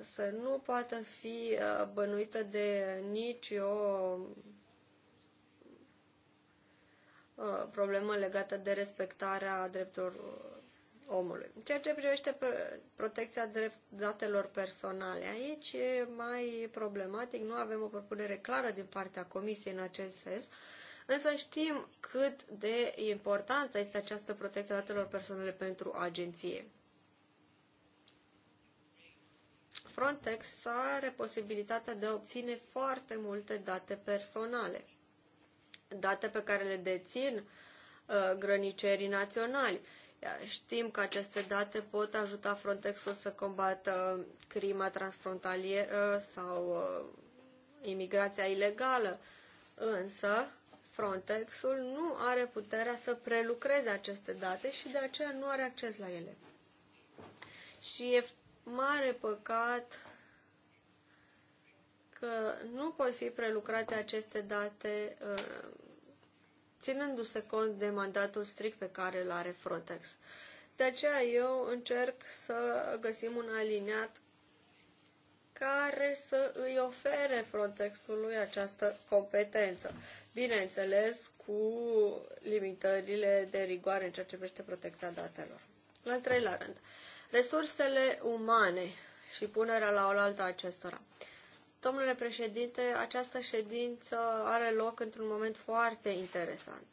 Speaker 5: să nu poată fi uh, bănuită de nicio uh, problemă legată de respectarea drepturilor uh, omului. Ceea ce privește protecția drept datelor personale, aici e mai problematic, nu avem o propunere clară din partea Comisiei în acest sens, Însă știm cât de importantă este această protecție a datelor personale pentru agenție. Frontex are posibilitatea de a obține foarte multe date personale, date pe care le dețin uh, grănicerii naționali. Iar știm că aceste date pot ajuta Frontexul să combată crima transfrontalieră sau uh, imigrația ilegală, însă Frontexul nu are puterea să prelucreze aceste date și de aceea nu are acces la ele. Și e mare păcat că nu pot fi prelucrate aceste date uh, ținându-se cont de mandatul strict pe care îl are Frontex. De aceea eu încerc să găsim un aliniat care să îi ofere Frontexului această competență bineînțeles cu limitările de rigoare în ceea ce privește protecția datelor. În al treilea rând, resursele umane și punerea la oaltă a acestora. Domnule președinte, această ședință are loc într-un moment foarte interesant.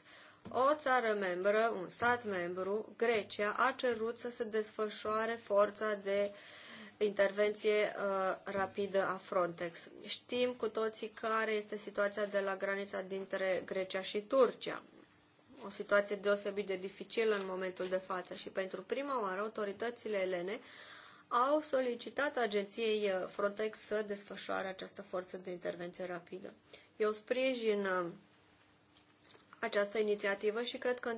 Speaker 5: O țară membră, un stat membru, Grecia, a cerut să se desfășoare forța de uh, intervenție uh, rapidă a Frontex. Știm cu toții care este situația de la granița dintre Grecia și Turcia. O situație deosebit de dificilă în momentul de față și pentru prima oară autoritățile elene au solicitat agenției uh, Frontex să desfășoare această forță de intervenție rapidă. Eu sprijin uh, această inițiativă și cred că în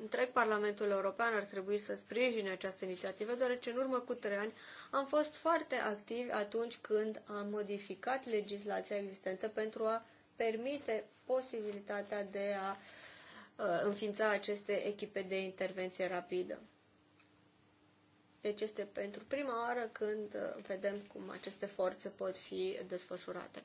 Speaker 5: întreg Parlamentul European ar trebui să sprijine această inițiativă, deoarece în urmă cu trei ani am fost foarte activi atunci când am modificat legislația existentă pentru a permite posibilitatea de a uh, înființa aceste echipe de intervenție rapidă. Deci este pentru prima oară când uh, vedem cum aceste forțe pot fi desfășurate.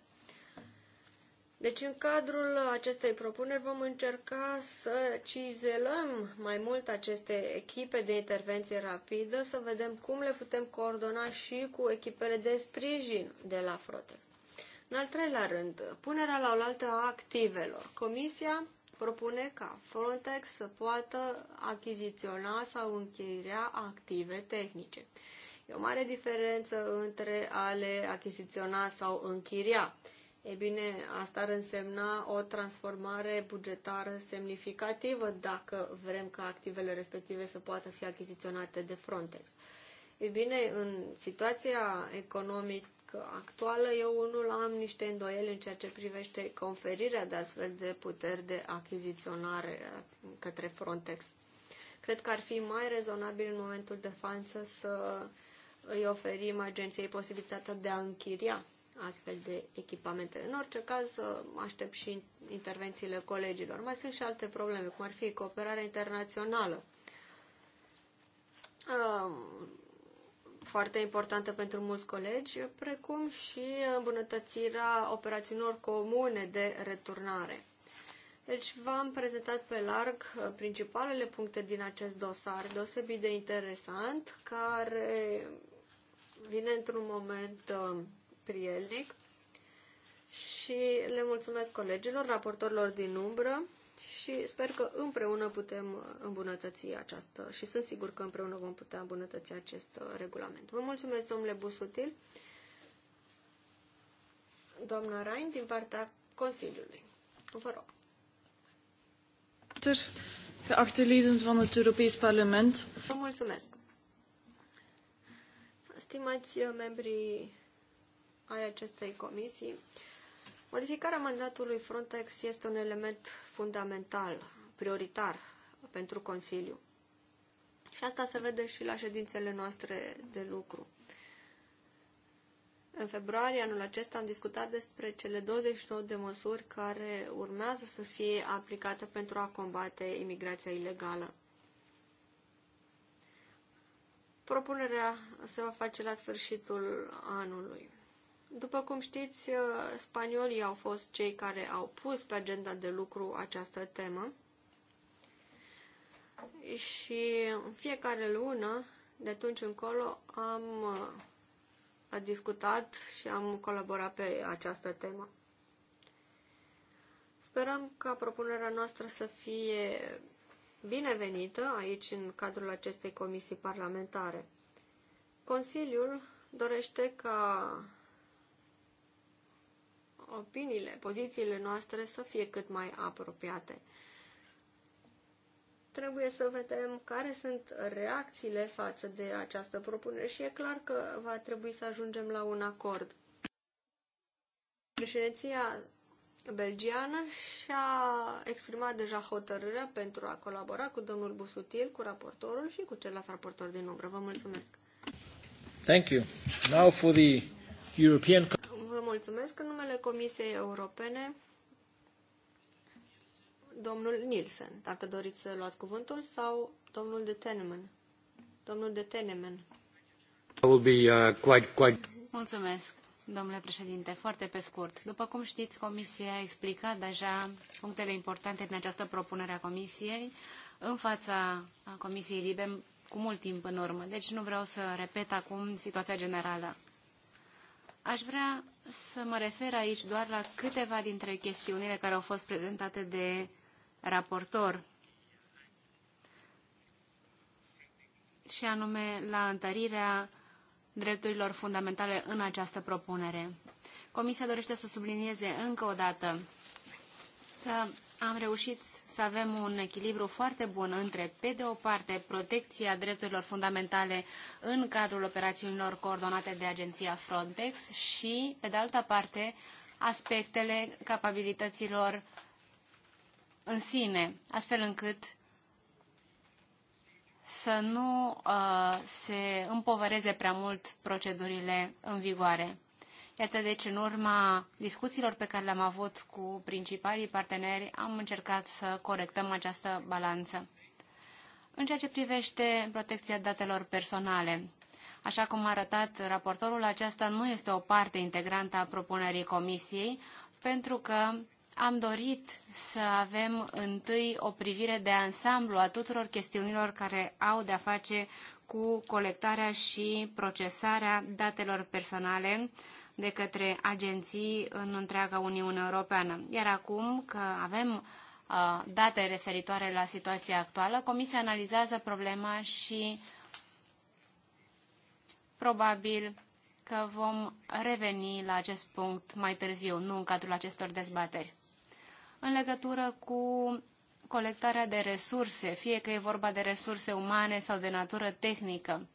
Speaker 5: Deci, în cadrul acestei propuneri vom încerca să cizelăm mai mult aceste echipe de intervenție rapidă, să vedem cum le putem coordona și cu echipele de sprijin de la Frotex. În al treilea rând, punerea la oaltă a activelor. Comisia propune ca Frontex să poată achiziționa sau închiria active tehnice. E o mare diferență între a le achiziționa sau închiria. E bine, asta ar însemna o transformare bugetară semnificativă dacă vrem ca activele respective să poată fi achiziționate de Frontex. E bine, în situația economică actuală, eu unul am niște îndoieli în ceea ce privește conferirea de astfel de puteri de achiziționare către Frontex. Cred că ar fi mai rezonabil în momentul de față să îi oferim agenției posibilitatea de a închiria astfel de echipamente. În orice caz, uh, aștept și intervențiile colegilor. Mai sunt și alte probleme, cum ar fi cooperarea internațională. Uh, foarte importantă pentru mulți colegi, precum și îmbunătățirea operațiunilor comune de returnare. Deci v-am prezentat pe larg uh, principalele puncte din acest dosar deosebit de interesant, care vine într-un moment Prielnic și le mulțumesc colegilor, raportorilor din umbră și sper că împreună putem uh, îmbunătăți această și sunt sigur că împreună vom putea îmbunătăți acest uh, regulament. Vă mulțumesc, domnule Busutil. Doamna Rain, din partea Consiliului. Vă rog. Vă mulțumesc. Stimați uh, membrii ai acestei comisii. Modificarea mandatului Frontex este un element fundamental, prioritar pentru Consiliu. Și asta se vede și la ședințele noastre de lucru. În februarie anul acesta am discutat despre cele 29 de măsuri care urmează să fie aplicate pentru a combate imigrația ilegală. Propunerea se va face la sfârșitul anului. După cum știți, uh, spaniolii au fost cei care au pus pe agenda de lucru această temă și în fiecare lună, de atunci încolo, am uh, discutat și am colaborat pe această temă. Sperăm ca propunerea noastră să fie binevenită aici în cadrul acestei comisii parlamentare. Consiliul dorește ca opiniile, pozițiile noastre să fie cât mai apropiate. Trebuie să vedem care sunt reacțiile față de această propunere și e clar că va trebui să ajungem la un acord. Președinția belgiană și-a exprimat deja hotărârea pentru a colabora cu domnul Busutil, cu raportorul și cu celălalt raportor din umbră. Vă mulțumesc!
Speaker 1: Thank you. Now for the European
Speaker 5: vă mulțumesc în numele Comisiei Europene, domnul Nielsen, dacă doriți să luați cuvântul, sau domnul de Tenemen. Domnul de Tenemen.
Speaker 3: Uh,
Speaker 5: mulțumesc. Domnule președinte,
Speaker 2: foarte pe scurt. După cum știți, Comisia a explicat deja punctele importante din această propunere a Comisiei în fața Comisiei Libe cu mult timp în urmă. Deci nu vreau să repet acum situația generală. Aș vrea să mă refer aici doar la câteva dintre chestiunile care au fost prezentate de raportor, și anume la întărirea drepturilor fundamentale în această propunere. Comisia dorește să sublinieze încă o dată că am reușit să avem un echilibru foarte bun între, pe de o parte, protecția drepturilor fundamentale în cadrul operațiunilor coordonate de agenția Frontex și, pe de altă parte, aspectele capabilităților în sine, astfel încât să nu uh, se împovăreze prea mult procedurile în vigoare. Iată, deci, în urma discuțiilor pe care le-am avut cu principalii parteneri, am încercat să corectăm această balanță. În ceea ce privește protecția datelor personale, Așa cum a arătat raportorul, aceasta nu este o parte integrantă a propunerii Comisiei, pentru că am dorit să avem întâi o privire de ansamblu a tuturor chestiunilor care au de-a face cu colectarea și procesarea datelor personale de către agenții în întreaga Uniune Europeană. Iar acum că avem uh, date referitoare la situația actuală, Comisia analizează problema și probabil că vom reveni la acest punct mai târziu, nu în cadrul acestor dezbateri. În legătură cu colectarea de resurse, fie că e vorba de resurse umane sau de natură tehnică,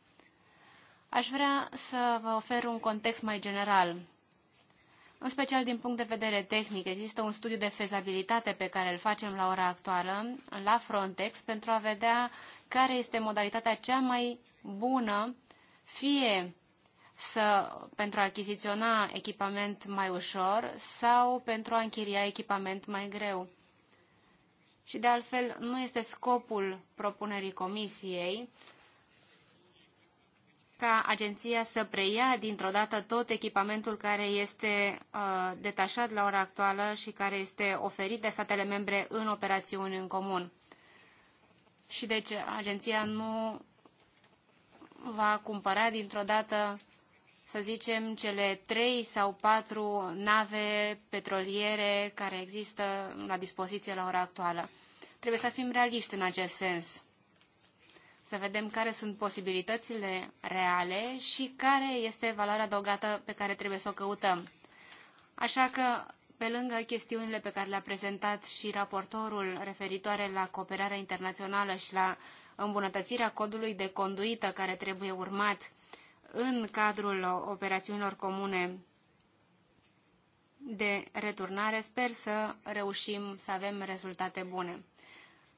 Speaker 2: Aș vrea să vă ofer un context mai general. În special din punct de vedere tehnic, există un studiu de fezabilitate pe care îl facem la ora actuală la Frontex pentru a vedea care este modalitatea cea mai bună, fie să, pentru a achiziționa echipament mai ușor sau pentru a închiria echipament mai greu. Și de altfel, nu este scopul propunerii comisiei ca agenția să preia dintr-o dată tot echipamentul care este uh, detașat la ora actuală și care este oferit de statele membre în operațiuni în comun. Și deci agenția nu va cumpăra dintr-o dată, să zicem, cele trei sau patru nave petroliere care există la dispoziție la ora actuală. Trebuie să fim realiști în acest sens să vedem care sunt posibilitățile reale și care este valoarea adăugată pe care trebuie să o căutăm. Așa că, pe lângă chestiunile pe care le-a prezentat și raportorul referitoare la cooperarea internațională și la îmbunătățirea codului de conduită care trebuie urmat în cadrul operațiunilor comune de returnare, sper să reușim să avem rezultate bune.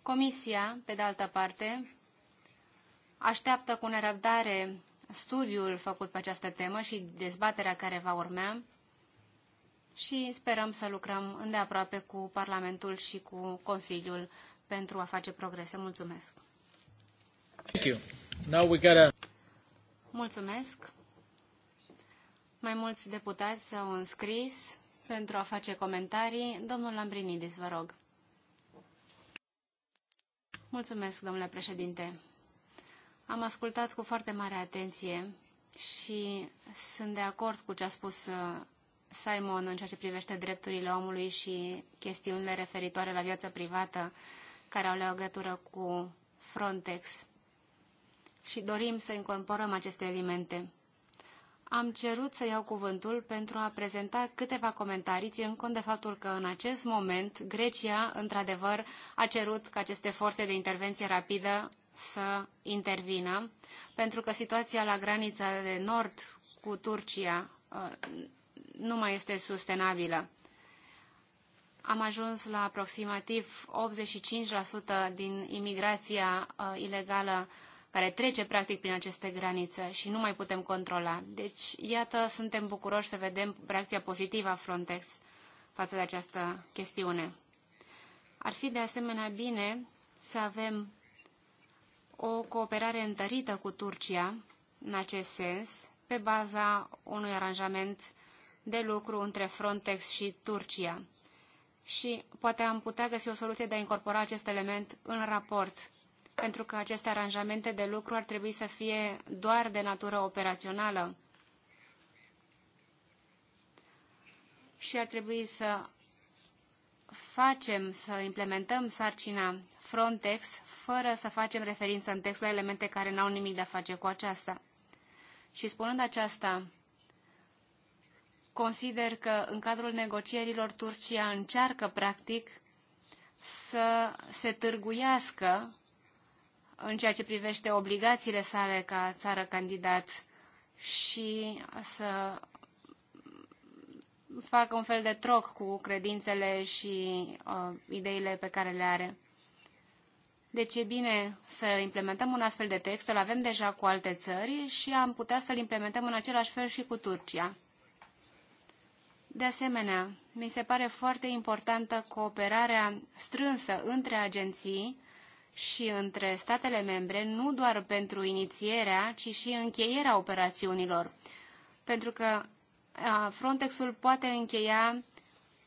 Speaker 2: Comisia, pe de altă parte, așteaptă cu nerăbdare studiul făcut pe această temă și dezbaterea care va urmea și sperăm să lucrăm îndeaproape cu Parlamentul și cu Consiliul pentru a face progrese. Mulțumesc!
Speaker 1: Thank you. Now we gotta...
Speaker 2: Mulțumesc! Mai mulți deputați s-au înscris pentru a face comentarii. Domnul Lambrinidis, vă rog. Mulțumesc, domnule președinte. Am ascultat cu foarte mare atenție și sunt de acord cu ce a spus uh, Simon în ceea ce privește drepturile omului și chestiunile referitoare la viața privată care au legătură cu Frontex și dorim să incorporăm aceste elemente. Am cerut să iau cuvântul pentru a prezenta câteva comentarii, ținând cont de faptul că în acest moment Grecia, într-adevăr, a cerut ca aceste forțe de intervenție rapidă să intervină, pentru că situația la granița de nord cu Turcia uh, nu mai este sustenabilă. Am ajuns la aproximativ 85% din imigrația uh, ilegală care trece practic prin aceste granițe și nu mai putem controla. Deci, iată, suntem bucuroși să vedem reacția pozitivă a Frontex față de această chestiune. Ar fi de asemenea bine să avem o cooperare întărită cu Turcia în acest sens, pe baza unui aranjament de lucru între Frontex și Turcia. Și poate am putea găsi o soluție de a incorpora acest element în raport, pentru că aceste aranjamente de lucru ar trebui să fie doar de natură operațională și ar trebui să facem, să implementăm sarcina Frontex fără să facem referință în text la elemente care n-au nimic de a face cu aceasta. Și spunând aceasta, consider că în cadrul negocierilor Turcia încearcă practic să se târguiască în ceea ce privește obligațiile sale ca țară candidat și să facă un fel de troc cu credințele și uh, ideile pe care le are. Deci e bine să implementăm un astfel de text, îl avem deja cu alte țări și am putea să-l implementăm în același fel și cu Turcia. De asemenea, mi se pare foarte importantă cooperarea strânsă între agenții și între statele membre, nu doar pentru inițierea, ci și încheierea operațiunilor. Pentru că Frontexul poate încheia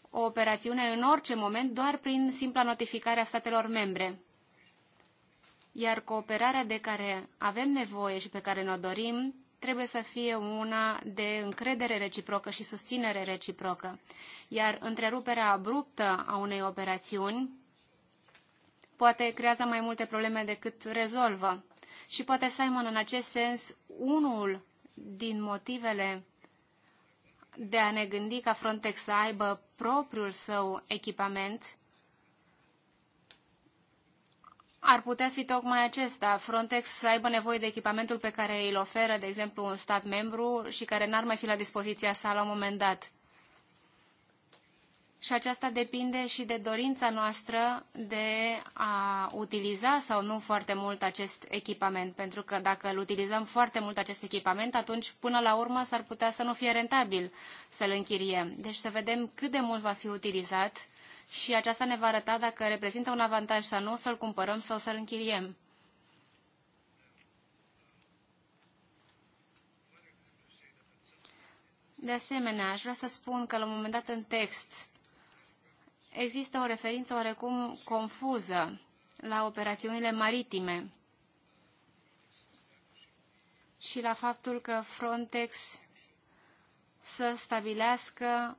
Speaker 2: o operațiune în orice moment doar prin simpla notificare a statelor membre. Iar cooperarea de care avem nevoie și pe care ne-o dorim trebuie să fie una de încredere reciprocă și susținere reciprocă. Iar întreruperea abruptă a unei operațiuni poate creează mai multe probleme decât rezolvă. Și poate, Simon, în acest sens, unul din motivele de a ne gândi ca Frontex să aibă propriul său echipament ar putea fi tocmai acesta, Frontex să aibă nevoie de echipamentul pe care îl oferă, de exemplu, un stat membru și care n-ar mai fi la dispoziția sa la un moment dat și aceasta depinde și de dorința noastră de a utiliza sau nu foarte mult acest echipament, pentru că dacă îl utilizăm foarte mult acest echipament, atunci până la urmă s-ar putea să nu fie rentabil să-l închiriem. Deci să vedem cât de mult va fi utilizat și aceasta ne va arăta dacă reprezintă un avantaj sau nu să-l cumpărăm sau să-l închiriem. De asemenea, aș vrea să spun că la un moment dat în text există o referință oarecum confuză la operațiunile maritime și la faptul că Frontex să stabilească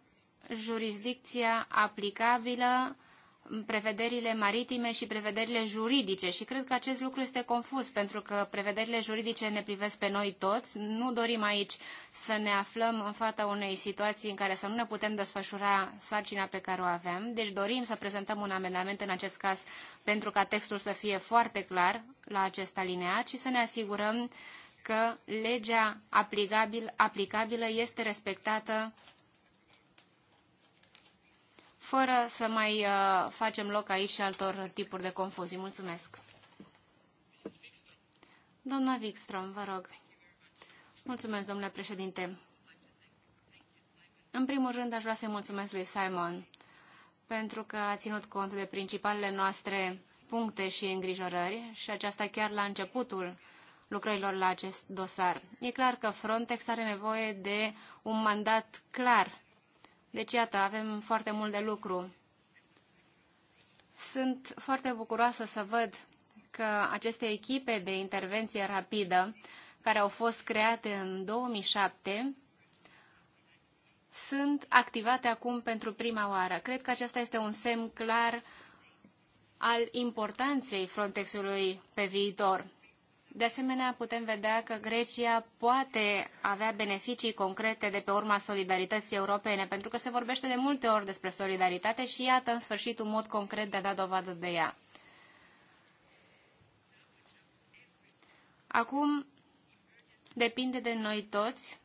Speaker 2: jurisdicția aplicabilă prevederile maritime și prevederile juridice și cred că acest lucru este confuz pentru că prevederile juridice ne privesc pe noi toți. Nu dorim aici să ne aflăm în fața unei situații în care să nu ne putem desfășura sarcina pe care o avem. Deci dorim să prezentăm un amendament în acest caz pentru ca textul să fie foarte clar la acest alineat și să ne asigurăm că legea aplicabil, aplicabilă este respectată fără să mai uh, facem loc aici și altor tipuri de confuzii. Mulțumesc. Doamna Wikström, vă rog. Mulțumesc, domnule președinte. În primul rând, aș vrea să-i mulțumesc lui Simon pentru că a ținut cont de principalele noastre puncte și îngrijorări și aceasta chiar la începutul lucrărilor la acest dosar. E clar că Frontex are nevoie de un mandat clar deci, iată, avem foarte mult de lucru. Sunt foarte bucuroasă să văd că aceste echipe de intervenție rapidă, care au fost create în 2007, sunt activate acum pentru prima oară. Cred că acesta este un semn clar al importanței Frontexului pe viitor. De asemenea, putem vedea că Grecia poate avea beneficii concrete de pe urma solidarității europene, pentru că se vorbește de multe ori despre solidaritate și iată, în sfârșit, un mod concret de a da dovadă de ea. Acum depinde de noi toți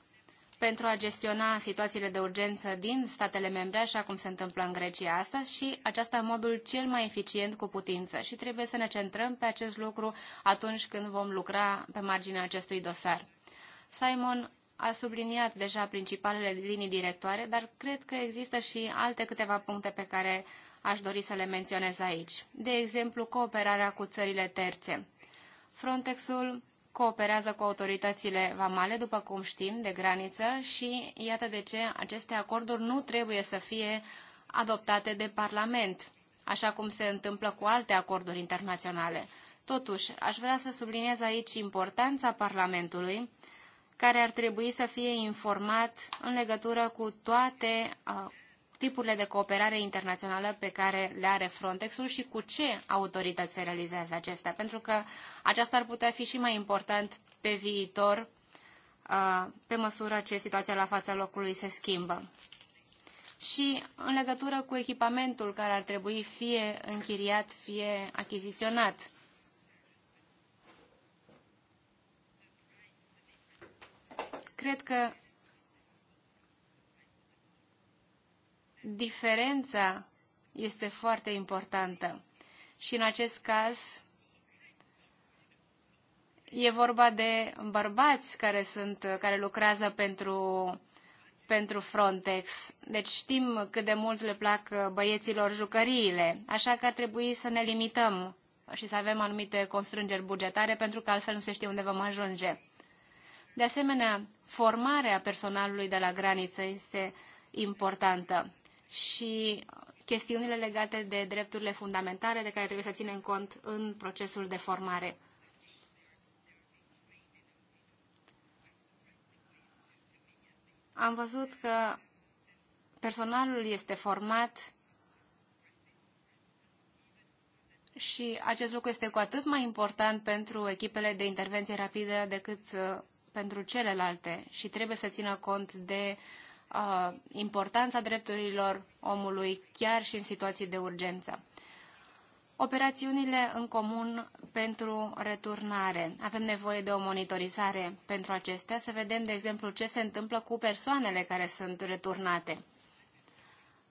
Speaker 2: pentru a gestiona situațiile de urgență din statele membre, așa cum se întâmplă în Grecia astăzi, și aceasta în modul cel mai eficient cu putință. Și trebuie să ne centrăm pe acest lucru atunci când vom lucra pe marginea acestui dosar. Simon a subliniat deja principalele linii directoare, dar cred că există și alte câteva puncte pe care aș dori să le menționez aici. De exemplu, cooperarea cu țările terțe. Frontexul cooperează cu autoritățile vamale, după cum știm, de graniță și iată de ce aceste acorduri nu trebuie să fie adoptate de Parlament, așa cum se întâmplă cu alte acorduri internaționale. Totuși, aș vrea să subliniez aici importanța Parlamentului, care ar trebui să fie informat în legătură cu toate uh, tipurile de cooperare internațională pe care le are Frontexul și cu ce autorități se realizează acestea, pentru că aceasta ar putea fi și mai important pe viitor, uh, pe măsură ce situația la fața locului se schimbă. Și în legătură cu echipamentul care ar trebui fie închiriat, fie achiziționat. Cred că diferența este foarte importantă. Și în acest caz e vorba de bărbați care, sunt, care lucrează pentru, pentru Frontex. Deci știm cât de mult le plac băieților jucăriile, așa că ar trebui să ne limităm și să avem anumite constrângeri bugetare, pentru că altfel nu se știe unde vom ajunge. De asemenea, formarea personalului de la graniță este importantă și chestiunile legate de drepturile fundamentale de care trebuie să ținem cont în procesul de formare. Am văzut că personalul este format și acest lucru este cu atât mai important pentru echipele de intervenție rapidă decât uh, pentru celelalte și trebuie să țină cont de uh, importanța drepturilor omului chiar și în situații de urgență. Operațiunile în comun pentru returnare. Avem nevoie de o monitorizare pentru acestea, să vedem, de exemplu, ce se întâmplă cu persoanele care sunt returnate.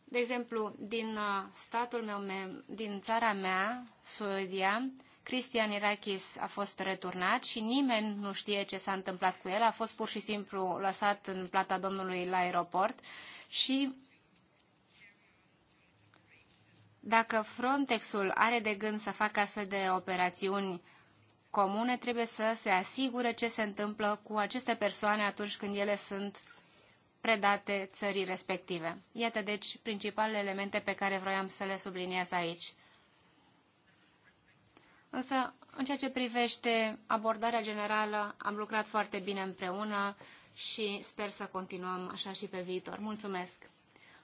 Speaker 2: De exemplu, din statul meu, din țara mea, Suedia, Cristian Irakis a fost returnat și nimeni nu știe ce s-a întâmplat cu el. A fost pur și simplu lăsat în plata domnului la aeroport și dacă Frontexul are de gând să facă astfel de operațiuni comune, trebuie să se asigure ce se întâmplă cu aceste persoane atunci când ele sunt predate țării respective. Iată, deci, principalele elemente pe care vroiam să le subliniez aici. Însă, în ceea ce privește abordarea generală, am lucrat foarte bine împreună și sper să continuăm așa și pe viitor. Mulțumesc!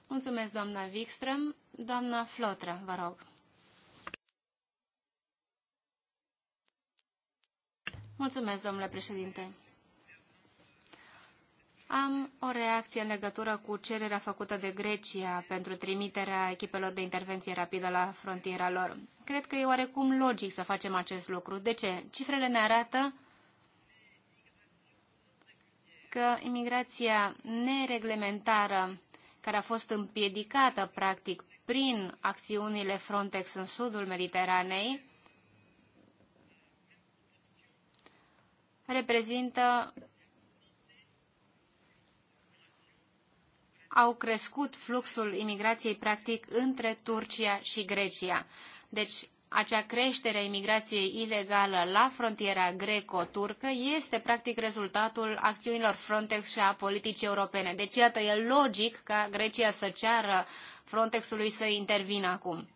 Speaker 2: Mulțumesc, doamna Wikström. Doamna Flotră, vă rog. Mulțumesc, domnule președinte. Am o reacție în legătură cu cererea făcută de Grecia pentru trimiterea echipelor de intervenție rapidă la frontiera lor. Cred că e oarecum logic să facem acest lucru. De ce? Cifrele ne arată că imigrația nereglementară, care a fost împiedicată, practic, prin acțiunile Frontex în sudul Mediteranei, reprezintă au crescut fluxul imigrației practic între Turcia și Grecia. Deci acea creștere a imigrației ilegală la frontiera greco-turcă este practic rezultatul acțiunilor Frontex și a politicii europene. Deci iată, e logic ca Grecia să ceară Frontexului să intervină acum.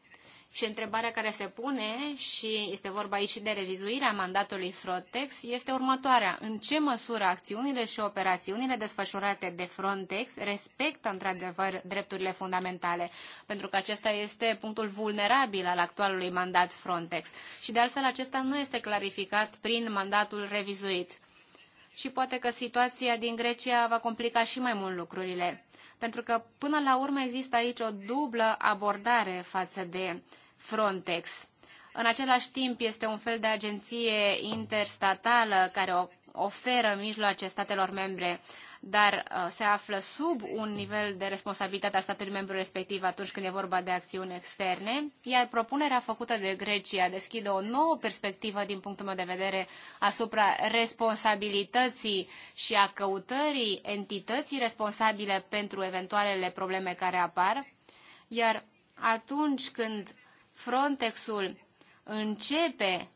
Speaker 2: Și întrebarea care se pune, și este vorba aici și de revizuirea mandatului Frontex, este următoarea. În ce măsură acțiunile și operațiunile desfășurate de Frontex respectă într-adevăr drepturile fundamentale? Pentru că acesta este punctul vulnerabil al actualului mandat Frontex. Și de altfel acesta nu este clarificat prin mandatul revizuit și poate că situația din Grecia va complica și mai mult lucrurile. Pentru că până la urmă există aici o dublă abordare față de Frontex. În același timp este un fel de agenție interstatală care oferă mijloace statelor membre dar uh, se află sub un nivel de responsabilitate a statului membru respectiv atunci când e vorba de acțiuni externe, iar propunerea făcută de Grecia deschide o nouă perspectivă din punctul meu de vedere asupra responsabilității și a căutării entității responsabile pentru eventualele probleme care apar, iar atunci când Frontexul începe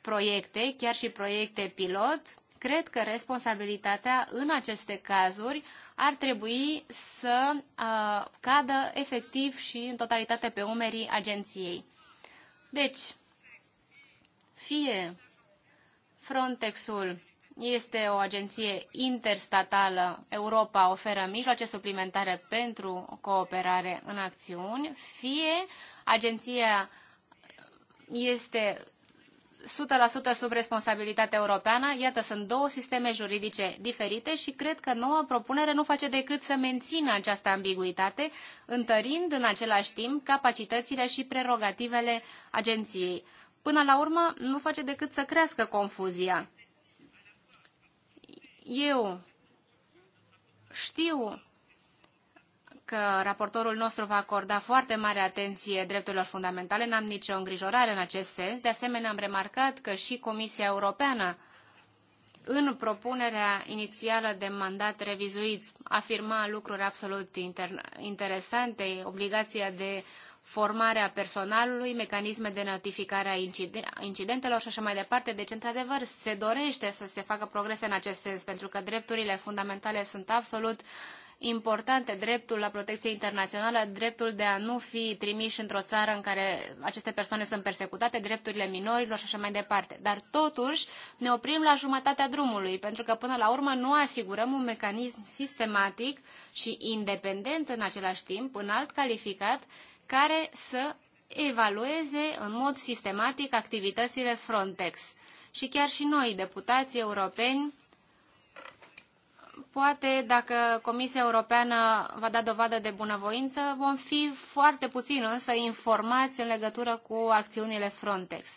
Speaker 2: proiecte, chiar și proiecte pilot, Cred că responsabilitatea în aceste cazuri ar trebui să uh, cadă efectiv și în totalitate pe umerii agenției. Deci, fie Frontexul este o agenție interstatală. Europa oferă mijloace suplimentare pentru cooperare în acțiuni, fie agenția este 100% sub responsabilitatea europeană. Iată, sunt două sisteme juridice diferite și cred că noua propunere nu face decât să mențină această ambiguitate, întărind în același timp capacitățile și prerogativele agenției. Până la urmă, nu face decât să crească confuzia. Eu știu că raportorul nostru va acorda foarte mare atenție drepturilor fundamentale, n-am nicio îngrijorare în acest sens. De asemenea, am remarcat că și Comisia Europeană, în propunerea inițială de mandat revizuit, afirma lucruri absolut interesante, obligația de formare a personalului, mecanisme de notificare a incidentelor și așa mai departe. Deci, într-adevăr, se dorește să se facă progrese în acest sens, pentru că drepturile fundamentale sunt absolut importante, dreptul la protecție internațională, dreptul de a nu fi trimiși într-o țară în care aceste persoane sunt persecutate, drepturile minorilor și așa mai departe. Dar totuși ne oprim la jumătatea drumului, pentru că până la urmă nu asigurăm un mecanism sistematic și independent în același timp, înalt calificat, care să evalueze în mod sistematic activitățile Frontex. Și chiar și noi, deputații europeni, poate dacă Comisia Europeană va da dovadă de bunăvoință, vom fi foarte puțin însă informați în legătură cu acțiunile Frontex.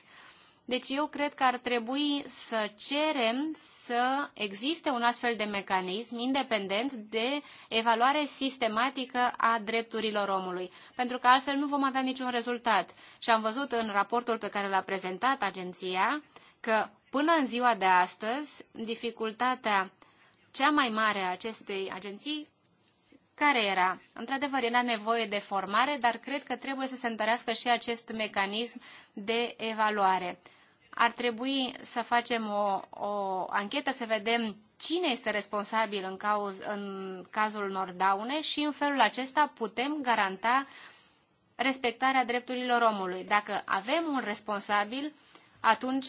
Speaker 2: Deci eu cred că ar trebui să cerem să existe un astfel de mecanism independent de evaluare sistematică a drepturilor omului, pentru că altfel nu vom avea niciun rezultat. Și am văzut în raportul pe care l-a prezentat agenția că până în ziua de astăzi dificultatea cea mai mare a acestei agenții, care era? Într-adevăr, era nevoie de formare, dar cred că trebuie să se întărească și acest mecanism de evaluare. Ar trebui să facem o, o anchetă, să vedem cine este responsabil în, cauz, în cazul Nordaune și în felul acesta putem garanta respectarea drepturilor omului. Dacă avem un responsabil, atunci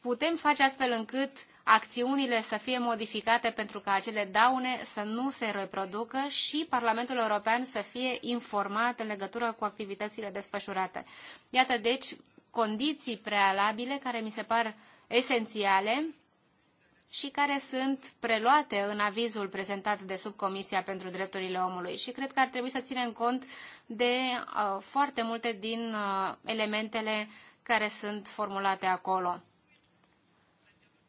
Speaker 2: putem face astfel încât acțiunile să fie modificate pentru ca acele daune să nu se reproducă și Parlamentul European să fie informat în legătură cu activitățile desfășurate. Iată, deci, condiții prealabile care mi se par esențiale și care sunt preluate în avizul prezentat de Subcomisia pentru Drepturile Omului. Și cred că ar trebui să ținem cont de uh, foarte multe din uh, elementele care sunt formulate acolo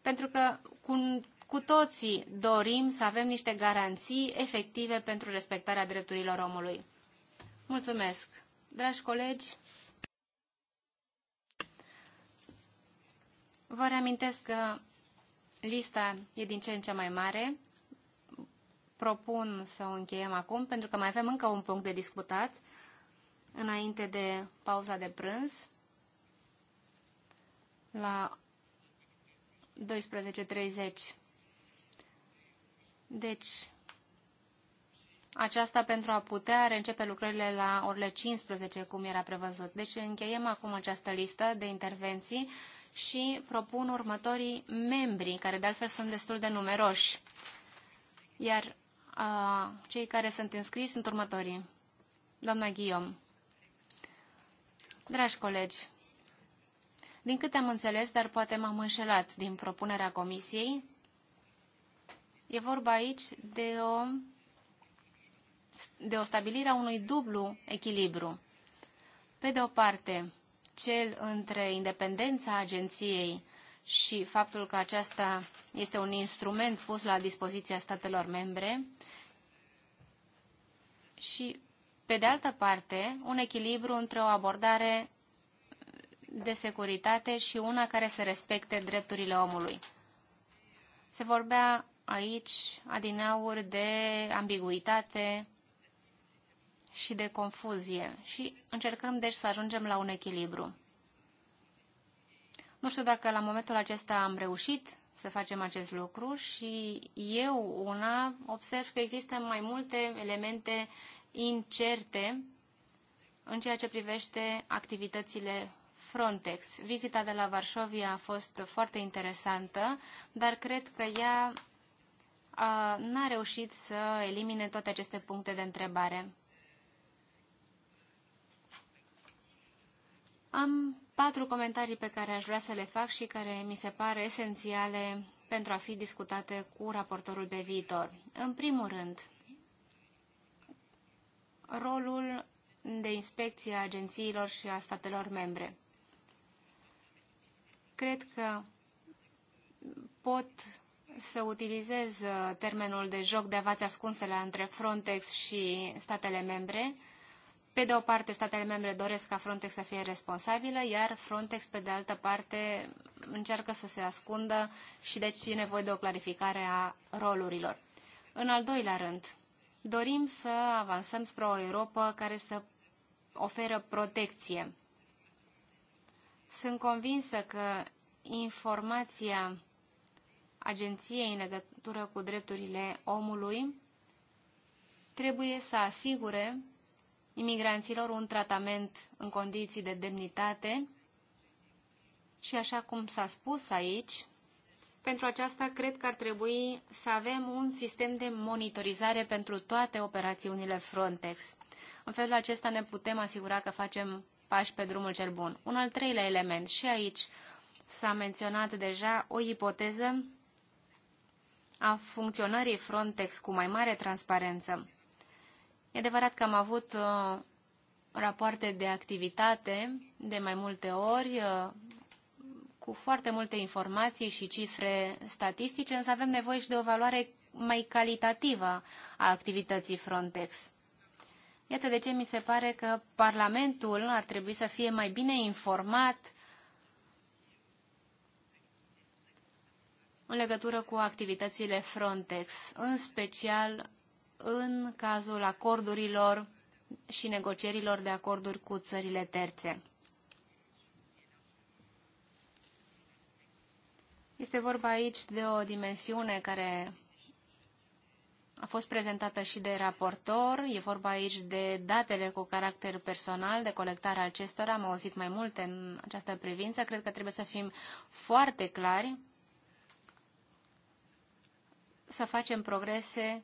Speaker 2: pentru că cu, cu toții dorim să avem niște garanții efective pentru respectarea drepturilor omului. Mulțumesc! Dragi colegi, vă reamintesc că lista e din ce în ce mai mare. Propun să o încheiem acum, pentru că mai avem încă un punct de discutat înainte de pauza de prânz la 12.30. Deci, aceasta pentru a putea reîncepe lucrările la orele 15, cum era prevăzut. Deci încheiem acum această listă de intervenții și propun următorii membri, care de altfel sunt destul de numeroși. Iar a, cei care sunt înscriși sunt următorii. Doamna Ghiom. Dragi colegi, din câte am înțeles, dar poate m-am înșelat din propunerea comisiei, e vorba aici de o, de o stabilire a unui dublu echilibru. Pe de o parte, cel între independența agenției și faptul că aceasta este un instrument pus la dispoziția statelor membre și, pe de altă parte, un echilibru între o abordare de securitate și una care să respecte drepturile omului. Se vorbea aici adineauri de ambiguitate și de confuzie și încercăm deci să ajungem la un echilibru. Nu știu dacă la momentul acesta am reușit să facem acest lucru și eu una observ că există mai multe elemente incerte în ceea ce privește activitățile Frontex. Vizita de la Varșovia a fost foarte interesantă, dar cred că ea n-a reușit să elimine toate aceste puncte de întrebare. Am patru comentarii pe care aș vrea să le fac și care mi se pare esențiale pentru a fi discutate cu raportorul pe viitor. În primul rând, rolul de inspecție a agențiilor și a statelor membre. Cred că pot să utilizez uh, termenul de joc de avați ascunsele între Frontex și statele membre. Pe de o parte, statele membre doresc ca Frontex să fie responsabilă, iar Frontex, pe de altă parte, încearcă să se ascundă și deci e nevoie de o clarificare a rolurilor. În al doilea rând, dorim să avansăm spre o Europa care să oferă protecție sunt convinsă că informația agenției în legătură cu drepturile omului trebuie să asigure imigranților un tratament în condiții de demnitate și așa cum s-a spus aici, pentru aceasta cred că ar trebui să avem un sistem de monitorizare pentru toate operațiunile Frontex. În felul acesta ne putem asigura că facem pași pe drumul cel bun. Un al treilea element, și aici s-a menționat deja o ipoteză a funcționării Frontex cu mai mare transparență. E adevărat că am avut uh, rapoarte de activitate de mai multe ori, uh, cu foarte multe informații și cifre statistice, însă avem nevoie și de o valoare mai calitativă a activității Frontex. Iată de ce mi se pare că Parlamentul ar trebui să fie mai bine informat în legătură cu activitățile Frontex, în special în cazul acordurilor și negocierilor de acorduri cu țările terțe. Este vorba aici de o dimensiune care a fost prezentată și de raportor. E vorba aici de datele cu caracter personal, de colectarea acestora. Am auzit mai multe în această privință. Cred că trebuie să fim foarte clari, să facem progrese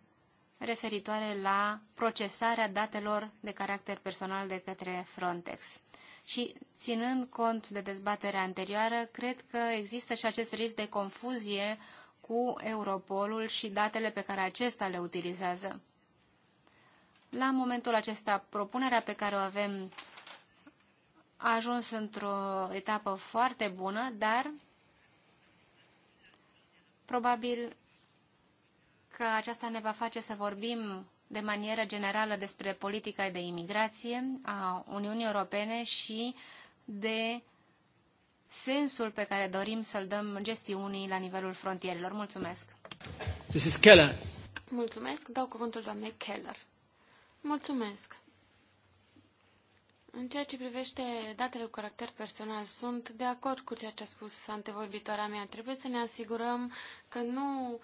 Speaker 2: referitoare la procesarea datelor de caracter personal de către Frontex. Și ținând cont de dezbaterea anterioară, cred că există și acest risc de confuzie cu Europolul și datele pe care acesta le utilizează. La momentul acesta, propunerea pe care o avem a ajuns într-o etapă foarte bună, dar probabil că aceasta ne va face să vorbim de manieră generală despre politica de imigrație a Uniunii Europene și de sensul pe care dorim să-l dăm gestiunii la nivelul frontierelor. Mulțumesc!
Speaker 1: This is Keller.
Speaker 4: Mulțumesc! Dau cuvântul doamnei Keller. Mulțumesc! În ceea ce privește datele cu caracter personal, sunt de acord cu ceea ce a spus antevorbitoarea mea. Trebuie să ne asigurăm că nu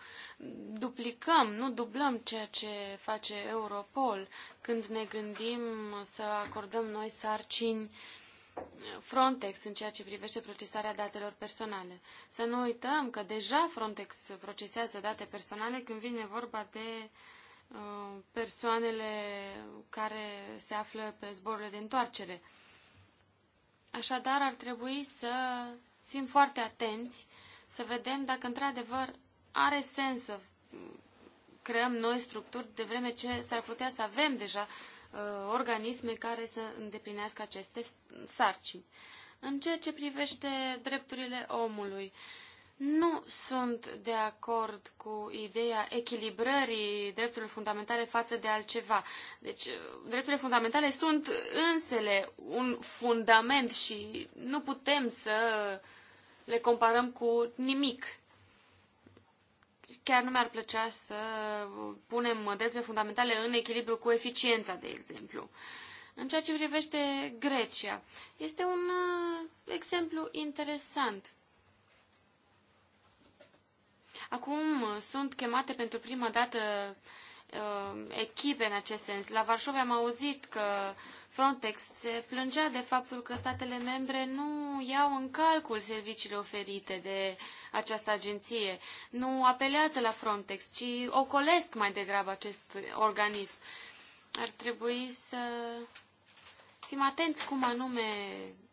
Speaker 4: duplicăm, nu dublăm ceea ce face Europol când ne gândim să acordăm noi sarcini uh, Frontex în ceea ce privește procesarea datelor personale. Să nu uităm că deja Frontex procesează date personale când vine vorba de uh, persoanele care se află pe zborurile de întoarcere. Așadar, ar trebui să fim foarte atenți, să vedem dacă într-adevăr are sens să creăm noi structuri, de vreme ce s-ar putea să avem deja uh, Uh, organisme care să îndeplinească aceste sarcini. În ceea ce privește drepturile omului, nu sunt de acord cu ideea echilibrării drepturilor fundamentale față de altceva. Deci, uh, drepturile fundamentale sunt însele un fundament și nu putem să le comparăm cu nimic Chiar nu mi-ar plăcea să punem drepturile fundamentale în echilibru cu eficiența, de exemplu. În ceea ce privește Grecia, este un uh, exemplu interesant. Acum uh, sunt chemate pentru prima dată uh, Uh, echipe în acest sens. La Varșovia am auzit că Frontex se plângea de faptul că statele membre nu iau în calcul serviciile oferite de această agenție, nu apelează la Frontex, ci ocolesc mai degrabă acest organism. Ar trebui să fim atenți cum anume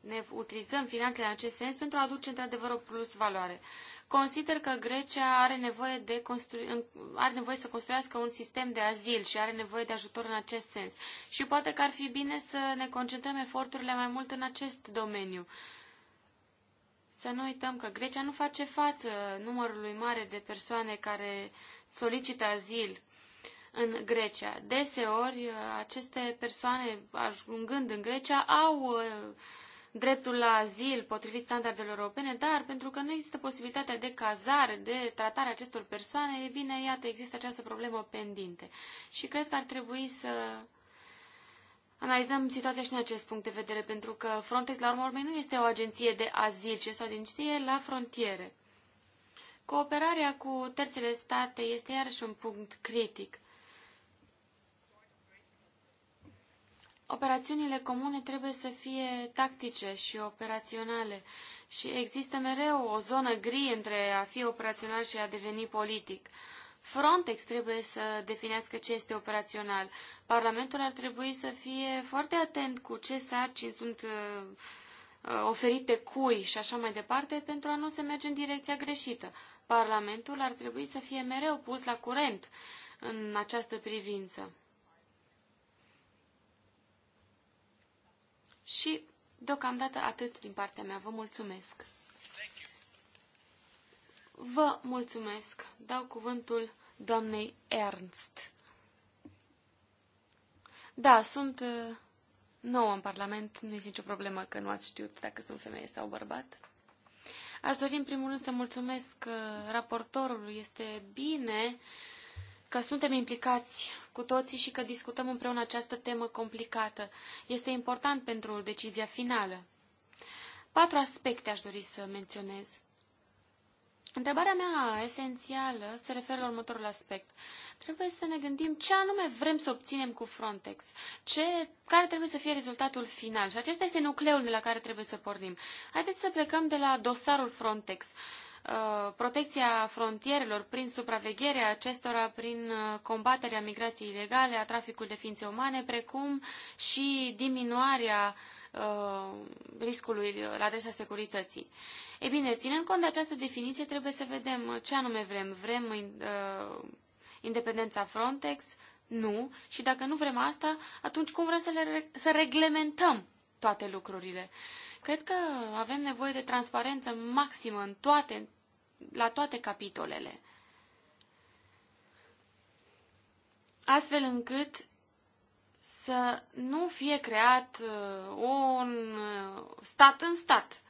Speaker 4: ne utilizăm finanțele în acest sens pentru a aduce într-adevăr o plus valoare consider că Grecia are nevoie, de constru- are nevoie să construiască un sistem de azil și are nevoie de ajutor în acest sens. Și poate că ar fi bine să ne concentrăm eforturile mai mult în acest domeniu. Să nu uităm că Grecia nu face față numărului mare de persoane care solicită azil în Grecia. Deseori, aceste persoane, ajungând în Grecia, au uh, dreptul la azil potrivit standardelor europene, dar pentru că nu există posibilitatea de cazare, de tratare acestor persoane, e bine, iată, există această problemă pendinte. Și cred că ar trebui să analizăm situația și din acest punct de vedere, pentru că Frontex, la urma urmei, nu este o agenție de azil, ci este o agenție la frontiere. Cooperarea cu terțele state este iarăși un punct critic. Operațiunile comune trebuie să fie tactice și operaționale și există mereu o zonă gri între a fi operațional și a deveni politic. Frontex trebuie să definească ce este operațional. Parlamentul ar trebui să fie foarte atent cu ce sarcini sunt uh, uh, oferite cui și așa mai departe pentru a nu se merge în direcția greșită. Parlamentul ar trebui să fie mereu pus la curent în această privință. Și deocamdată atât din partea mea. Vă mulțumesc! Vă mulțumesc! Dau cuvântul doamnei Ernst. Da, sunt uh, nouă în Parlament, nu este nicio problemă că nu ați știut dacă sunt femeie sau bărbat. Aș dori în primul rând să mulțumesc uh, raportorului. Este bine că suntem implicați cu toții și că discutăm împreună această temă complicată. Este important pentru decizia finală. Patru aspecte aș dori să menționez. Întrebarea mea esențială se referă la următorul aspect. Trebuie să ne gândim ce anume vrem să obținem cu Frontex, ce, care trebuie să fie rezultatul final. Și acesta este nucleul de la care trebuie să pornim. Haideți să plecăm de la dosarul Frontex. Uh, Uh, protecția frontierelor prin supravegherea acestora, prin uh, combaterea migrației ilegale, a traficului de ființe umane, precum și diminuarea uh, riscului la adresa securității. Ei bine, ținând cont de această definiție, trebuie să vedem ce anume vrem. Vrem independența Frontex? Nu. Și dacă nu vrem asta, atunci cum vrem să, le, să reglementăm toate lucrurile? Uh, Cred că avem nevoie de transparență maximă în toate, la toate capitolele. Astfel încât să nu fie creat uh, un uh, stat în stat.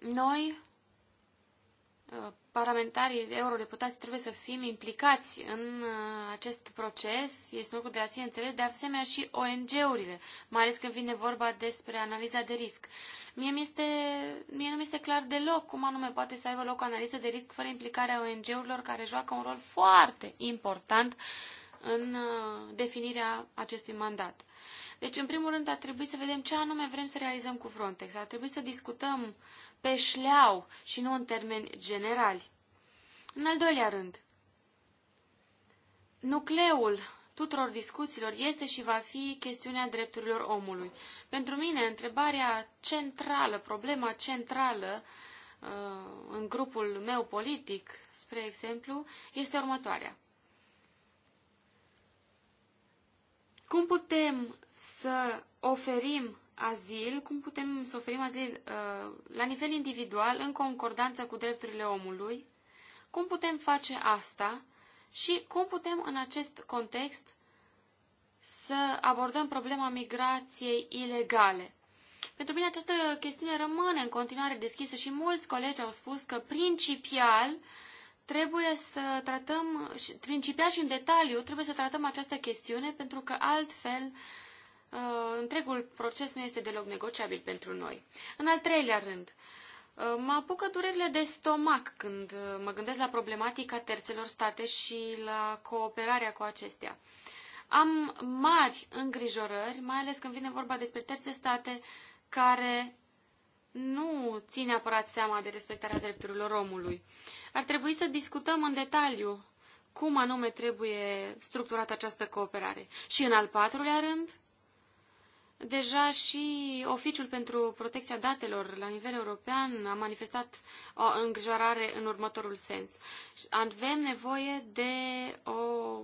Speaker 4: Noi Uh, parlamentarii eurodeputații trebuie să fim implicați în uh, acest proces, este un lucru de la sine înțeles, de asemenea și ONG-urile, mai ales când vine vorba despre analiza de risc. Mie, mi este, mie nu mi este clar deloc cum anume poate să aibă loc o analiză de risc fără implicarea ONG-urilor care joacă un rol foarte important în uh, definirea acestui mandat. Deci, în primul rând, ar trebui să vedem ce anume vrem să realizăm cu Frontex. Ar trebui să discutăm pe șleau și nu în termeni generali. În al doilea rând, nucleul tuturor discuțiilor este și va fi chestiunea drepturilor omului. Pentru mine, întrebarea centrală, problema centrală uh, în grupul meu politic, spre exemplu, este următoarea. Cum putem să oferim azil, cum putem să oferim azil uh, la nivel individual, în concordanță cu drepturile omului, cum putem face asta și cum putem în acest context să abordăm problema migrației ilegale. Pentru mine această chestiune rămâne în continuare deschisă și mulți colegi au spus că principial uh, trebuie să tratăm, principial și în detaliu, trebuie să tratăm această chestiune pentru că altfel uh, întregul proces nu este deloc negociabil pentru noi. În al treilea rând, uh, mă apucă durerile de stomac când uh, mă gândesc la problematica terțelor state și la cooperarea cu acestea. Am mari îngrijorări, mai ales când vine vorba despre terțe state care nu ține neapărat seama de respectarea drepturilor omului. Ar trebui să discutăm în detaliu cum anume trebuie structurată această cooperare. Și în al patrulea rând, Deja și Oficiul pentru Protecția Datelor la nivel european a manifestat o îngrijorare în următorul sens. Avem nevoie de o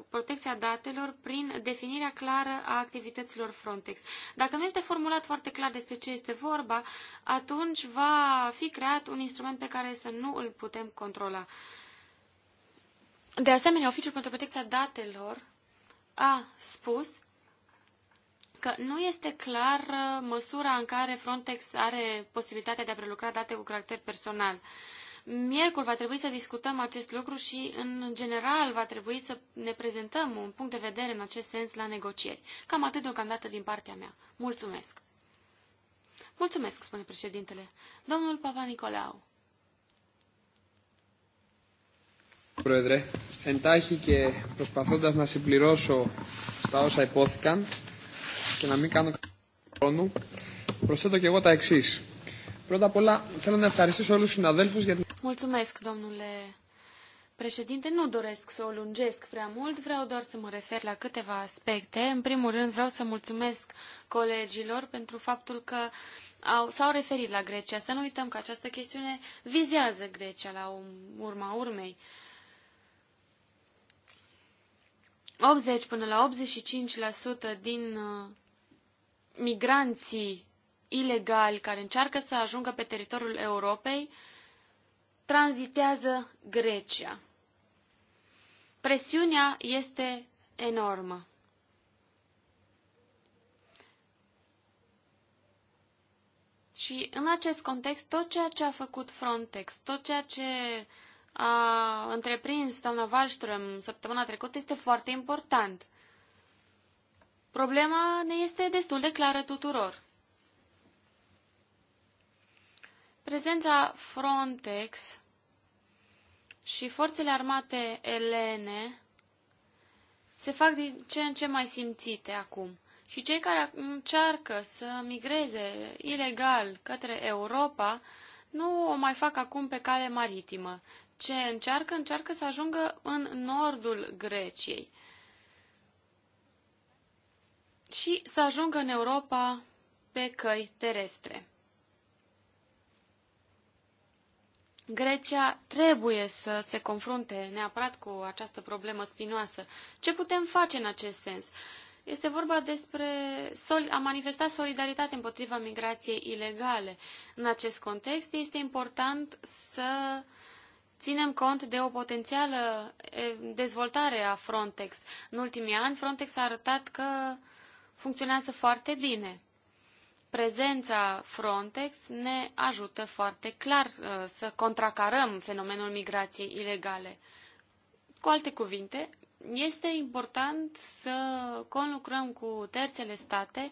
Speaker 4: protecție a datelor prin definirea clară a activităților Frontex. Dacă nu este formulat foarte clar despre ce este vorba, atunci va fi creat un instrument pe care să nu îl putem controla. De asemenea, Oficiul pentru Protecția Datelor a spus că nu este clar uh, măsura în care Frontex are posibilitatea de a prelucra date cu caracter personal. Miercuri va trebui să discutăm acest lucru și, în general, va trebui să ne prezentăm un punct de vedere în acest sens la negocieri. Cam atât deocamdată din partea mea. Mulțumesc! Mulțumesc, spune președintele. Domnul Papa Nicolau.
Speaker 3: Πρόεδρε, εντάχει και προσπαθώντας να συμπληρώσω στα όσα υπόθηκαν, και να μην κάνω χρόνο, προσθέτω και εγώ τα εξή. Πρώτα απ' όλα θέλω να ευχαριστήσω όλου του συναδέλφου για την...
Speaker 4: Mulțumesc, domnule președinte. Nu doresc să o lungesc prea mult, vreau doar să mă refer la câteva aspecte. În primul rând vreau să mulțumesc colegilor pentru faptul că au, s-au referit la Grecia. Să nu uităm că această chestiune vizează Grecia la urma urmei. 80 până la 85% din uh, migranții ilegali care încearcă să ajungă pe teritoriul Europei tranzitează Grecia. Presiunea este enormă. Și în acest context, tot ceea ce a făcut Frontex, tot ceea ce a întreprins doamna Wallström săptămâna trecută este foarte important. Problema ne este destul de clară tuturor. Prezența Frontex și forțele armate elene se fac din ce în ce mai simțite acum. Și cei care încearcă să migreze ilegal către Europa nu o mai fac acum pe cale maritimă. Ce încearcă, încearcă să ajungă în nordul Greciei și să ajungă în Europa pe căi terestre. Grecia trebuie să se confrunte neapărat cu această problemă spinoasă. Ce putem face în acest sens? Este vorba despre a manifesta solidaritate împotriva migrației ilegale. În acest context este important să ținem cont de o potențială dezvoltare a Frontex. În ultimii ani, Frontex a arătat că funcționează foarte bine. Prezența Frontex ne ajută foarte clar uh, să contracarăm fenomenul migrației ilegale. Cu alte cuvinte, este important să conlucrăm cu terțele state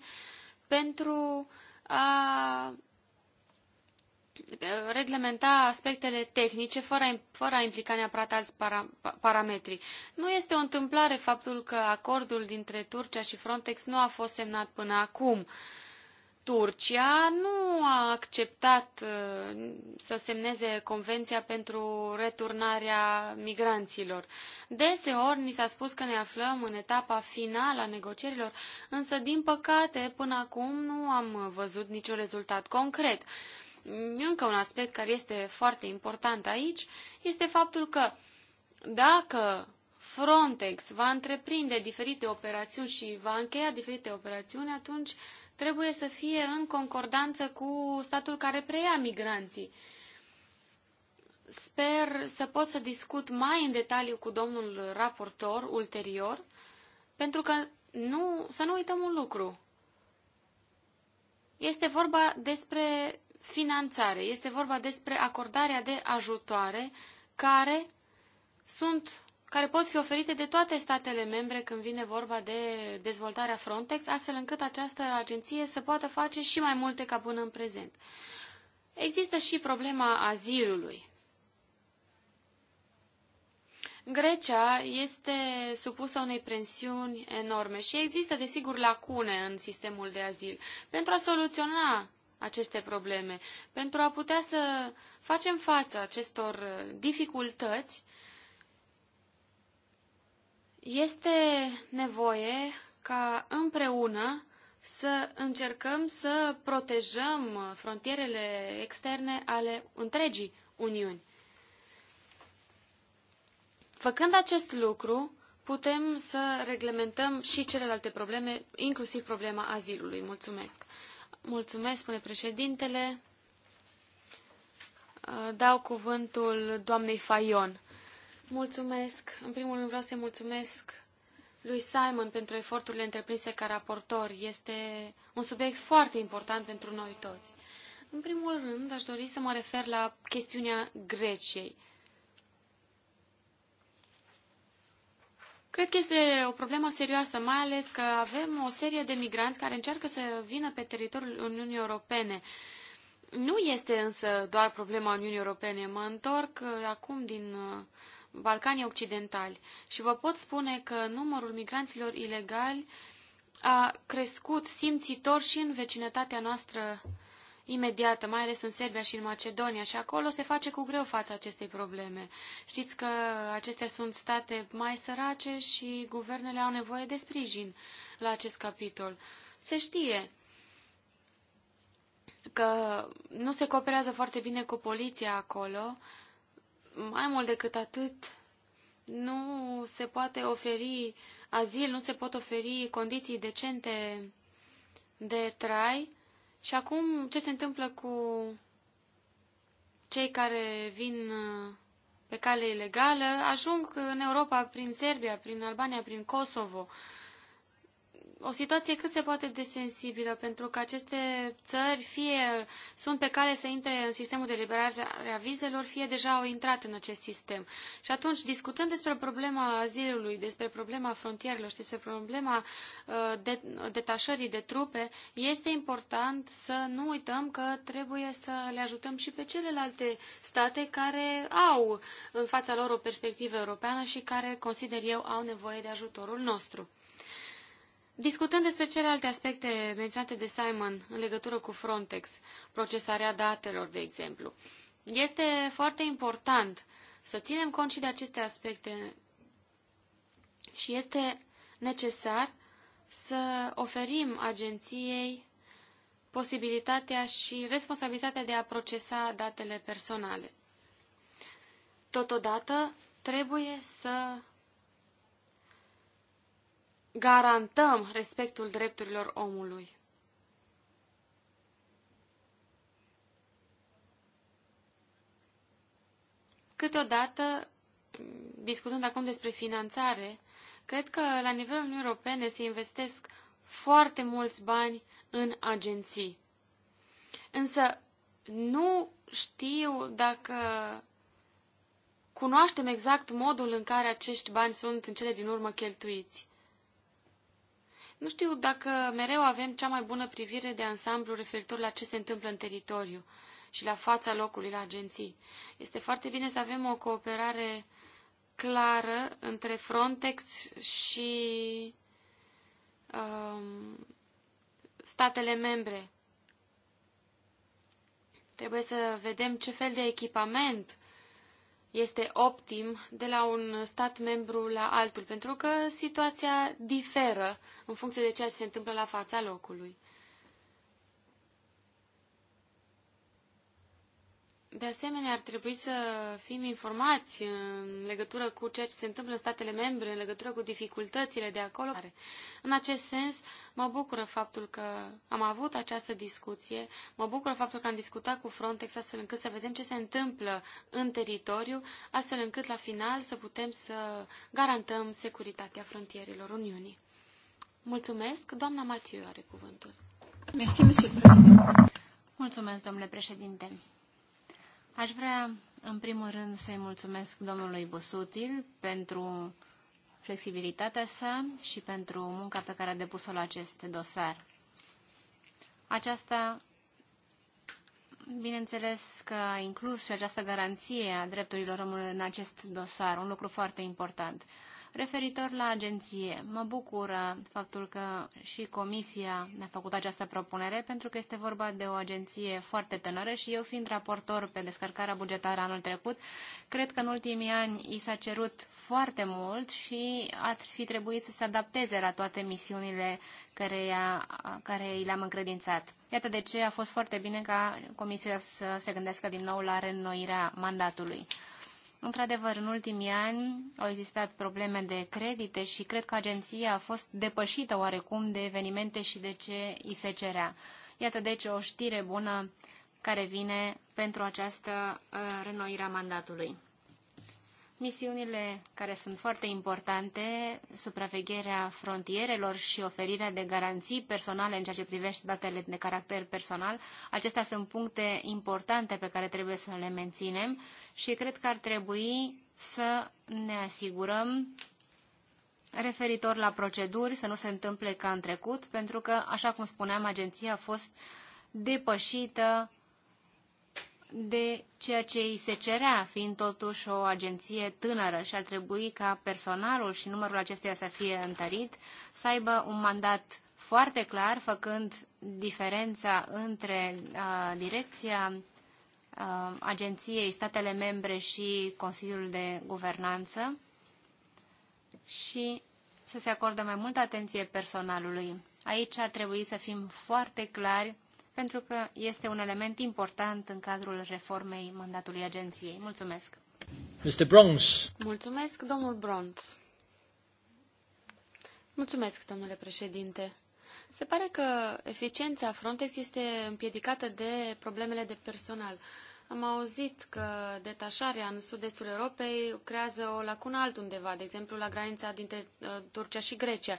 Speaker 4: pentru a reglementa aspectele tehnice fără, fără a implica neapărat alți para, parametri. Nu este o întâmplare faptul că acordul dintre Turcia și Frontex nu a fost semnat până acum. Turcia nu a acceptat uh, să semneze convenția pentru returnarea migranților. Deseori ni s-a spus că ne aflăm în etapa finală a negocierilor, însă, din păcate, până acum nu am văzut niciun rezultat concret. Încă un aspect care este foarte important aici este faptul că dacă Frontex va întreprinde diferite operațiuni și va încheia diferite operațiuni, atunci trebuie să fie în concordanță cu statul care preia migranții. Sper să pot să discut mai în detaliu cu domnul raportor ulterior, pentru că nu, să nu uităm un lucru. Este vorba despre finanțare. Este vorba despre acordarea de ajutoare care sunt care pot fi oferite de toate statele membre când vine vorba de dezvoltarea Frontex, astfel încât această agenție să poată face și mai multe ca până în prezent. Există și problema azilului. Grecia este supusă unei presiuni enorme și există, desigur, lacune în sistemul de azil. Pentru a soluționa aceste probleme, pentru a putea să facem față acestor uh, dificultăți, este nevoie ca împreună să încercăm să protejăm uh, frontierele externe ale întregii Uniuni. Făcând acest lucru, putem să reglementăm și celelalte probleme, inclusiv problema azilului. Mulțumesc! Mulțumesc, spune președintele. Uh, dau cuvântul doamnei Fayon. Mulțumesc. În primul rând vreau să-i mulțumesc lui Simon pentru eforturile întreprinse ca raportor. Este un subiect foarte important pentru noi toți. În primul rând, aș dori să mă refer la chestiunea Greciei. Cred că este o problemă serioasă, mai ales că avem o serie de migranți care încearcă să vină pe teritoriul Uniunii Europene. Nu este însă doar problema Uniunii Europene. Mă întorc uh, acum din uh, Balcanii Occidentali și vă pot spune că numărul migranților ilegali a crescut simțitor și în vecinătatea noastră imediată, mai ales în Serbia și în Macedonia și acolo se face cu greu față acestei probleme. Știți că acestea sunt state mai sărace și guvernele au nevoie de sprijin la acest capitol. Se știe că nu se cooperează foarte bine cu poliția acolo. Mai mult decât atât, nu se poate oferi azil, nu se pot oferi condiții decente de trai și acum, ce se întâmplă cu cei care vin uh, pe cale ilegală, ajung în Europa prin Serbia, prin Albania, prin Kosovo o situație cât se poate de sensibilă, pentru că aceste țări fie sunt pe care să intre în sistemul de liberare a vizelor, fie deja au intrat în acest sistem. Și atunci, discutând despre problema azilului, despre problema frontierelor și despre problema uh, de, detașării de trupe, este important să nu uităm că trebuie să le ajutăm și pe celelalte state care au în fața lor o perspectivă europeană și care, consider eu, au nevoie de ajutorul nostru. Discutând despre celelalte aspecte menționate de Simon în legătură cu Frontex, procesarea datelor, de exemplu, este foarte important să ținem cont și de aceste aspecte și este necesar să oferim agenției posibilitatea și responsabilitatea de a procesa datele personale. Totodată, trebuie să garantăm respectul drepturilor omului. Câteodată, discutând acum despre finanțare, cred că la nivelul Uniunii Europene se investesc foarte mulți bani în agenții. Însă nu știu dacă cunoaștem exact modul în care acești bani sunt în cele din urmă cheltuiți. Nu știu dacă mereu avem cea mai bună privire de ansamblu referitor la ce se întâmplă în teritoriu și la fața locului la agenții. Este foarte bine să avem o cooperare clară între Frontex și um, statele membre. Trebuie să vedem ce fel de echipament uh, este optim de la un stat membru la altul, pentru că situația diferă în funcție de ceea ce se întâmplă la fața locului. De asemenea, ar trebui să fim informați în legătură cu ceea ce se întâmplă în statele membre, în legătură cu dificultățile de acolo. În acest sens, mă bucură faptul că am avut această discuție, mă bucură faptul că am discutat cu Frontex astfel încât să vedem ce se întâmplă în teritoriu, astfel încât la final să putem să garantăm securitatea frontierilor Uniunii. Mulțumesc. Doamna Matiu are cuvântul. Mulțumesc, domnule președinte.
Speaker 2: Aș vrea, în primul rând, să-i mulțumesc domnului Busutil pentru flexibilitatea sa și pentru munca pe care a depus-o la acest dosar. Aceasta, bineînțeles că a inclus și această garanție a drepturilor omului în acest dosar, un lucru foarte important. Referitor la agenție, mă bucură faptul că și Comisia ne-a făcut această propunere, pentru că este vorba de o agenție foarte tânără și eu, fiind raportor pe descărcarea bugetară anul trecut, cred că în ultimii ani i s-a cerut foarte mult și ar fi trebuit să se adapteze la toate misiunile care, care i le-am încredințat. Iată de ce a fost foarte bine ca Comisia să se gândească din nou la reînnoirea mandatului. Într-adevăr, în ultimii ani au existat probleme de credite și cred că agenția a fost depășită oarecum de evenimente și de ce îi se cerea. Iată deci o știre bună care vine pentru această uh, renoire a mandatului. Misiunile care sunt foarte importante, supravegherea frontierelor și oferirea de garanții personale în ceea ce privește datele de caracter personal, acestea sunt puncte importante pe care trebuie să le menținem și cred că ar trebui să ne asigurăm referitor la proceduri, să nu se întâmple ca în trecut, pentru că, așa cum spuneam, agenția a fost depășită de ceea ce îi se cerea, fiind totuși o agenție tânără și ar trebui ca personalul și numărul acesteia să fie întărit, să aibă un mandat foarte clar, făcând diferența între uh, direcția uh, agenției, statele membre și Consiliul de Guvernanță și să se acordă mai multă atenție personalului. Aici ar trebui să fim foarte clari pentru că este un element important în cadrul reformei mandatului agenției. Mulțumesc!
Speaker 1: Mr. Bronx.
Speaker 2: Mulțumesc,
Speaker 4: domnul Bronx. Mulțumesc, domnule președinte. Se pare că eficiența Frontex este împiedicată de problemele de personal. Am auzit că detașarea în sud-estul Europei creează o lacună altundeva, de exemplu la granița dintre uh, Turcia și Grecia.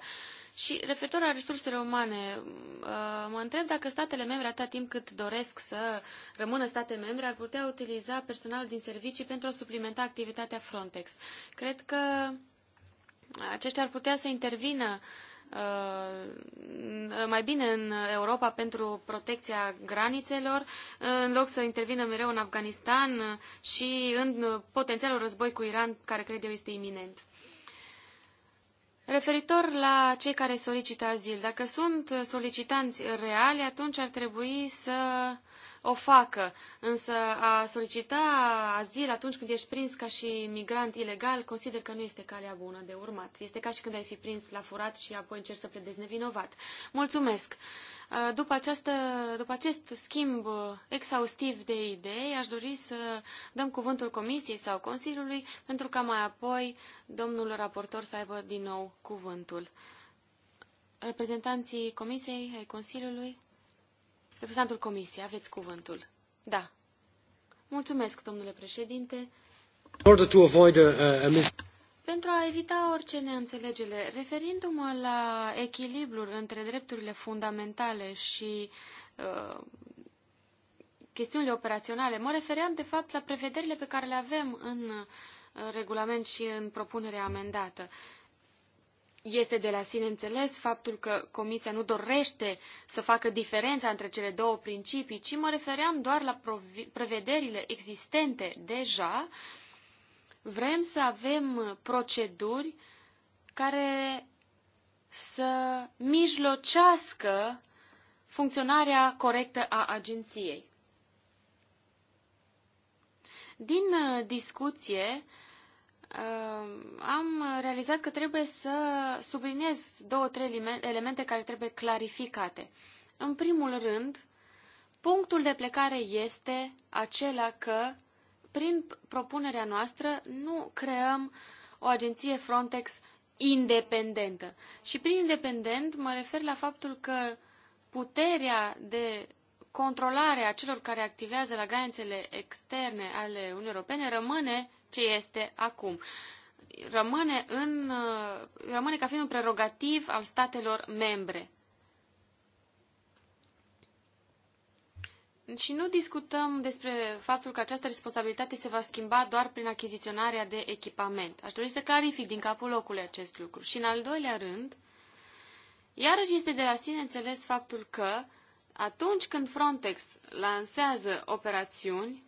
Speaker 4: Și referitor la resursele umane, uh, mă întreb dacă statele membre, atâta timp cât doresc să rămână state membre, ar putea utiliza personalul din servicii pentru a suplimenta activitatea Frontex. Cred că aceștia ar putea să intervină uh, mai bine în Europa pentru protecția granițelor, în loc să intervină mereu în Afganistan și în potențialul război cu Iran, care cred eu este iminent. Referitor la cei care solicită azil, dacă sunt solicitanți reali, atunci ar trebui să o facă, însă a solicita azil atunci când ești prins ca și migrant ilegal, consider că nu este calea bună de urmat. Este ca și când ai fi prins la furat și apoi încerci să pledezi nevinovat. Mulțumesc! După, această, după acest schimb exhaustiv de idei, aș dori să dăm cuvântul Comisiei sau Consiliului, pentru ca mai apoi domnul raportor să aibă din nou cuvântul. Reprezentanții Comisiei ai Consiliului? Reprezentantul Comisiei, aveți cuvântul. Da. Mulțumesc, domnule președinte. Pentru a evita orice neînțelegere, referindu-mă la echilibrul între drepturile fundamentale și uh, chestiunile operaționale, mă refeream de fapt la prevederile pe care le avem în uh, regulament și în propunerea amendată. Uh, este de la sine înțeles faptul că Comisia nu dorește să facă diferența între cele două principii, ci mă refeream doar la prevederile existente deja. Vrem să avem proceduri care să mijlocească funcționarea corectă a agenției. Din uh, discuție am realizat că trebuie să subliniez două, trei elemente care trebuie clarificate. În primul rând, punctul de plecare este acela că, prin propunerea noastră, nu creăm o agenție Frontex independentă. Și prin independent mă refer la faptul că puterea de controlare a celor care activează la granițele externe ale Uniunii Europene rămâne ce este acum. Rămâne, în, uh, rămâne ca fiind un prerogativ al statelor membre. Și nu discutăm despre faptul că această responsabilitate se va schimba doar prin achiziționarea de echipament. Aș dori să clarific din capul locului acest lucru. Și în al doilea rând, iarăși este de la sine înțeles faptul că atunci când Frontex lansează operațiuni,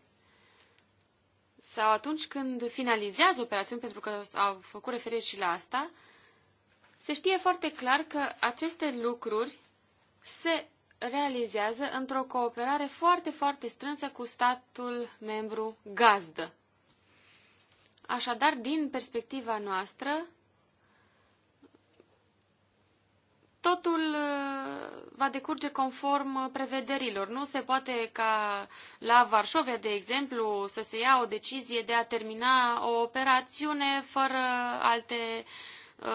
Speaker 4: sau atunci când finalizează operațiuni, pentru că au făcut referire și la asta, se știe foarte clar că aceste lucruri se realizează într-o cooperare foarte, foarte strânsă cu statul membru gazdă. Așadar, din perspectiva noastră, Totul uh, va decurge conform uh, prevederilor. Nu se poate ca la Varșovia, de exemplu, să se ia o decizie de a termina o operațiune fără alte uh,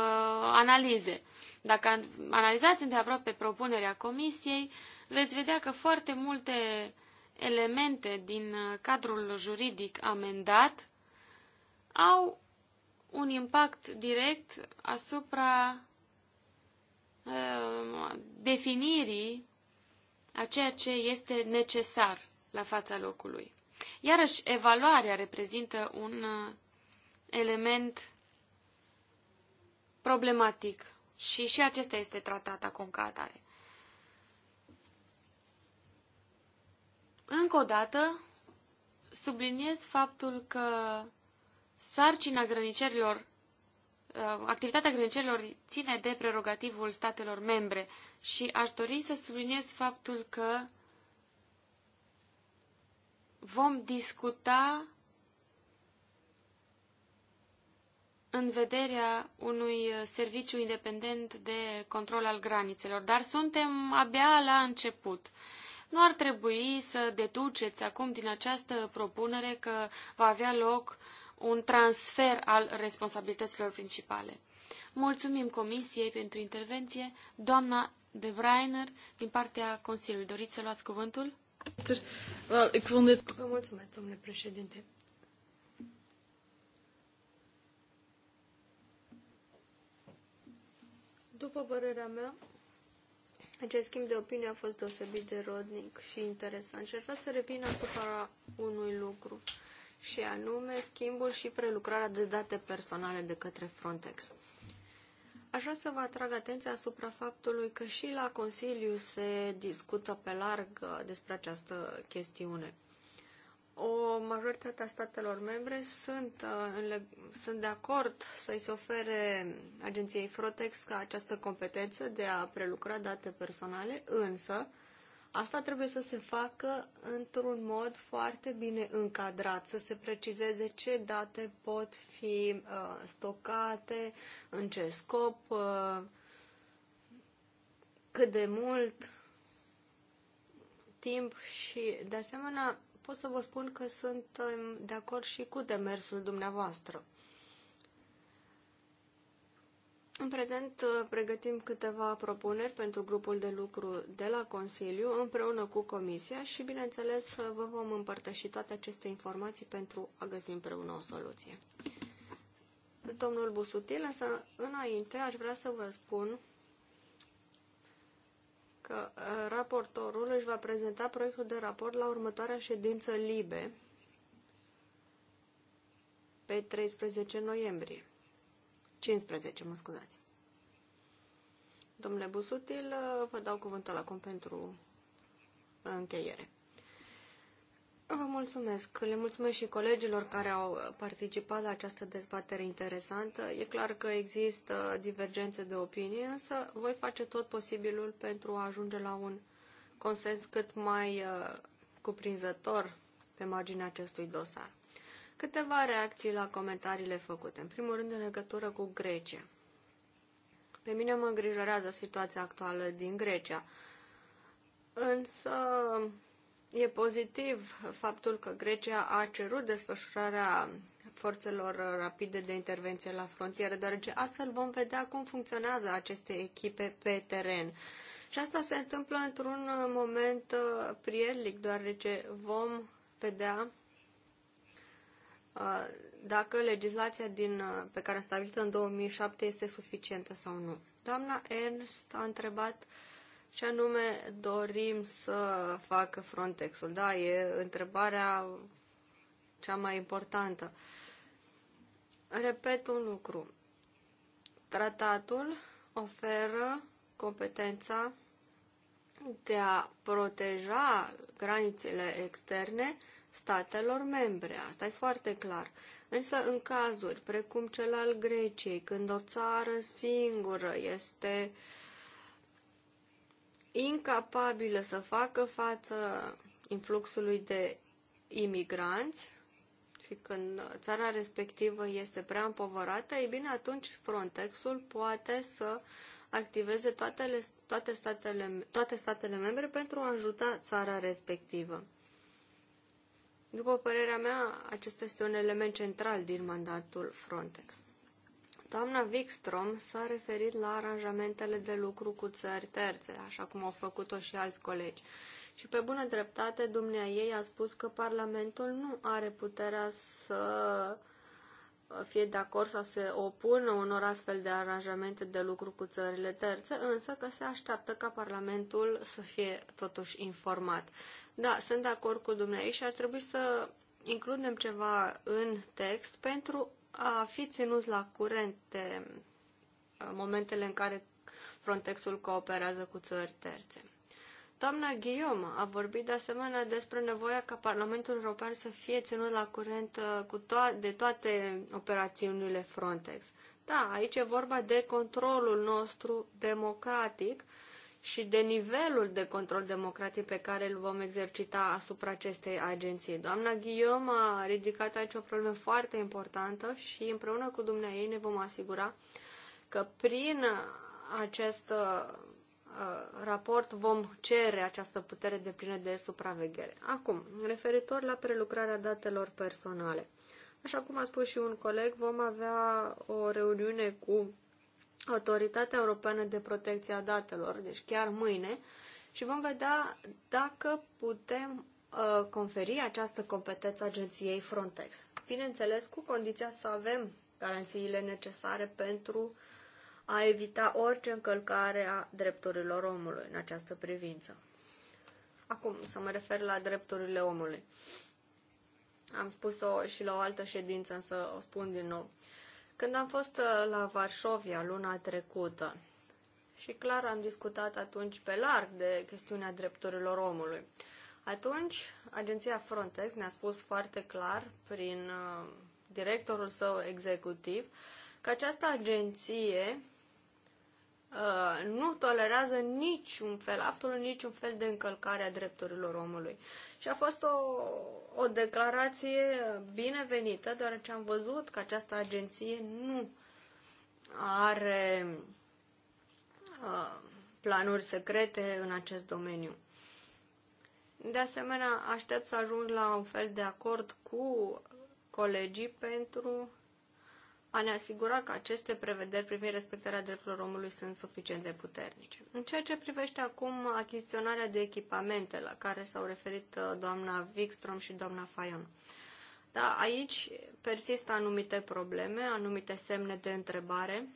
Speaker 4: analize. Dacă analizați îndeaproape propunerea Comisiei, veți vedea că foarte multe elemente din uh, cadrul juridic amendat au un impact direct asupra Uh, definirii a ceea ce este necesar la fața locului. Iarăși, evaluarea reprezintă un uh, element problematic și și acesta este tratat acum ca atare. Încă o dată, subliniez faptul că sarcina grănicerilor Uh, activitatea grănicerilor ține de prerogativul statelor membre și aș dori să subliniez faptul că vom discuta în vederea unui serviciu independent de control al granițelor, dar suntem abia la început. Nu ar trebui să deduceți acum din această propunere că va avea loc uh, un transfer al responsabilităților principale. Mulțumim Comisiei pentru intervenție. Doamna de Brainer, din partea Consiliului, doriți să luați cuvântul?
Speaker 3: Vă
Speaker 5: mulțumesc, domnule președinte. După părerea mea, acest schimb de opinie a fost deosebit de rodnic și interesant și aș vrea să revin asupra unui lucru. Uh, și anume schimbul și prelucrarea de date personale de către Frontex. Aș vrea să vă atrag atenția asupra faptului că și la Consiliu se discută pe larg uh, despre această chestiune. O majoritate a statelor membre sunt, uh, sunt de acord să-i se ofere agenției Frontex ca această competență de a prelucra date personale, însă Asta trebuie să se facă într-un mod foarte bine încadrat, să se precizeze ce date pot fi uh, stocate, în ce scop, uh, cât de mult timp și, de asemenea, pot să vă spun că sunt de acord și cu demersul dumneavoastră. În prezent uh, pregătim câteva propuneri pentru grupul de lucru de la Consiliu împreună cu Comisia și, bineînțeles, uh, vă vom împărtăși toate aceste informații pentru a găsi împreună o soluție. Domnul Busutil, însă înainte aș vrea să vă spun că uh, raportorul își va prezenta proiectul de raport la următoarea ședință LIBE pe 13 noiembrie. 15, mă scuzați. Domnule Busutil, vă dau cuvântul acum pentru încheiere. Vă mulțumesc. Le mulțumesc și colegilor care au participat la această dezbatere interesantă. E clar că există divergențe de opinie, însă voi face tot posibilul pentru a ajunge la un consens cât mai uh, cuprinzător pe marginea acestui dosar. Câteva reacții la comentariile făcute. În primul rând, în legătură cu Grecia. Pe mine mă îngrijorează situația actuală din Grecia. Însă e pozitiv faptul că Grecia a cerut desfășurarea forțelor rapide de intervenție la frontieră, deoarece astfel vom vedea cum funcționează aceste echipe pe teren. Și asta se întâmplă într-un moment uh, prielnic, deoarece vom vedea dacă legislația din, uh, pe care a stabilit-o în 2007 este suficientă sau nu. Doamna Ernst a întrebat ce anume dorim să facă Frontex-ul. Da, e întrebarea cea mai importantă. Repet un lucru. Tratatul oferă competența de a proteja granițele externe statelor membre. Asta e foarte clar. Însă, în cazuri precum cel al Greciei, când o țară singură este incapabilă să facă față influxului de imigranți și când țara respectivă este prea împovărată, ei bine, atunci Frontexul poate să activeze toate, toate, statele, toate statele membre pentru a ajuta țara respectivă. După părerea mea, acesta este un element central din mandatul Frontex. Doamna Wikstrom s-a referit la aranjamentele de lucru cu țări terțe, așa cum au făcut-o și alți colegi. Și pe bună dreptate, dumnea ei a spus că Parlamentul nu are puterea să fie de acord sau se opună unor astfel de aranjamente de lucru cu țările terțe, însă că se așteaptă ca Parlamentul să fie totuși informat. Da, sunt de acord cu dumneavoastră și ar trebui să includem ceva în text pentru a fi ținuți la curent de uh, momentele în care Frontexul cooperează cu țări terțe. Doamna Guillaume a vorbit de asemenea despre nevoia ca Parlamentul European să fie ținut la curent uh, cu to- de toate operațiunile Frontex. Da, aici e vorba de controlul nostru democratic și de nivelul de control democratic pe care îl vom exercita asupra acestei agenții. Doamna Guillaume a ridicat aici o problemă foarte importantă și împreună cu dumneavoastră ne vom asigura că prin această uh, Uh, raport vom cere această putere de plină de supraveghere. Acum, referitor la prelucrarea datelor personale. Așa cum a spus și un coleg, vom avea o reuniune cu Autoritatea Europeană de Protecție a Datelor, deci chiar mâine, și vom vedea dacă putem uh, conferi această competență agenției Frontex. Bineînțeles, cu condiția să avem garanțiile necesare pentru uh, a evita orice încălcare a drepturilor omului în această privință. Acum, să mă refer la drepturile omului. Am spus-o și la o altă ședință, însă o spun din nou. Când am fost uh, la Varșovia luna trecută, și clar am discutat atunci pe larg de chestiunea drepturilor omului. Atunci, agenția Frontex ne-a spus foarte clar, prin uh, directorul său executiv, că această agenție Uh, nu tolerează niciun fel, absolut niciun fel de încălcare a drepturilor omului. Și a fost o, o declarație binevenită, deoarece am văzut că această agenție nu are uh, planuri secrete în acest domeniu. De asemenea, aștept să ajung la un fel de acord cu colegii pentru a ne asigura că aceste prevederi privind respectarea drepturilor omului sunt suficient de puternice. În ceea ce privește acum achiziționarea de echipamente la care s-au referit uh, doamna Wikström și doamna Fayon. Da, aici persistă anumite probleme, anumite semne de întrebare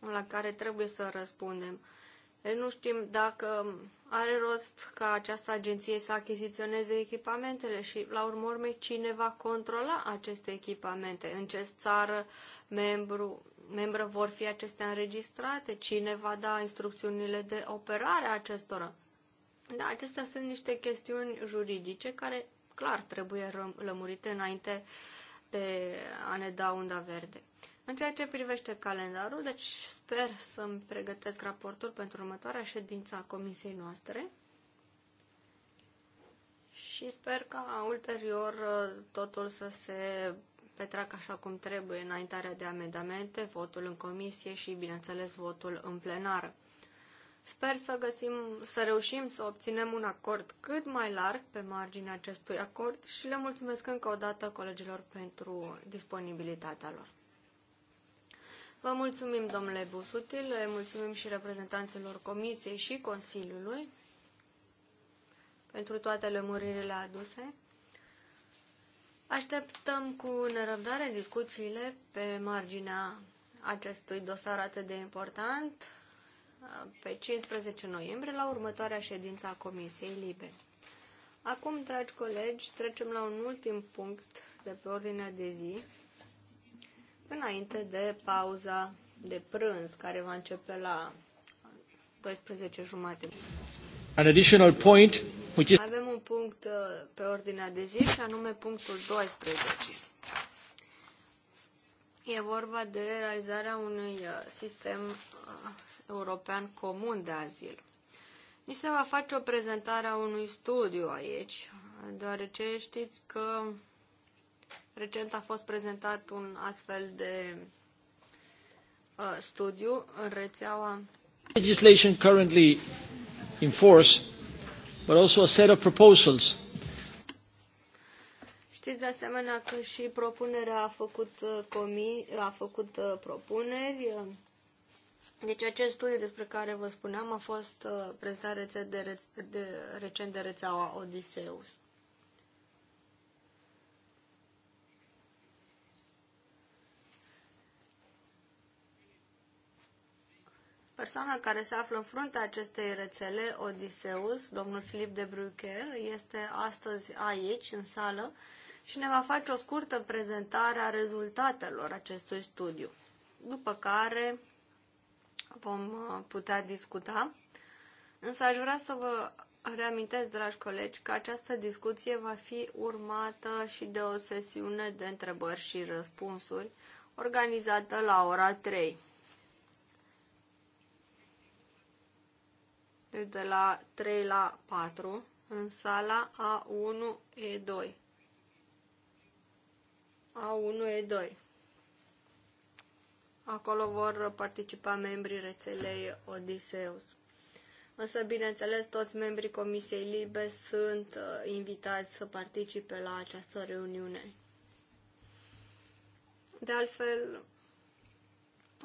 Speaker 5: la care trebuie să răspundem. Uh, nu știm dacă are rost ca această agenție să achiziționeze echipamentele și, la urmă cine va controla aceste echipamente, în ce țară membru, membră vor fi acestea înregistrate, cine va da instrucțiunile de operare a acestora. Da, acestea sunt niște chestiuni juridice care clar trebuie lămurite înainte de a ne da unda verde. În ceea ce privește calendarul, deci sper să-mi pregătesc raportul pentru următoarea ședință a comisiei noastre și sper ca ulterior uh, totul să se petreacă așa cum trebuie, înaintarea de amendamente, votul în comisie și, bineînțeles, votul în plenară. Sper să găsim, să reușim să obținem un acord cât mai larg pe marginea acestui acord și le mulțumesc încă o dată colegilor pentru disponibilitatea lor. Vă mulțumim, domnule Busutil, le mulțumim și reprezentanților Comisiei și Consiliului pentru toate lămuririle aduse. Așteptăm cu nerăbdare discuțiile pe marginea acestui dosar atât de important pe 15 noiembrie la următoarea ședință a Comisiei Libe. Acum, dragi colegi, trecem la un ultim punct de pe ordinea de zi, înainte de pauza de prânz care va începe la 12 jumate.
Speaker 1: An additional point which is...
Speaker 5: Avem un punct uh, pe ordinea de zi și anume punctul 12. E vorba de realizarea unui uh, sistem uh, european comun de azil. Ni se va face o prezentare a unui studiu aici, deoarece știți că Recent a fost prezentat un astfel de uh, studiu în rețeaua
Speaker 1: legislation currently in force, but also a set of proposals.
Speaker 5: Știți de asemenea că și propunerea a făcut, uh, comi, a făcut uh, propuneri. Deci acest studiu despre care vă spuneam a fost uh, prezentat de, de, recent de rețeaua Odiseus. persoana care se află în fruntea acestei rețele, Odiseus, domnul Filip de Brucher, este astăzi aici, în sală, și ne va face o scurtă prezentare a rezultatelor acestui studiu, după care vom uh, putea discuta. Însă aș vrea să vă reamintesc, dragi colegi, că această discuție va fi urmată și de o sesiune de întrebări și răspunsuri organizată la ora 3. deci de la 3 la 4, în sala A1E2. A1E2. Acolo vor participa membrii rețelei Odiseus. Însă, bineînțeles, toți membrii Comisiei Libe sunt uh, invitați să participe la această reuniune. De altfel,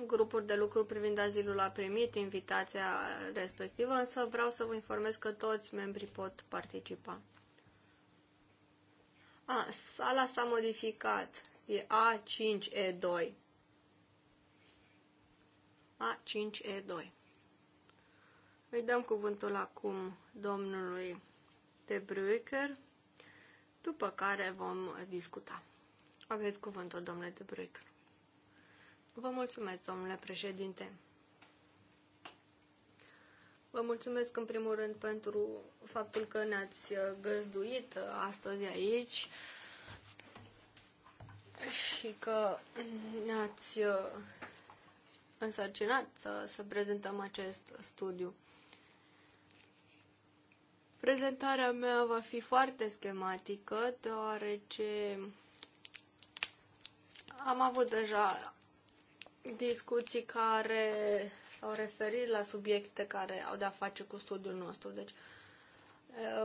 Speaker 5: grupuri de lucru privind azilul a primit invitația respectivă, însă vreau să vă informez că toți membrii pot participa. A, sala s-a modificat. E A5E2. A5E2. Îi dăm cuvântul acum domnului de Bruecker, după care vom discuta. Aveți cuvântul, domnule de Bruecker. Vă mulțumesc, domnule președinte. Vă mulțumesc în primul rând pentru faptul că ne-ați uh, găzduit uh, astăzi aici și că ne-ați uh, însărcinat să, să prezentăm acest studiu. Prezentarea mea va fi foarte schematică, deoarece am avut deja discuții care s-au referit la subiecte care au de-a face cu studiul nostru. Deci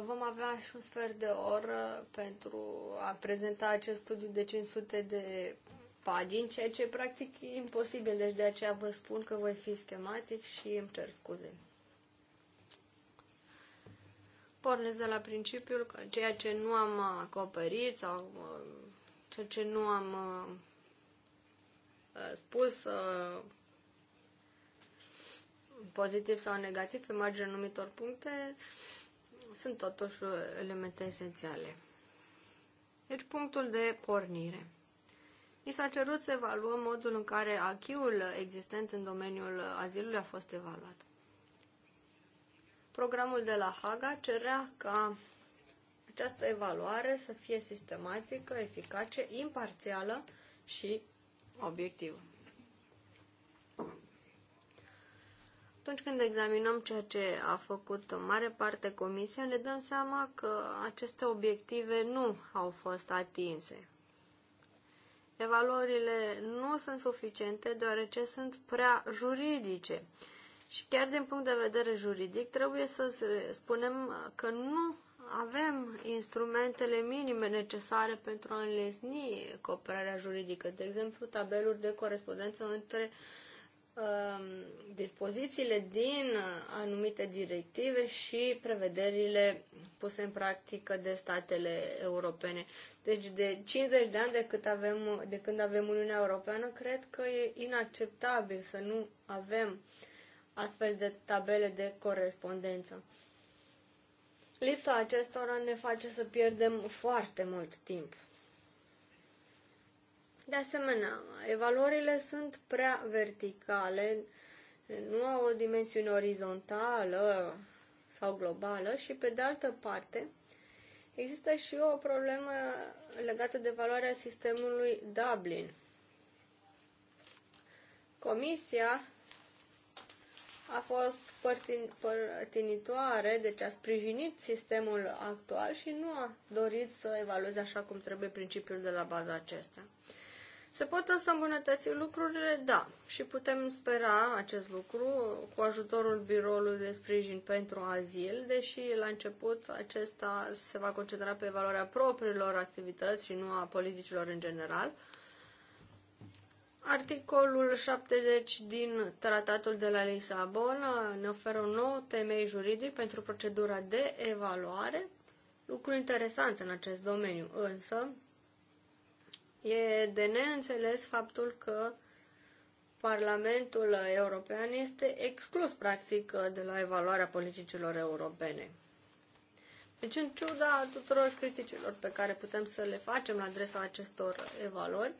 Speaker 5: vom avea și un sfert de oră pentru a prezenta acest studiu de 500 de pagini, ceea ce e practic imposibil, deci de aceea vă spun că voi fi schematic și îmi cer scuze. Pornesc de la principiul că ceea ce nu am acoperit sau uh, ceea ce nu am uh, Uh, spus uh, pozitiv sau negativ pe marginea anumitor puncte, sunt totuși elemente esențiale. Deci punctul de pornire. Mi s-a cerut să evaluăm modul în care achiul existent în domeniul azilului a fost evaluat. Programul de la Haga cerea ca această evaluare să fie sistematică, eficace, imparțială și obiectiv. Atunci când examinăm ceea ce a făcut în mare parte comisia, ne dăm seama că aceste obiective nu au fost atinse. Evaluările nu sunt suficiente deoarece sunt prea juridice. Și chiar din punct de vedere juridic trebuie să spunem că nu avem instrumentele minime necesare pentru a înlesni cooperarea juridică, de exemplu tabeluri de corespondență între uh, dispozițiile din anumite directive și prevederile puse în practică de statele europene. Deci de 50 de ani de, cât avem, de când avem Uniunea Europeană, cred că e inacceptabil să nu avem astfel de tabele de corespondență. Lipsa acestora ne face să pierdem foarte mult timp. De asemenea, evaluările sunt prea verticale, nu au o dimensiune orizontală sau globală și, pe de altă parte, există și o problemă legată de valoarea sistemului Dublin. Comisia a fost părtinitoare, deci a sprijinit sistemul actual și nu a dorit să evalueze așa cum trebuie principiul de la baza acesta. Se pot să îmbunătăți lucrurile? Da. Și putem spera acest lucru cu ajutorul biroului de sprijin pentru azil, deși la început acesta se va concentra pe evaluarea propriilor activități și nu a politicilor în general. Uh, Articolul 70 din Tratatul de la Lisabona ne oferă un nou temei juridic pentru procedura de evaluare, lucru interesant în acest domeniu, însă e de neînțeles faptul că Parlamentul European este exclus, practic, de la evaluarea politicilor europene. Deci, în ciuda tuturor criticilor pe care putem să le facem la adresa acestor evaluări,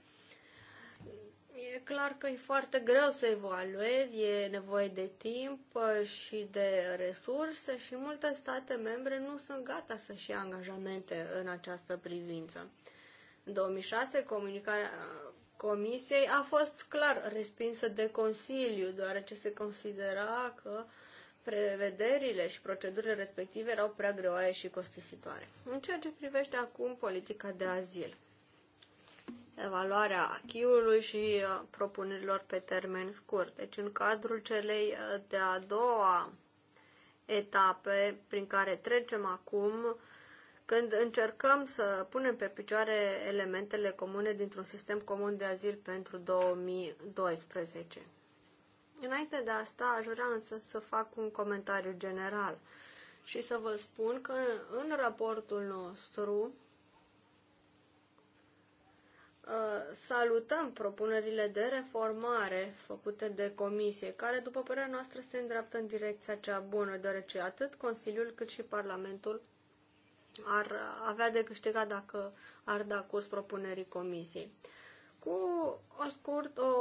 Speaker 5: E clar că e foarte greu să evaluezi, e nevoie de timp uh, și de resurse și multe state membre nu sunt gata să-și ia angajamente în această privință. În 2006, comunicarea uh, Comisiei a fost clar respinsă de Consiliu, deoarece se considera că prevederile și procedurile respective erau prea greoaie și costisitoare. În ceea ce privește acum politica de azil evaluarea achiului și uh, propunerilor pe termen scurt. Deci în cadrul celei uh, de-a doua etape prin care trecem acum, când încercăm să punem pe picioare elementele comune dintr-un sistem comun de azil pentru 2012. Înainte de asta, aș vrea însă să fac un comentariu general și să vă spun că în raportul nostru Uh, salutăm propunerile de reformare făcute de comisie, care, după părerea noastră, se îndreaptă în direcția cea bună, deoarece atât Consiliul cât și Parlamentul ar avea de câștigat dacă ar da curs propunerii comisiei. Cu o scurt, o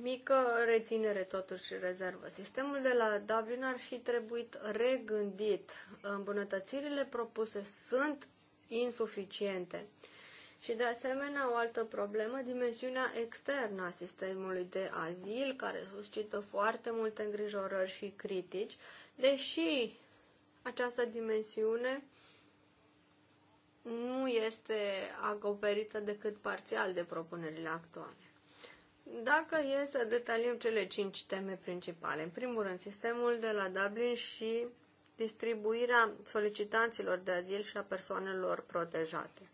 Speaker 5: mică reținere totuși rezervă. Sistemul de la Dublin ar fi trebuit regândit. Îmbunătățirile propuse sunt insuficiente. Uh, și de asemenea o altă problemă, dimensiunea externă a sistemului de azil, care suscită foarte multe îngrijorări și critici, deși această dimensiune nu este acoperită decât parțial de propunerile actuale. Dacă e să detaliem cele cinci teme principale, în primul rând sistemul de la Dublin și distribuirea solicitanților de azil și a persoanelor protejate.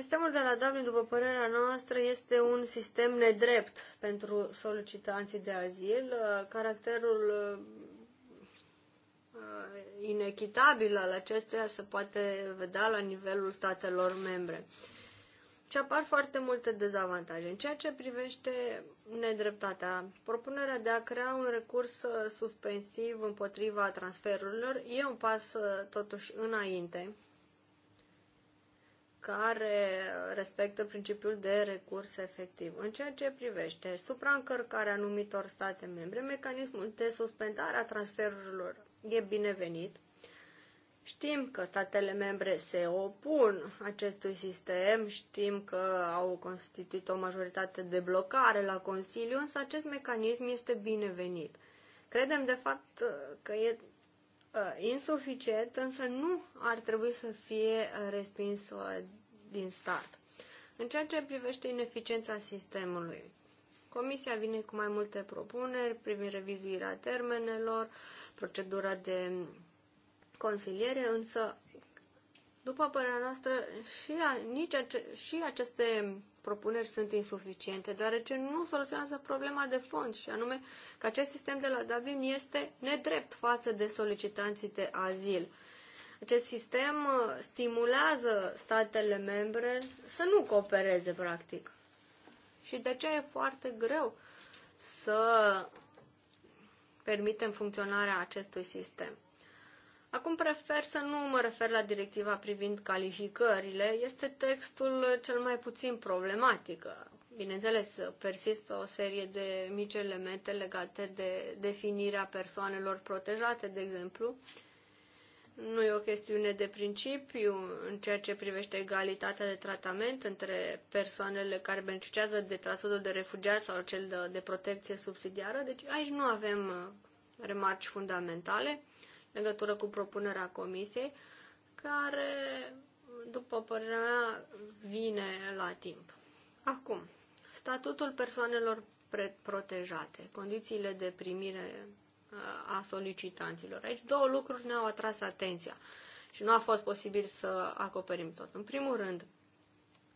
Speaker 5: Sistemul de la Dublin, după părerea noastră, este un sistem nedrept pentru solicitanții de azil. Uh, caracterul uh, uh, inechitabil al acestuia se poate vedea la nivelul statelor membre. Și apar foarte multe dezavantaje. În ceea ce privește nedreptatea, propunerea de a crea un recurs suspensiv împotriva transferurilor e un pas totuși înainte care respectă principiul de recurs efectiv. În ceea ce privește supraîncărcarea anumitor state membre, mecanismul de suspendare a transferurilor e binevenit. Știm că statele membre se opun acestui sistem, știm că au constituit o majoritate de blocare la Consiliu, însă acest mecanism este binevenit. Credem, de fapt, că e Uh, insuficient, însă nu ar trebui să fie uh, respins uh, din start. În ceea ce privește ineficiența sistemului, Comisia vine cu mai multe propuneri privind revizuirea termenelor, procedura de consiliere, însă, după părerea noastră, și, a, nici ace- și aceste propuneri sunt insuficiente, deoarece nu soluționează problema de fond, și anume că acest sistem de la Dublin este nedrept față de solicitanții de azil. Acest sistem uh, stimulează statele membre să nu coopereze, practic. Și de aceea e foarte greu să permitem funcționarea acestui sistem. Acum prefer să nu mă refer la directiva privind calificările. Este textul cel mai puțin problematic. Bineînțeles, persistă o serie de mici elemente legate de definirea persoanelor protejate, de exemplu. Nu e o chestiune de principiu în ceea ce privește egalitatea de tratament între persoanele care beneficiază de tratatul de refugiat sau cel de, de protecție subsidiară. Deci aici nu avem remarci fundamentale legătură cu propunerea comisiei, care, după părerea mea, vine la timp. Acum, statutul persoanelor protejate, condițiile de primire uh, a solicitanților. Aici două lucruri ne-au atras atenția și nu a fost posibil să acoperim tot. În primul rând,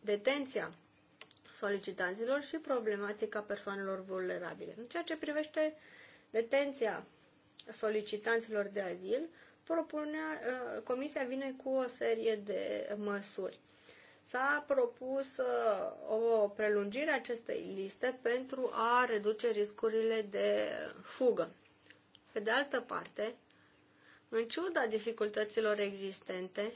Speaker 5: detenția solicitanților și problematica persoanelor vulnerabile. În ceea ce privește detenția solicitanților de azil, propunea, ă, Comisia vine cu o serie de măsuri. S-a propus ă, o prelungire a acestei liste pentru a reduce riscurile de fugă. Pe de altă parte, în ciuda dificultăților existente,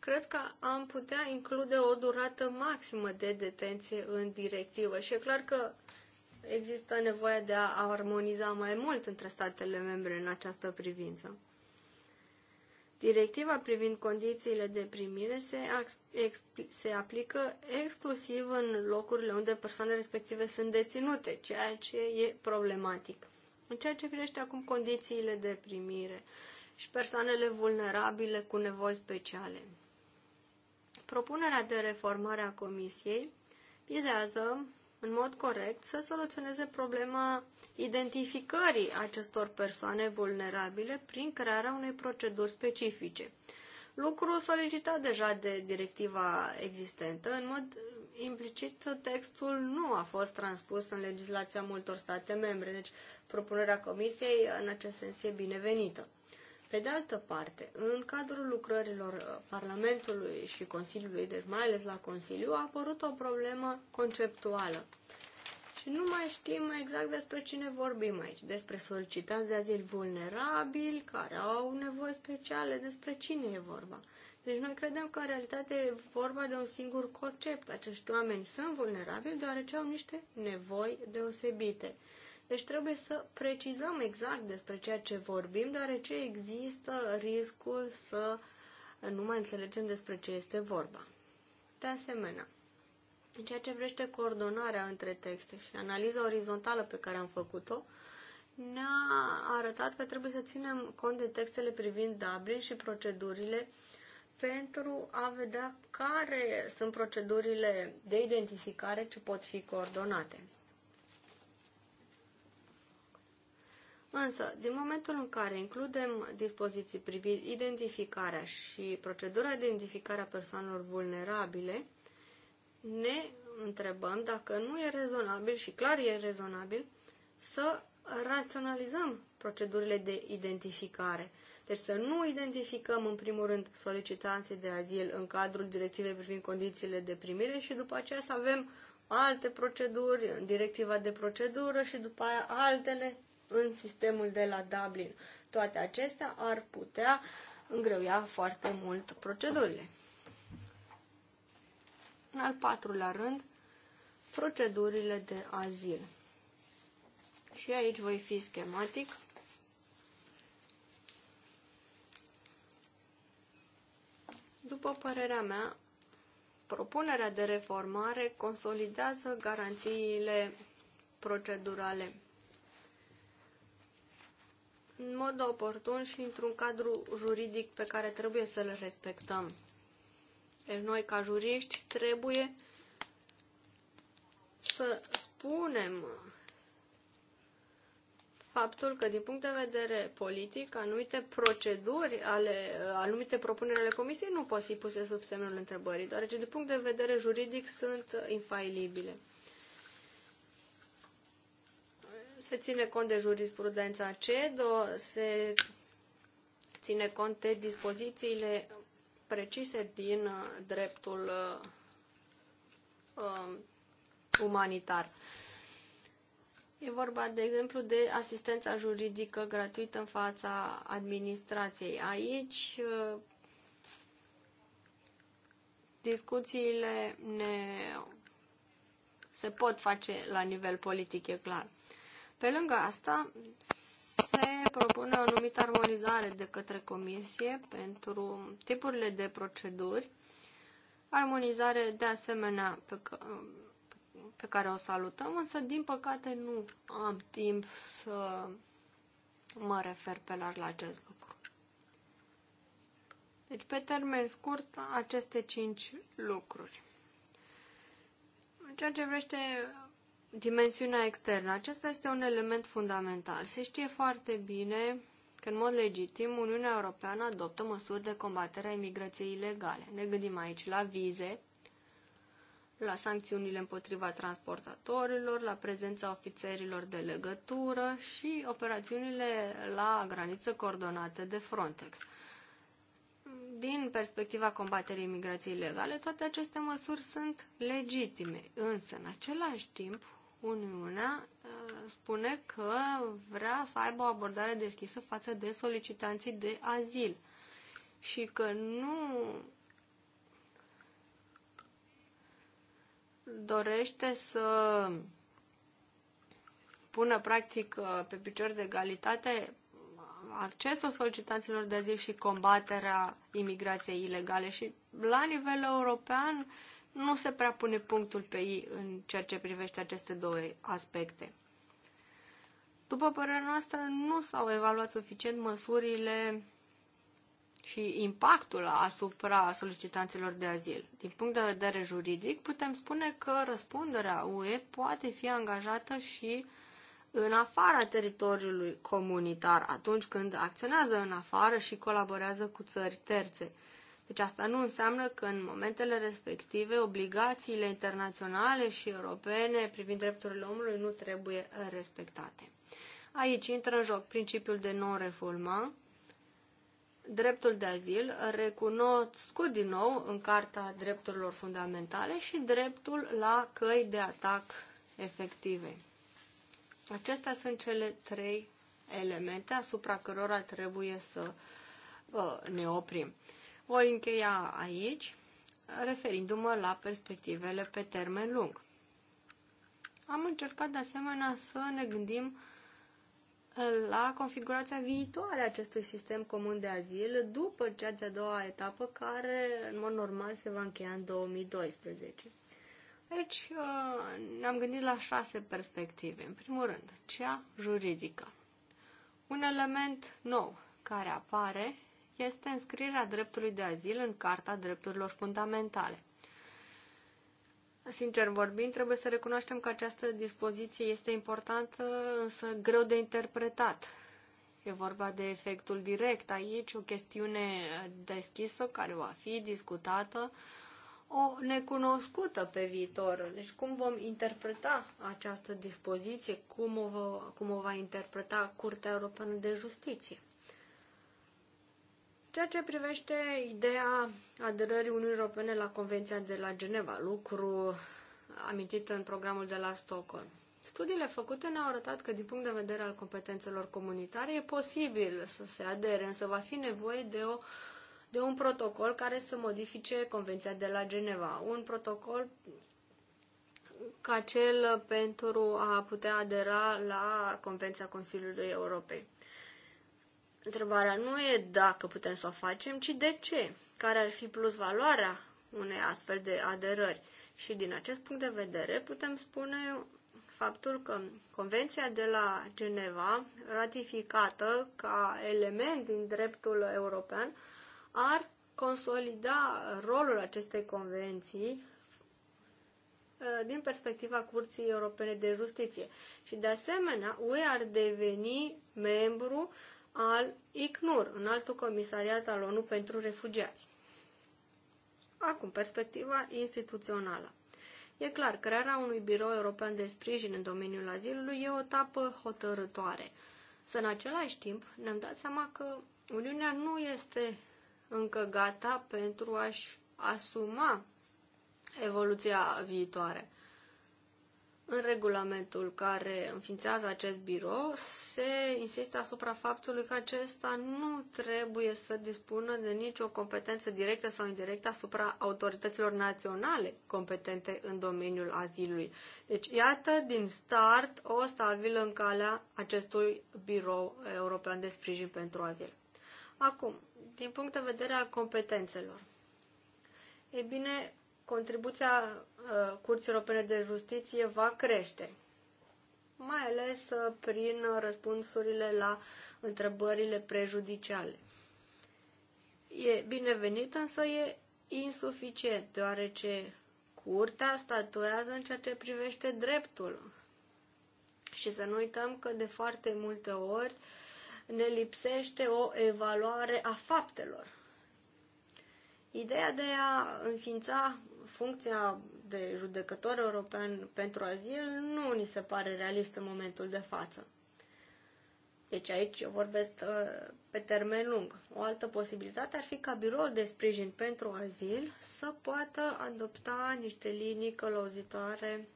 Speaker 5: cred că am putea include o durată maximă de detenție în directivă și e clar că există nevoie de a armoniza mai mult între statele membre în această privință. Directiva privind condițiile de primire se, se aplică exclusiv în locurile unde persoanele respective sunt deținute, ceea ce e problematic. În ceea ce privește acum condițiile de primire și persoanele vulnerabile cu nevoi speciale. Propunerea de reformare a Comisiei vizează în mod corect să soluționeze problema identificării acestor persoane vulnerabile prin crearea unei proceduri specifice. Lucru solicitat deja de directiva existentă, în mod implicit textul nu a fost transpus în legislația multor state membre, deci propunerea Comisiei în acest sens e binevenită. Pe de altă parte, în cadrul lucrărilor uh, Parlamentului și Consiliului, deci mai ales la Consiliu, a apărut o problemă conceptuală. Și nu mai știm exact despre cine vorbim aici, despre solicitați de azil vulnerabili, care au nevoi speciale, despre cine e vorba. Deci noi credem că în realitate e vorba de un singur concept. Acești oameni sunt vulnerabili deoarece au niște nevoi deosebite. Deci trebuie să precizăm exact despre ceea ce vorbim, deoarece există riscul să nu mai înțelegem despre ce este vorba. De asemenea, în ceea ce vrește coordonarea între texte și analiza orizontală pe care am făcut-o, ne-a arătat că trebuie să ținem cont de textele privind Dublin și procedurile pentru a vedea care sunt procedurile de identificare ce pot fi coordonate. Însă, din momentul în care includem dispoziții privind identificarea și procedura de identificare a persoanelor vulnerabile, ne întrebăm dacă nu e rezonabil, și clar e rezonabil, să raționalizăm procedurile de identificare. Deci să nu identificăm în primul rând solicitanții de azil în cadrul directivei privind condițiile de primire și după aceea să avem alte proceduri directiva de procedură și după aia altele în sistemul de la Dublin. Toate acestea ar putea îngreuia foarte mult procedurile. În al patrulea rând, procedurile de azil. Și aici voi fi schematic. După părerea mea, propunerea de reformare consolidează garanțiile procedurale în mod oportun și într-un cadru juridic pe care trebuie să-l respectăm. Deci noi, ca juriști, trebuie să spunem faptul că, din punct de vedere politic, anumite proceduri, ale, anumite propuneri ale Comisiei nu pot fi puse sub semnul întrebării, deoarece, din punct de vedere juridic, sunt infailibile. se ține cont de jurisprudența CEDO, se ține cont de dispozițiile precise din uh, dreptul uh, um, umanitar. E vorba, de exemplu, de asistența juridică gratuită în fața administrației. Aici uh, discuțiile ne, se pot face la nivel politic, e clar. Pe lângă asta, se propune o anumită armonizare de către Comisie pentru tipurile de proceduri, armonizare de asemenea pe, pe care o salutăm, însă din păcate nu am timp să mă refer pe larg la acest lucru. Deci, pe termen scurt, aceste cinci lucruri. În ceea ce vrește Dimensiunea externă. Acesta este un element fundamental. Se știe foarte bine că, în mod legitim, Uniunea Europeană adoptă măsuri de combatere a imigrației ilegale. Ne gândim aici la vize, la sancțiunile împotriva transportatorilor, la prezența ofițerilor de legătură și operațiunile la graniță coordonate de Frontex. Din perspectiva combaterii imigrației ilegale, toate aceste măsuri sunt legitime, însă, în același timp, Uniunea uh, spune că vrea să aibă o abordare deschisă față de solicitanții de azil și că nu dorește să pună practic uh, pe picior de egalitate accesul solicitanților de azil și combaterea imigrației ilegale. Și la nivel european nu se prea pune punctul pe ei în ceea ce privește aceste două aspecte. După părerea noastră, nu s-au evaluat suficient măsurile și impactul asupra solicitanților de azil. Din punct de vedere juridic, putem spune că răspunderea UE poate fi angajată și în afara teritoriului comunitar, atunci când acționează în afară și colaborează cu țări terțe. Deci asta nu înseamnă că în momentele respective obligațiile internaționale și europene privind drepturile omului nu trebuie respectate. Aici intră în joc principiul de non-refulma, dreptul de azil, recunoscut din nou în Carta Drepturilor Fundamentale și dreptul la căi de atac efective. Acestea sunt cele trei elemente asupra cărora trebuie să uh, ne oprim. Voi încheia aici, referindu-mă la perspectivele pe termen lung. Am încercat de asemenea să ne gândim uh, la configurația viitoare a acestui sistem comun de azil după cea de-a doua etapă care, în mod normal, se va încheia în 2012. Deci uh, ne-am gândit la șase perspective. În primul rând, cea juridică. Un element nou care apare este înscrierea dreptului de azil în Carta Drepturilor Fundamentale. Sincer vorbind, trebuie să recunoaștem că această dispoziție este importantă, însă greu de interpretat. E vorba de efectul direct aici, o chestiune deschisă care va fi discutată, o necunoscută pe viitor. Deci cum vom interpreta această dispoziție, cum o va, cum o va interpreta Curtea Europeană de Justiție. Ceea ce privește ideea aderării Uniunii Europene la Convenția de la Geneva, lucru amintit în programul de la Stockholm. Studiile făcute ne-au arătat că, din punct de vedere al competențelor comunitare, e posibil să se adere, însă va fi nevoie de, o, de un protocol care să modifice Convenția de la Geneva. Un protocol ca cel pentru a putea adera la Convenția Consiliului Europei. Întrebarea nu e dacă putem să o facem, ci de ce, care ar fi plus valoarea unei astfel de aderări. Și din acest punct de vedere putem spune faptul că Convenția de la Geneva, ratificată ca element din dreptul european, ar consolida rolul acestei convenții uh, din perspectiva Curții Europene de Justiție. Și de asemenea, UE ar deveni membru uh, al ICNUR, altul comisariat al ONU pentru refugiați. Acum, perspectiva instituțională. E clar, crearea unui birou european de sprijin în domeniul azilului e o etapă hotărătoare. Să în același timp ne-am dat seama că Uniunea nu este încă gata pentru a-și asuma evoluția viitoare. În regulamentul care înființează acest birou se insistă asupra faptului că acesta nu trebuie să dispună de nicio competență directă sau indirectă asupra autorităților naționale competente în domeniul azilului. Deci, iată, din start, o stabilă în calea acestui birou european de sprijin pentru azil. Acum, din punct de vedere al competențelor. E bine, contribuția uh, Curții Europene de Justiție va crește, mai ales uh, prin răspunsurile la întrebările prejudiciale. E binevenit, însă e insuficient, deoarece curtea statuează în ceea ce privește dreptul. Și să nu uităm că de foarte multe ori ne lipsește o evaluare a faptelor. Ideea de a înființa funcția de judecător european pentru azil nu ni se pare realist în momentul de față. Deci aici eu vorbesc uh, pe termen lung. O altă posibilitate ar fi ca biroul de sprijin pentru azil să poată adopta niște linii călăuzitoare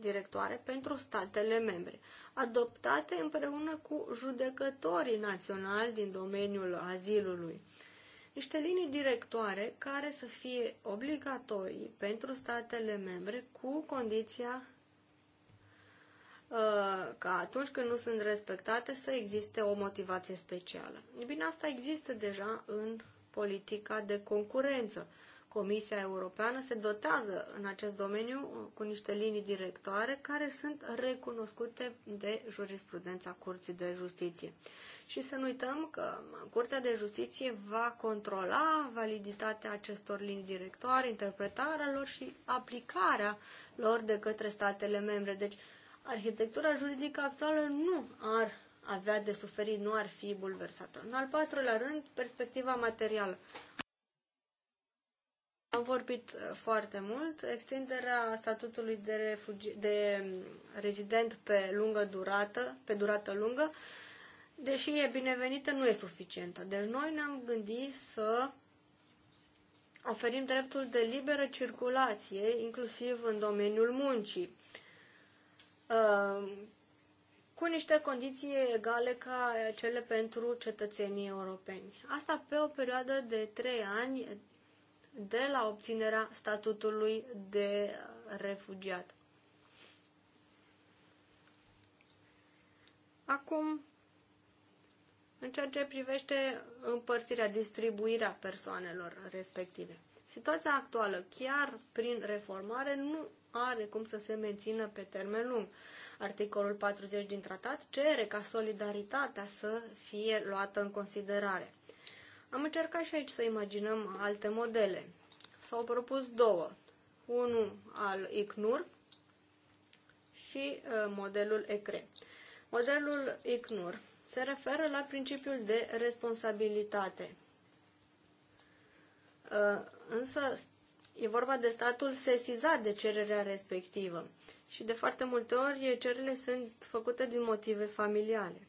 Speaker 5: directoare pentru statele membre, adoptate împreună cu judecătorii naționali din domeniul azilului niște linii directoare care să fie obligatorii pentru statele membre cu condiția uh, ca atunci când nu sunt respectate să existe o motivație specială. E bine, asta există deja în politica de concurență. Comisia Europeană se dotează în acest domeniu cu niște linii directoare care sunt recunoscute de jurisprudența Curții de Justiție. Și să nu uităm că Curtea de Justiție va controla validitatea acestor linii directoare, interpretarea lor și aplicarea lor de către statele membre. Deci, arhitectura juridică actuală nu ar avea de suferit, nu ar fi bulversată. În al patrulea rând, perspectiva materială. Am vorbit uh, foarte mult. Extinderea statutului de, refugi- de um, rezident pe lungă durată, pe durată lungă, deși e binevenită, nu e suficientă. Deci noi ne-am gândit să oferim dreptul de liberă circulație, inclusiv în domeniul muncii, uh, cu niște condiții egale ca cele pentru cetățenii europeni. Asta pe o perioadă de 3 ani de la obținerea statutului de refugiat. Acum, în ceea ce privește împărțirea, distribuirea persoanelor respective. Situația actuală, chiar prin reformare, nu are cum să se mențină pe termen lung. Articolul 40 din tratat cere ca solidaritatea să fie luată în considerare. Am încercat și aici să imaginăm alte modele. S-au propus două. Unul al ICNUR și uh, modelul ECRE. Modelul ICNUR se referă la principiul de responsabilitate. Uh, însă e vorba de statul sesizat de cererea respectivă și de foarte multe ori cererile sunt făcute din motive familiale.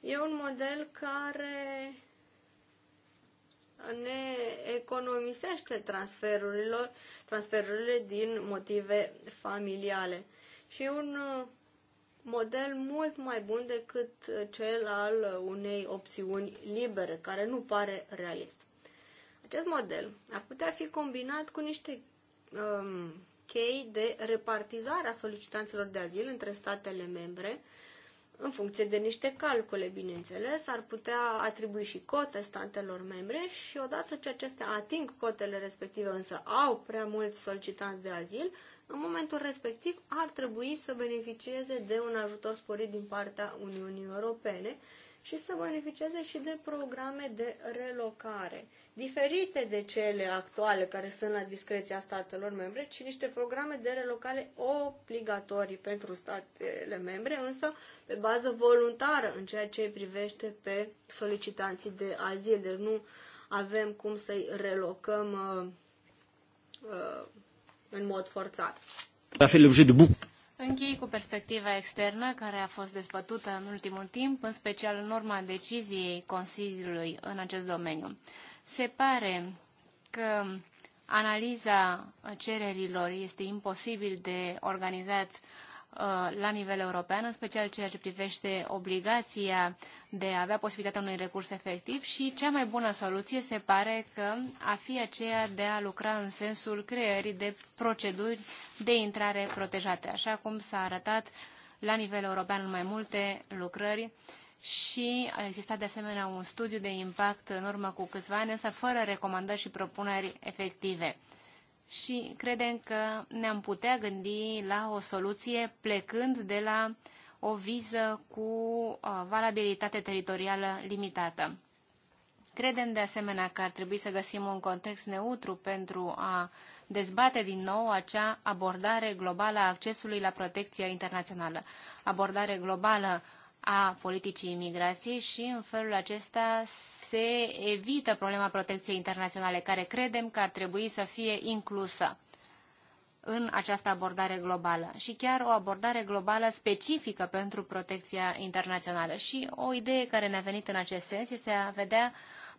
Speaker 5: E un model care ne economisește transferurilor, transferurile din motive familiale. Și un uh, model mult mai bun decât uh, cel al uh, unei opțiuni libere, care nu pare realist. Acest model ar putea fi combinat cu niște um, chei de repartizare a solicitanților de azil între statele membre, uh, în funcție de niște calcule, bineînțeles, ar putea atribui și cote statelor membre și odată ce acestea ating cotele respective, însă au prea mulți solicitanți de azil, în momentul respectiv ar trebui să beneficieze de un ajutor sporit din partea Uniunii Europene și să beneficieze și de programe de relocare, diferite de cele actuale care sunt la discreția statelor membre, ci niște programe de relocare obligatorii pentru statele membre, însă pe bază voluntară în ceea ce privește pe solicitanții de azil. Deci nu avem cum să-i relocăm uh, uh, în mod forțat.
Speaker 1: La fel, de
Speaker 5: Închei
Speaker 2: cu perspectiva externă, care a fost dezbătută în ultimul timp, în special în urma deciziei Consiliului în acest domeniu. Se pare că analiza cererilor este imposibil de organizat Uh, la nivel european, în special ceea ce privește obligația de a avea posibilitatea unui recurs efectiv și cea mai bună soluție se pare că a fi aceea de a lucra în sensul creării de proceduri de intrare protejate, așa cum s-a arătat la nivel european în mai multe lucrări și a existat de asemenea un studiu de impact în urmă cu câțiva ani, însă fără recomandări și propuneri efective și credem că ne-am putea gândi la o soluție plecând de la o viză cu uh, valabilitate teritorială limitată. Credem de asemenea că ar trebui să găsim un context neutru pentru a dezbate din nou acea abordare globală a accesului la protecția internațională. Abordare globală a politicii imigrației și în felul acesta se evită problema protecției internaționale, care credem că ar trebui să fie inclusă în această abordare globală și chiar o abordare globală specifică pentru protecția internațională. Și o idee care ne-a venit în acest sens este a vedea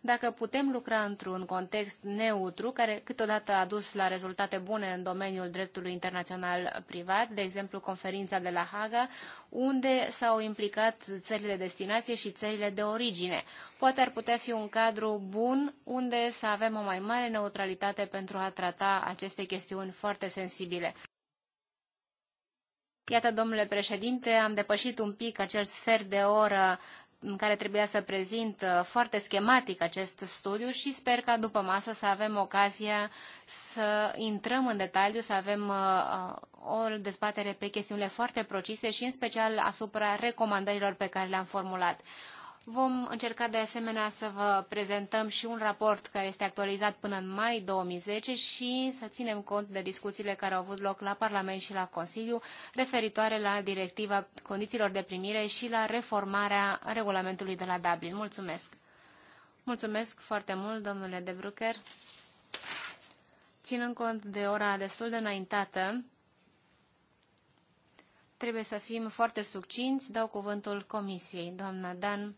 Speaker 2: dacă putem lucra într-un context neutru, care câteodată a dus la rezultate bune în domeniul dreptului internațional privat, de exemplu conferința de la Haga, unde s-au implicat țările de destinație și țările de origine. Poate ar putea fi un cadru bun unde să avem o mai mare neutralitate pentru a trata aceste chestiuni foarte sensibile. Iată, domnule președinte, am depășit un pic acel sfert de oră în care trebuia să prezint uh, foarte schematic acest studiu și sper ca după masă să avem ocazia să intrăm în detaliu, să avem uh, uh, o dezbatere pe chestiunile foarte precise și în special asupra recomandărilor pe care le-am formulat. Vom încerca de asemenea să vă prezentăm și un raport care este actualizat până în mai 2010 și să ținem cont de discuțiile care au avut loc la Parlament și la Consiliu referitoare la directiva condițiilor de primire și la reformarea regulamentului de la Dublin. Mulțumesc! Mulțumesc foarte mult, domnule De Brucker. Ținând cont de ora destul de înaintată, trebuie să fim foarte succinți. Dau cuvântul Comisiei. Doamna Dan,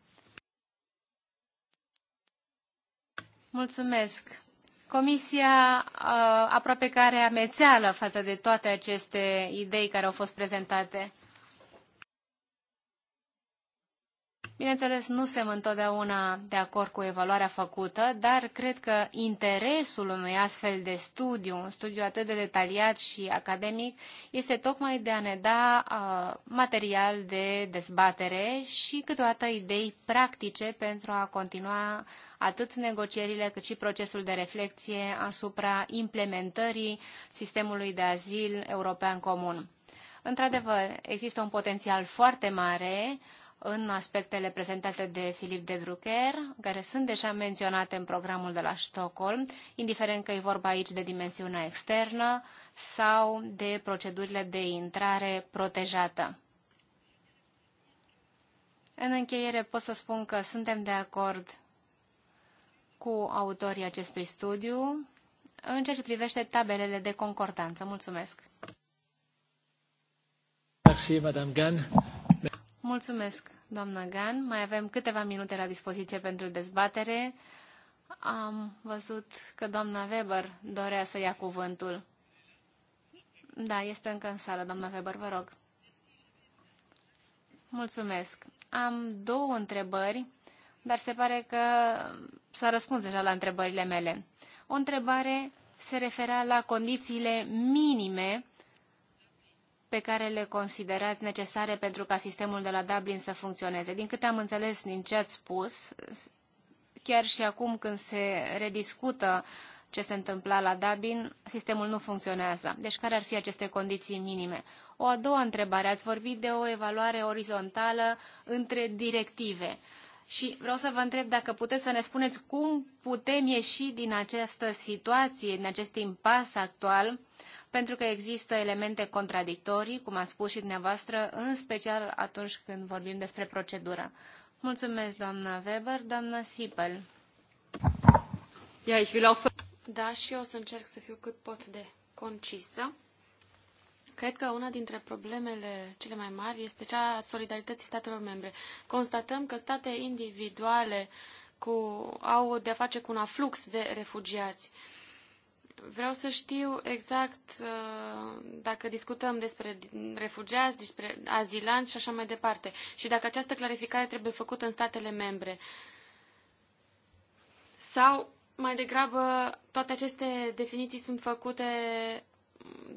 Speaker 2: Mulțumesc. Comisia uh, aproape care amețeală față de toate aceste idei care au fost prezentate. Bineînțeles, nu suntem întotdeauna de acord cu evaluarea făcută, dar cred că interesul unui astfel de studiu, un studiu atât de detaliat și academic, este tocmai de a ne da uh, material de dezbatere și câteodată idei practice pentru a continua atât negocierile cât și procesul de reflexie asupra implementării sistemului de azil european comun. Într-adevăr, există un potențial foarte mare în aspectele prezentate de Filip de Brucker, care sunt deja menționate în programul de la Stockholm, indiferent că e vorba aici de dimensiunea externă sau de procedurile de intrare protejată. În încheiere pot să spun că suntem de acord cu autorii acestui studiu în ceea ce privește tabelele de concordanță. Mulțumesc!
Speaker 1: Merci, Madame Gann.
Speaker 2: Mulțumesc, doamna Gan. Mai avem câteva minute la dispoziție pentru dezbatere. Am văzut că doamna Weber dorea să ia cuvântul. Da, este încă în sală, doamna Weber, vă rog. Mulțumesc. Am două întrebări, dar se pare că s-a răspuns deja la întrebările mele. O întrebare se referea la condițiile minime pe care le considerați necesare pentru ca sistemul de la Dublin să funcționeze. Din câte am înțeles din ce ați spus, chiar și acum când se rediscută ce se întâmpla la Dublin, sistemul nu funcționează. Deci care ar fi aceste condiții minime? O a doua întrebare. Ați vorbit de o evaluare orizontală între directive. Și vreau să vă întreb dacă puteți să ne spuneți cum putem ieși din această situație, din acest impas actual, uh, pentru că există elemente contradictorii, cum a spus și dumneavoastră, în special atunci când vorbim despre procedură. Mulțumesc, doamna Weber.
Speaker 4: Doamna Sipel. Da, și eu o să încerc să fiu cât pot de concisă. Cred că una dintre problemele cele mai mari este cea a solidarității statelor membre. Constatăm că state individuale cu, au de-a face cu un aflux de refugiați. Uh, Vreau să știu exact uh, dacă discutăm despre refugiați, despre azilanți și așa mai departe. Și dacă această clarificare trebuie făcută în statele membre. Sau, mai degrabă, toate aceste definiții sunt făcute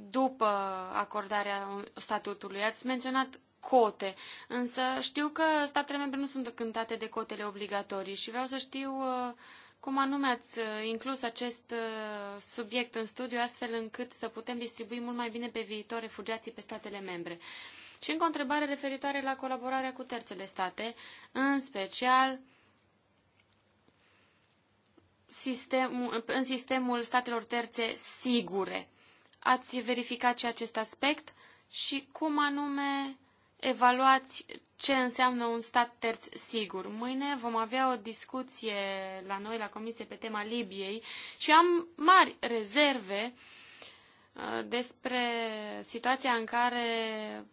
Speaker 4: după acordarea statutului. Ați menționat cote, însă știu că statele membre nu sunt cântate de cotele obligatorii și vreau să știu uh, cum anume ați uh, inclus acest uh, subiect în studiu astfel încât să putem distribui mult mai bine pe viitor refugiații pe statele membre? Și încă o întrebare referitoare la colaborarea cu terțele state, în special în sistemul statelor terțe sigure. Ați verificat și acest aspect și cum anume evaluați ce înseamnă un stat terț sigur. Mâine vom avea o discuție la noi, la Comisie, pe tema Libiei și am mari rezerve uh, despre situația în care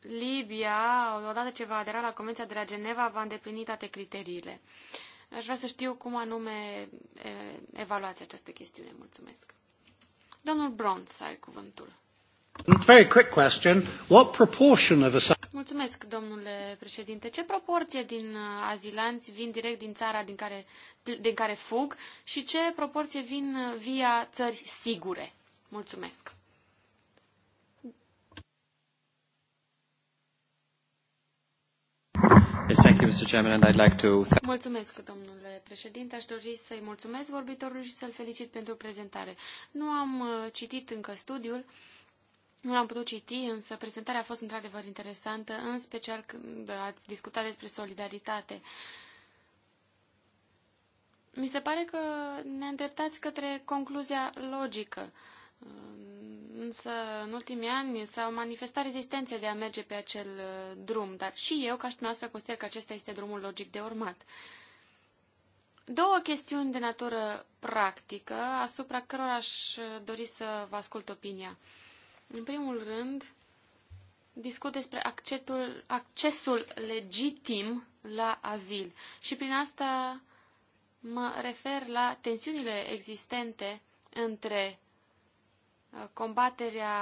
Speaker 4: Libia, odată ce va adera la Convenția de la Geneva, va îndeplini toate criteriile. Aș vrea să știu cum anume evaluați această chestiune. Mulțumesc. Domnul să ai cuvântul.
Speaker 3: Very quick question. What proportion of asylum...
Speaker 4: Mulțumesc, domnule președinte. Ce proporție din uh, azilanți vin direct din țara din care, din care fug și ce proporție vin uh, via țări sigure? Mulțumesc. Mulțumesc, domnule președinte. Aș dori să-i mulțumesc vorbitorului și să-l felicit pentru prezentare. Nu am uh, citit încă studiul, nu l-am putut citi, însă prezentarea a fost într-adevăr interesantă, în special când ați discutat despre solidaritate. Mi se pare că ne îndreptați către concluzia logică. Însă, în ultimii ani s-au manifestat rezistențe de a merge pe acel uh, drum, dar și eu, ca și noastră, consider că acesta este drumul logic de urmat. Două chestiuni de natură practică, asupra cărora aș uh, dori să vă ascult opinia. În primul rând, discut despre accesul, accesul legitim la azil. Și prin asta mă refer la tensiunile existente între uh, combaterea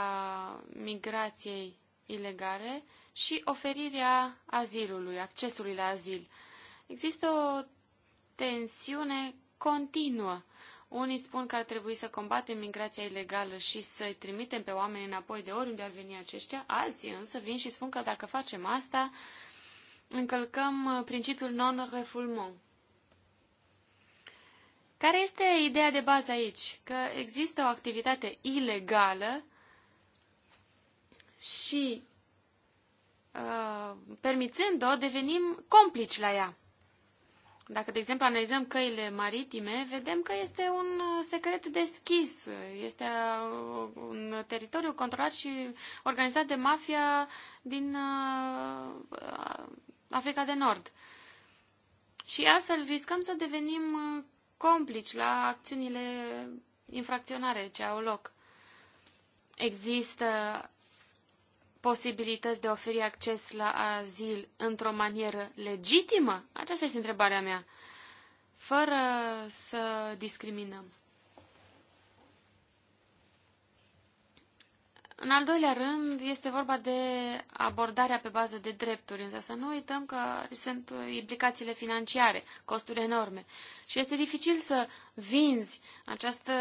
Speaker 4: migrației ilegale și oferirea azilului, accesului la azil. Există o tensiune continuă unii spun că ar trebui să combatem migrația ilegală și să-i trimitem pe oameni înapoi de oriunde ar veni aceștia. Alții însă vin și spun că dacă facem asta, încălcăm uh, principiul non-refoulement. Care este ideea de bază aici? Că există o activitate ilegală și, uh, permițând-o, devenim complici la ea. Dacă, de exemplu, analizăm căile maritime, vedem că este un uh, secret deschis. Este uh, un teritoriu controlat și organizat de mafia din uh, Africa de Nord. Și astfel riscăm să devenim complici la acțiunile infracționare ce au loc. Există posibilități de a oferi acces la azil într-o manieră legitimă? Aceasta este întrebarea mea. Fără să discriminăm. În al doilea rând, este vorba de abordarea pe bază de drepturi, însă să nu uităm că sunt implicațiile financiare, costuri enorme. Și este dificil să vinzi această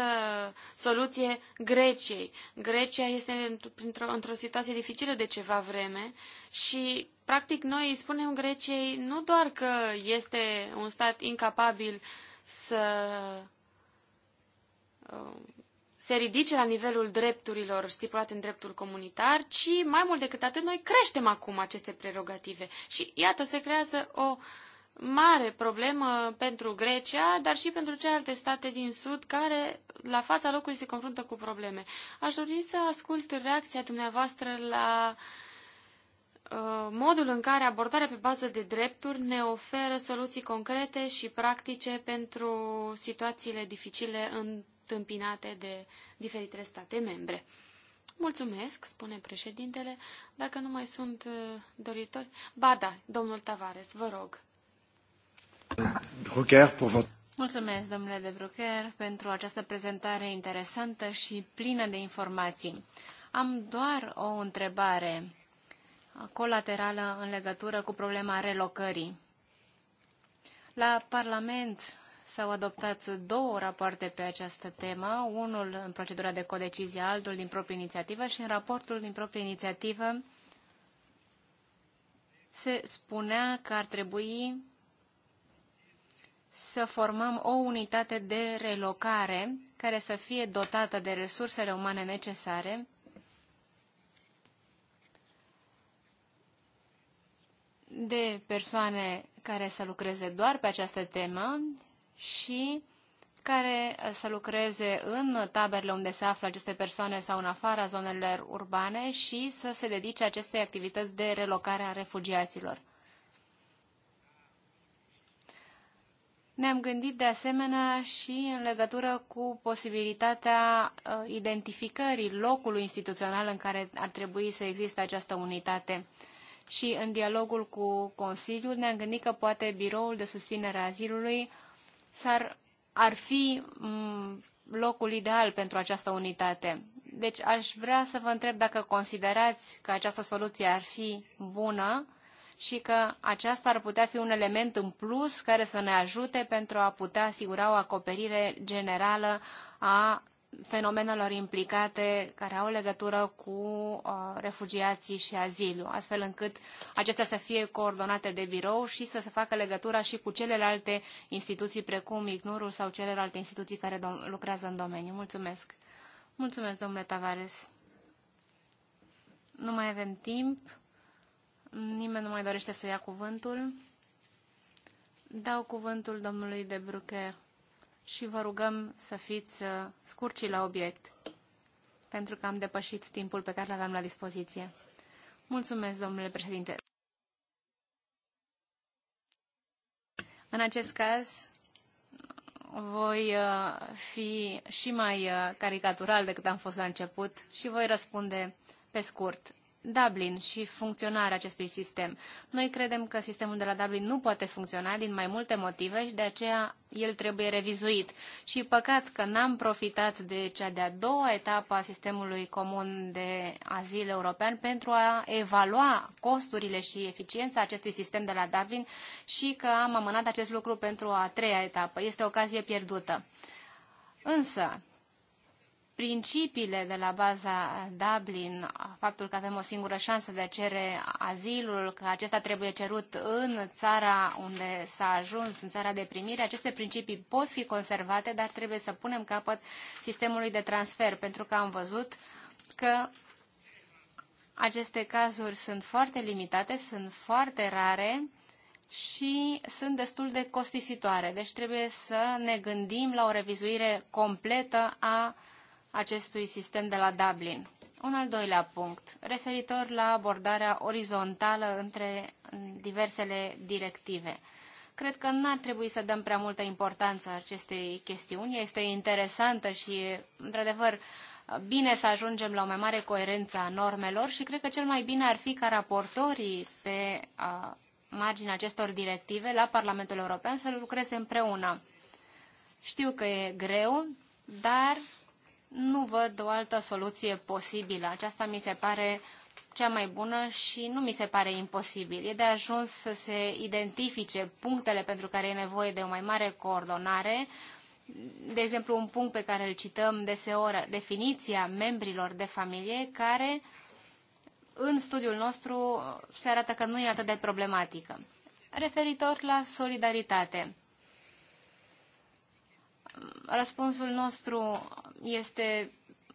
Speaker 4: soluție Greciei. Grecia este într-o, într situație dificilă de ceva vreme și, practic, noi îi spunem Greciei nu doar că este un stat incapabil să um, se ridice la nivelul drepturilor stipulate în dreptul comunitar, ci mai mult decât atât noi creștem acum aceste prerogative. Și iată, se creează o uh, mare problemă pentru Grecia, dar și pentru celelalte state din Sud care la fața locului se confruntă cu probleme. Aș dori să ascult reacția dumneavoastră la uh, modul în care abordarea pe bază de drepturi ne oferă soluții concrete și practice pentru situațiile dificile întâmpinate de diferitele state membre. Mulțumesc, spune președintele, dacă nu mai sunt uh, doritori. Ba da, domnul Tavares, vă rog.
Speaker 2: Mulțumesc, domnule de Brucker, pentru această prezentare interesantă și plină de informații. Am doar o întrebare colaterală în legătură cu problema relocării. La Parlament s-au adoptat două rapoarte pe această temă, unul în procedura de codecizie, altul din proprie inițiativă și în raportul din proprie inițiativă se spunea că ar trebui să formăm o unitate de relocare care să fie dotată de resursele umane necesare de persoane care să lucreze doar pe această temă și care uh, să lucreze în taberele unde se află aceste persoane sau în afara zonelor urbane și să se dedice acestei activități de relocare a refugiaților. Ne-am gândit de asemenea și în legătură cu posibilitatea uh, identificării locului instituțional în care ar trebui să existe această unitate. Și în dialogul cu Consiliul ne-am gândit că poate biroul de susținere a azilului s-ar, ar fi mm, locul ideal pentru această unitate. Deci aș vrea să vă întreb dacă considerați că această soluție ar fi bună și că aceasta ar putea fi un element în plus care să ne ajute pentru a putea asigura o acoperire generală a fenomenelor implicate care au legătură cu uh, refugiații și aziliu, astfel încât acestea să fie coordonate de birou și să se facă legătura și cu celelalte instituții precum ICNUR-ul sau celelalte instituții care lucrează în domeniu. Mulțumesc! Mulțumesc, domnule Tavares! Nu mai avem timp. Nimeni nu mai dorește să ia cuvântul. Dau cuvântul domnului de Brucher și vă rugăm să fiți uh, scurci la obiect, pentru că am depășit timpul pe care l-aveam la dispoziție. Mulțumesc, domnule președinte. În acest caz, voi uh, fi și mai uh, caricatural decât am fost la început și voi răspunde pe scurt. Dublin și funcționarea acestui sistem. Noi credem că sistemul de la Dublin nu poate funcționa din mai multe motive și de aceea el trebuie revizuit. Și păcat că n-am profitat de cea de-a doua etapă a sistemului comun de azil european pentru a evalua costurile și eficiența acestui sistem de la Dublin și că am amânat acest lucru pentru a treia etapă. Este o ocazie pierdută. Însă, principiile de la baza Dublin, faptul că avem o singură șansă de a cere azilul, că acesta trebuie cerut în țara unde s-a ajuns, în țara de primire, aceste principii pot fi conservate, dar trebuie să punem capăt sistemului de transfer, pentru că am văzut că aceste cazuri sunt foarte limitate, sunt foarte rare și sunt destul de costisitoare. Deci trebuie să ne gândim la o revizuire completă a uh, acestui sistem de la Dublin. Un al doilea punct, referitor la abordarea orizontală între diversele directive. Cred că nu ar trebui să dăm prea multă importanță acestei chestiuni. Este interesantă și, într-adevăr, bine să ajungem la o mai mare coerență a normelor și cred că cel mai bine ar fi ca raportorii pe a, marginea acestor directive la Parlamentul European să lucreze împreună. Știu că e greu, dar nu văd o altă soluție posibilă. Aceasta mi se pare cea mai bună și nu mi se pare imposibil. E de ajuns să se identifice punctele pentru care e nevoie de o mai mare coordonare. De exemplu, un punct pe care îl cităm deseori, definiția membrilor de familie, care în studiul nostru se arată că nu e atât de problematică. Referitor la solidaritate. Răspunsul nostru este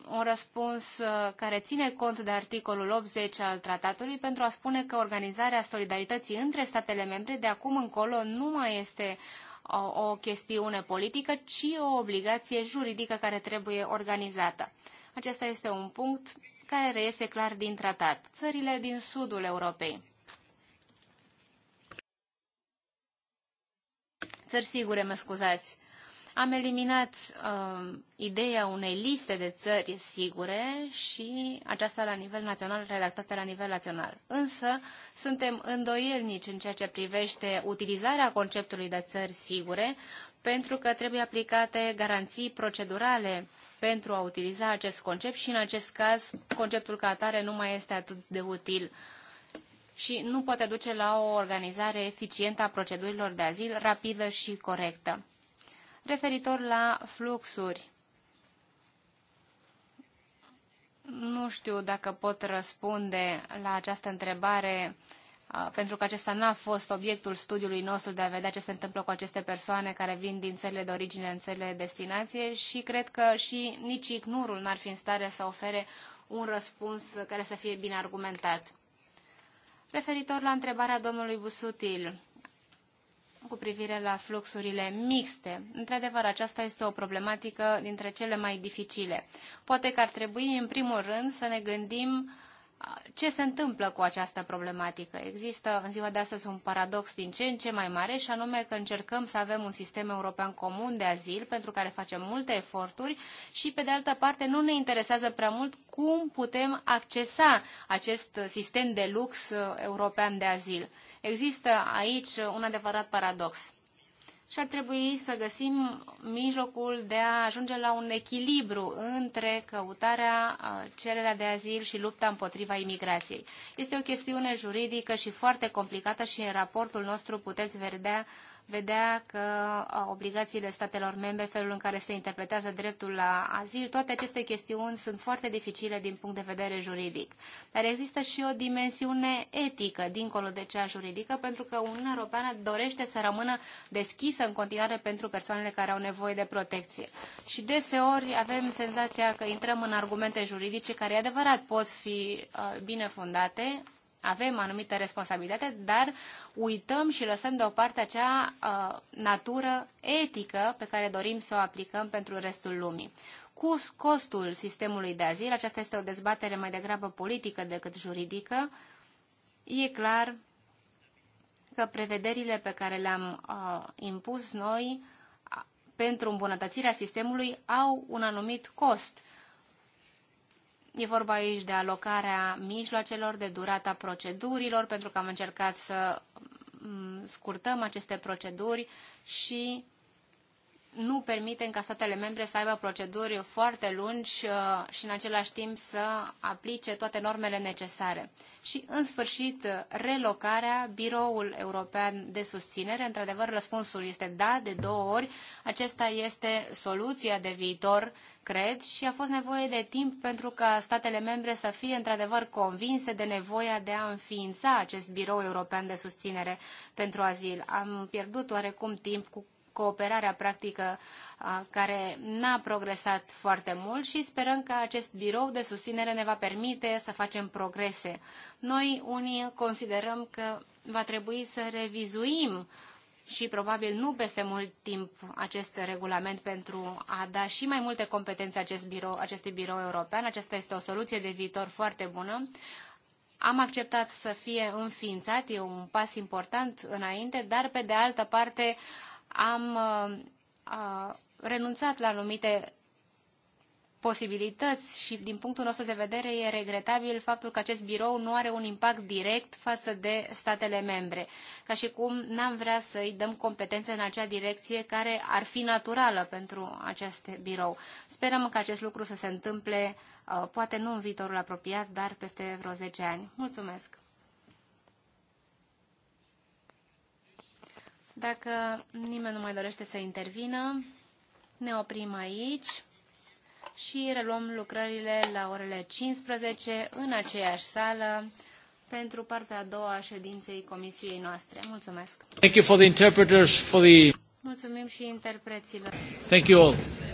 Speaker 2: un răspuns uh, care ține cont de articolul 80 al tratatului pentru a spune că organizarea solidarității între statele membre de acum încolo nu mai este o, uh, o chestiune politică, ci o obligație juridică care trebuie organizată. Acesta este un punct care reiese clar din tratat. Țările din sudul Europei. Țări sigure, mă scuzați. Am eliminat uh, ideea unei liste de țări sigure și aceasta la nivel național, redactată la nivel național. Însă suntem îndoielnici în ceea ce privește utilizarea conceptului de țări sigure, pentru că trebuie aplicate garanții procedurale pentru a utiliza acest concept și în acest caz conceptul ca atare nu mai este atât de util și nu poate duce la o organizare eficientă a procedurilor de azil, rapidă și corectă. Referitor la fluxuri, nu știu dacă pot răspunde la această întrebare pentru că acesta n-a fost obiectul studiului nostru de a vedea ce se întâmplă cu aceste persoane care vin din țările de origine în țările de destinație și cred că și nici icnur n-ar fi în stare să ofere un răspuns care să fie bine argumentat. Referitor la întrebarea domnului Busutil, cu privire la fluxurile mixte. Într-adevăr, aceasta este o problematică dintre cele mai dificile. Poate că ar trebui, în primul rând, să ne gândim ce se întâmplă cu această problematică. Există în ziua de astăzi un paradox din ce în ce mai mare și anume că încercăm să avem un sistem european comun de azil pentru care facem multe eforturi și pe de altă parte nu ne interesează prea mult cum putem accesa acest sistem de lux uh, european de azil. Există aici un adevărat paradox. Și ar trebui să găsim mijlocul de a ajunge la un echilibru între căutarea, cererea de azil și lupta împotriva imigrației. Este o chestiune juridică și foarte complicată și în raportul nostru puteți vedea vedea că obligațiile statelor membre, felul în care se interpretează dreptul la azil, toate aceste chestiuni sunt foarte dificile din punct de vedere juridic. Dar există și o dimensiune etică, dincolo de cea juridică, pentru că Uniunea Europeană dorește să rămână deschisă în continuare pentru persoanele care au nevoie de protecție. Și deseori avem senzația că intrăm în argumente juridice care, e adevărat, pot fi bine fundate, avem anumite responsabilitate, dar uităm și lăsăm deoparte acea uh, natură etică pe care dorim să o aplicăm pentru restul lumii. Cu costul sistemului de azil, aceasta este o dezbatere mai degrabă politică decât juridică, e clar că prevederile pe care le-am uh, impus noi pentru îmbunătățirea sistemului au un anumit cost. Uh, E vorba aici de alocarea mijloacelor, de durata procedurilor, pentru că am încercat să mm, scurtăm aceste proceduri și nu permitem ca statele membre să aibă proceduri foarte lungi uh, și în același timp să aplice toate normele necesare. Și, în sfârșit, relocarea, Biroul European de Susținere, într-adevăr, răspunsul este da, de două ori. Acesta este soluția de viitor cred, și a fost nevoie de timp pentru ca statele membre să fie într-adevăr convinse de nevoia de a înființa acest birou european de susținere pentru azil. Am pierdut oarecum timp cu cooperarea practică care n-a progresat foarte mult și sperăm că acest birou de susținere ne va permite să facem progrese. Noi, unii, considerăm că va trebui să revizuim și probabil nu peste mult timp acest regulament pentru a da și mai multe competențe acest birou, acestui birou european. Aceasta este o soluție de viitor foarte bună. Am acceptat să fie înființat, e un pas important înainte, dar pe de altă parte am uh, a, renunțat la anumite posibilități și din punctul nostru de vedere e regretabil faptul că acest birou nu are un impact direct față de statele membre, ca și cum n-am vrea să îi dăm competențe în acea direcție care ar fi naturală pentru acest birou. Sperăm că acest lucru să se întâmple, uh, poate nu în viitorul apropiat, dar peste vreo 10 ani. Mulțumesc! Dacă nimeni nu mai dorește să intervină, ne oprim aici și reluăm lucrările la orele 15 în aceeași sală pentru partea a doua a ședinței comisiei noastre. Mulțumesc!
Speaker 1: Thank you for the interpreters for the...
Speaker 2: Mulțumim și interpreților.
Speaker 1: Thank you all.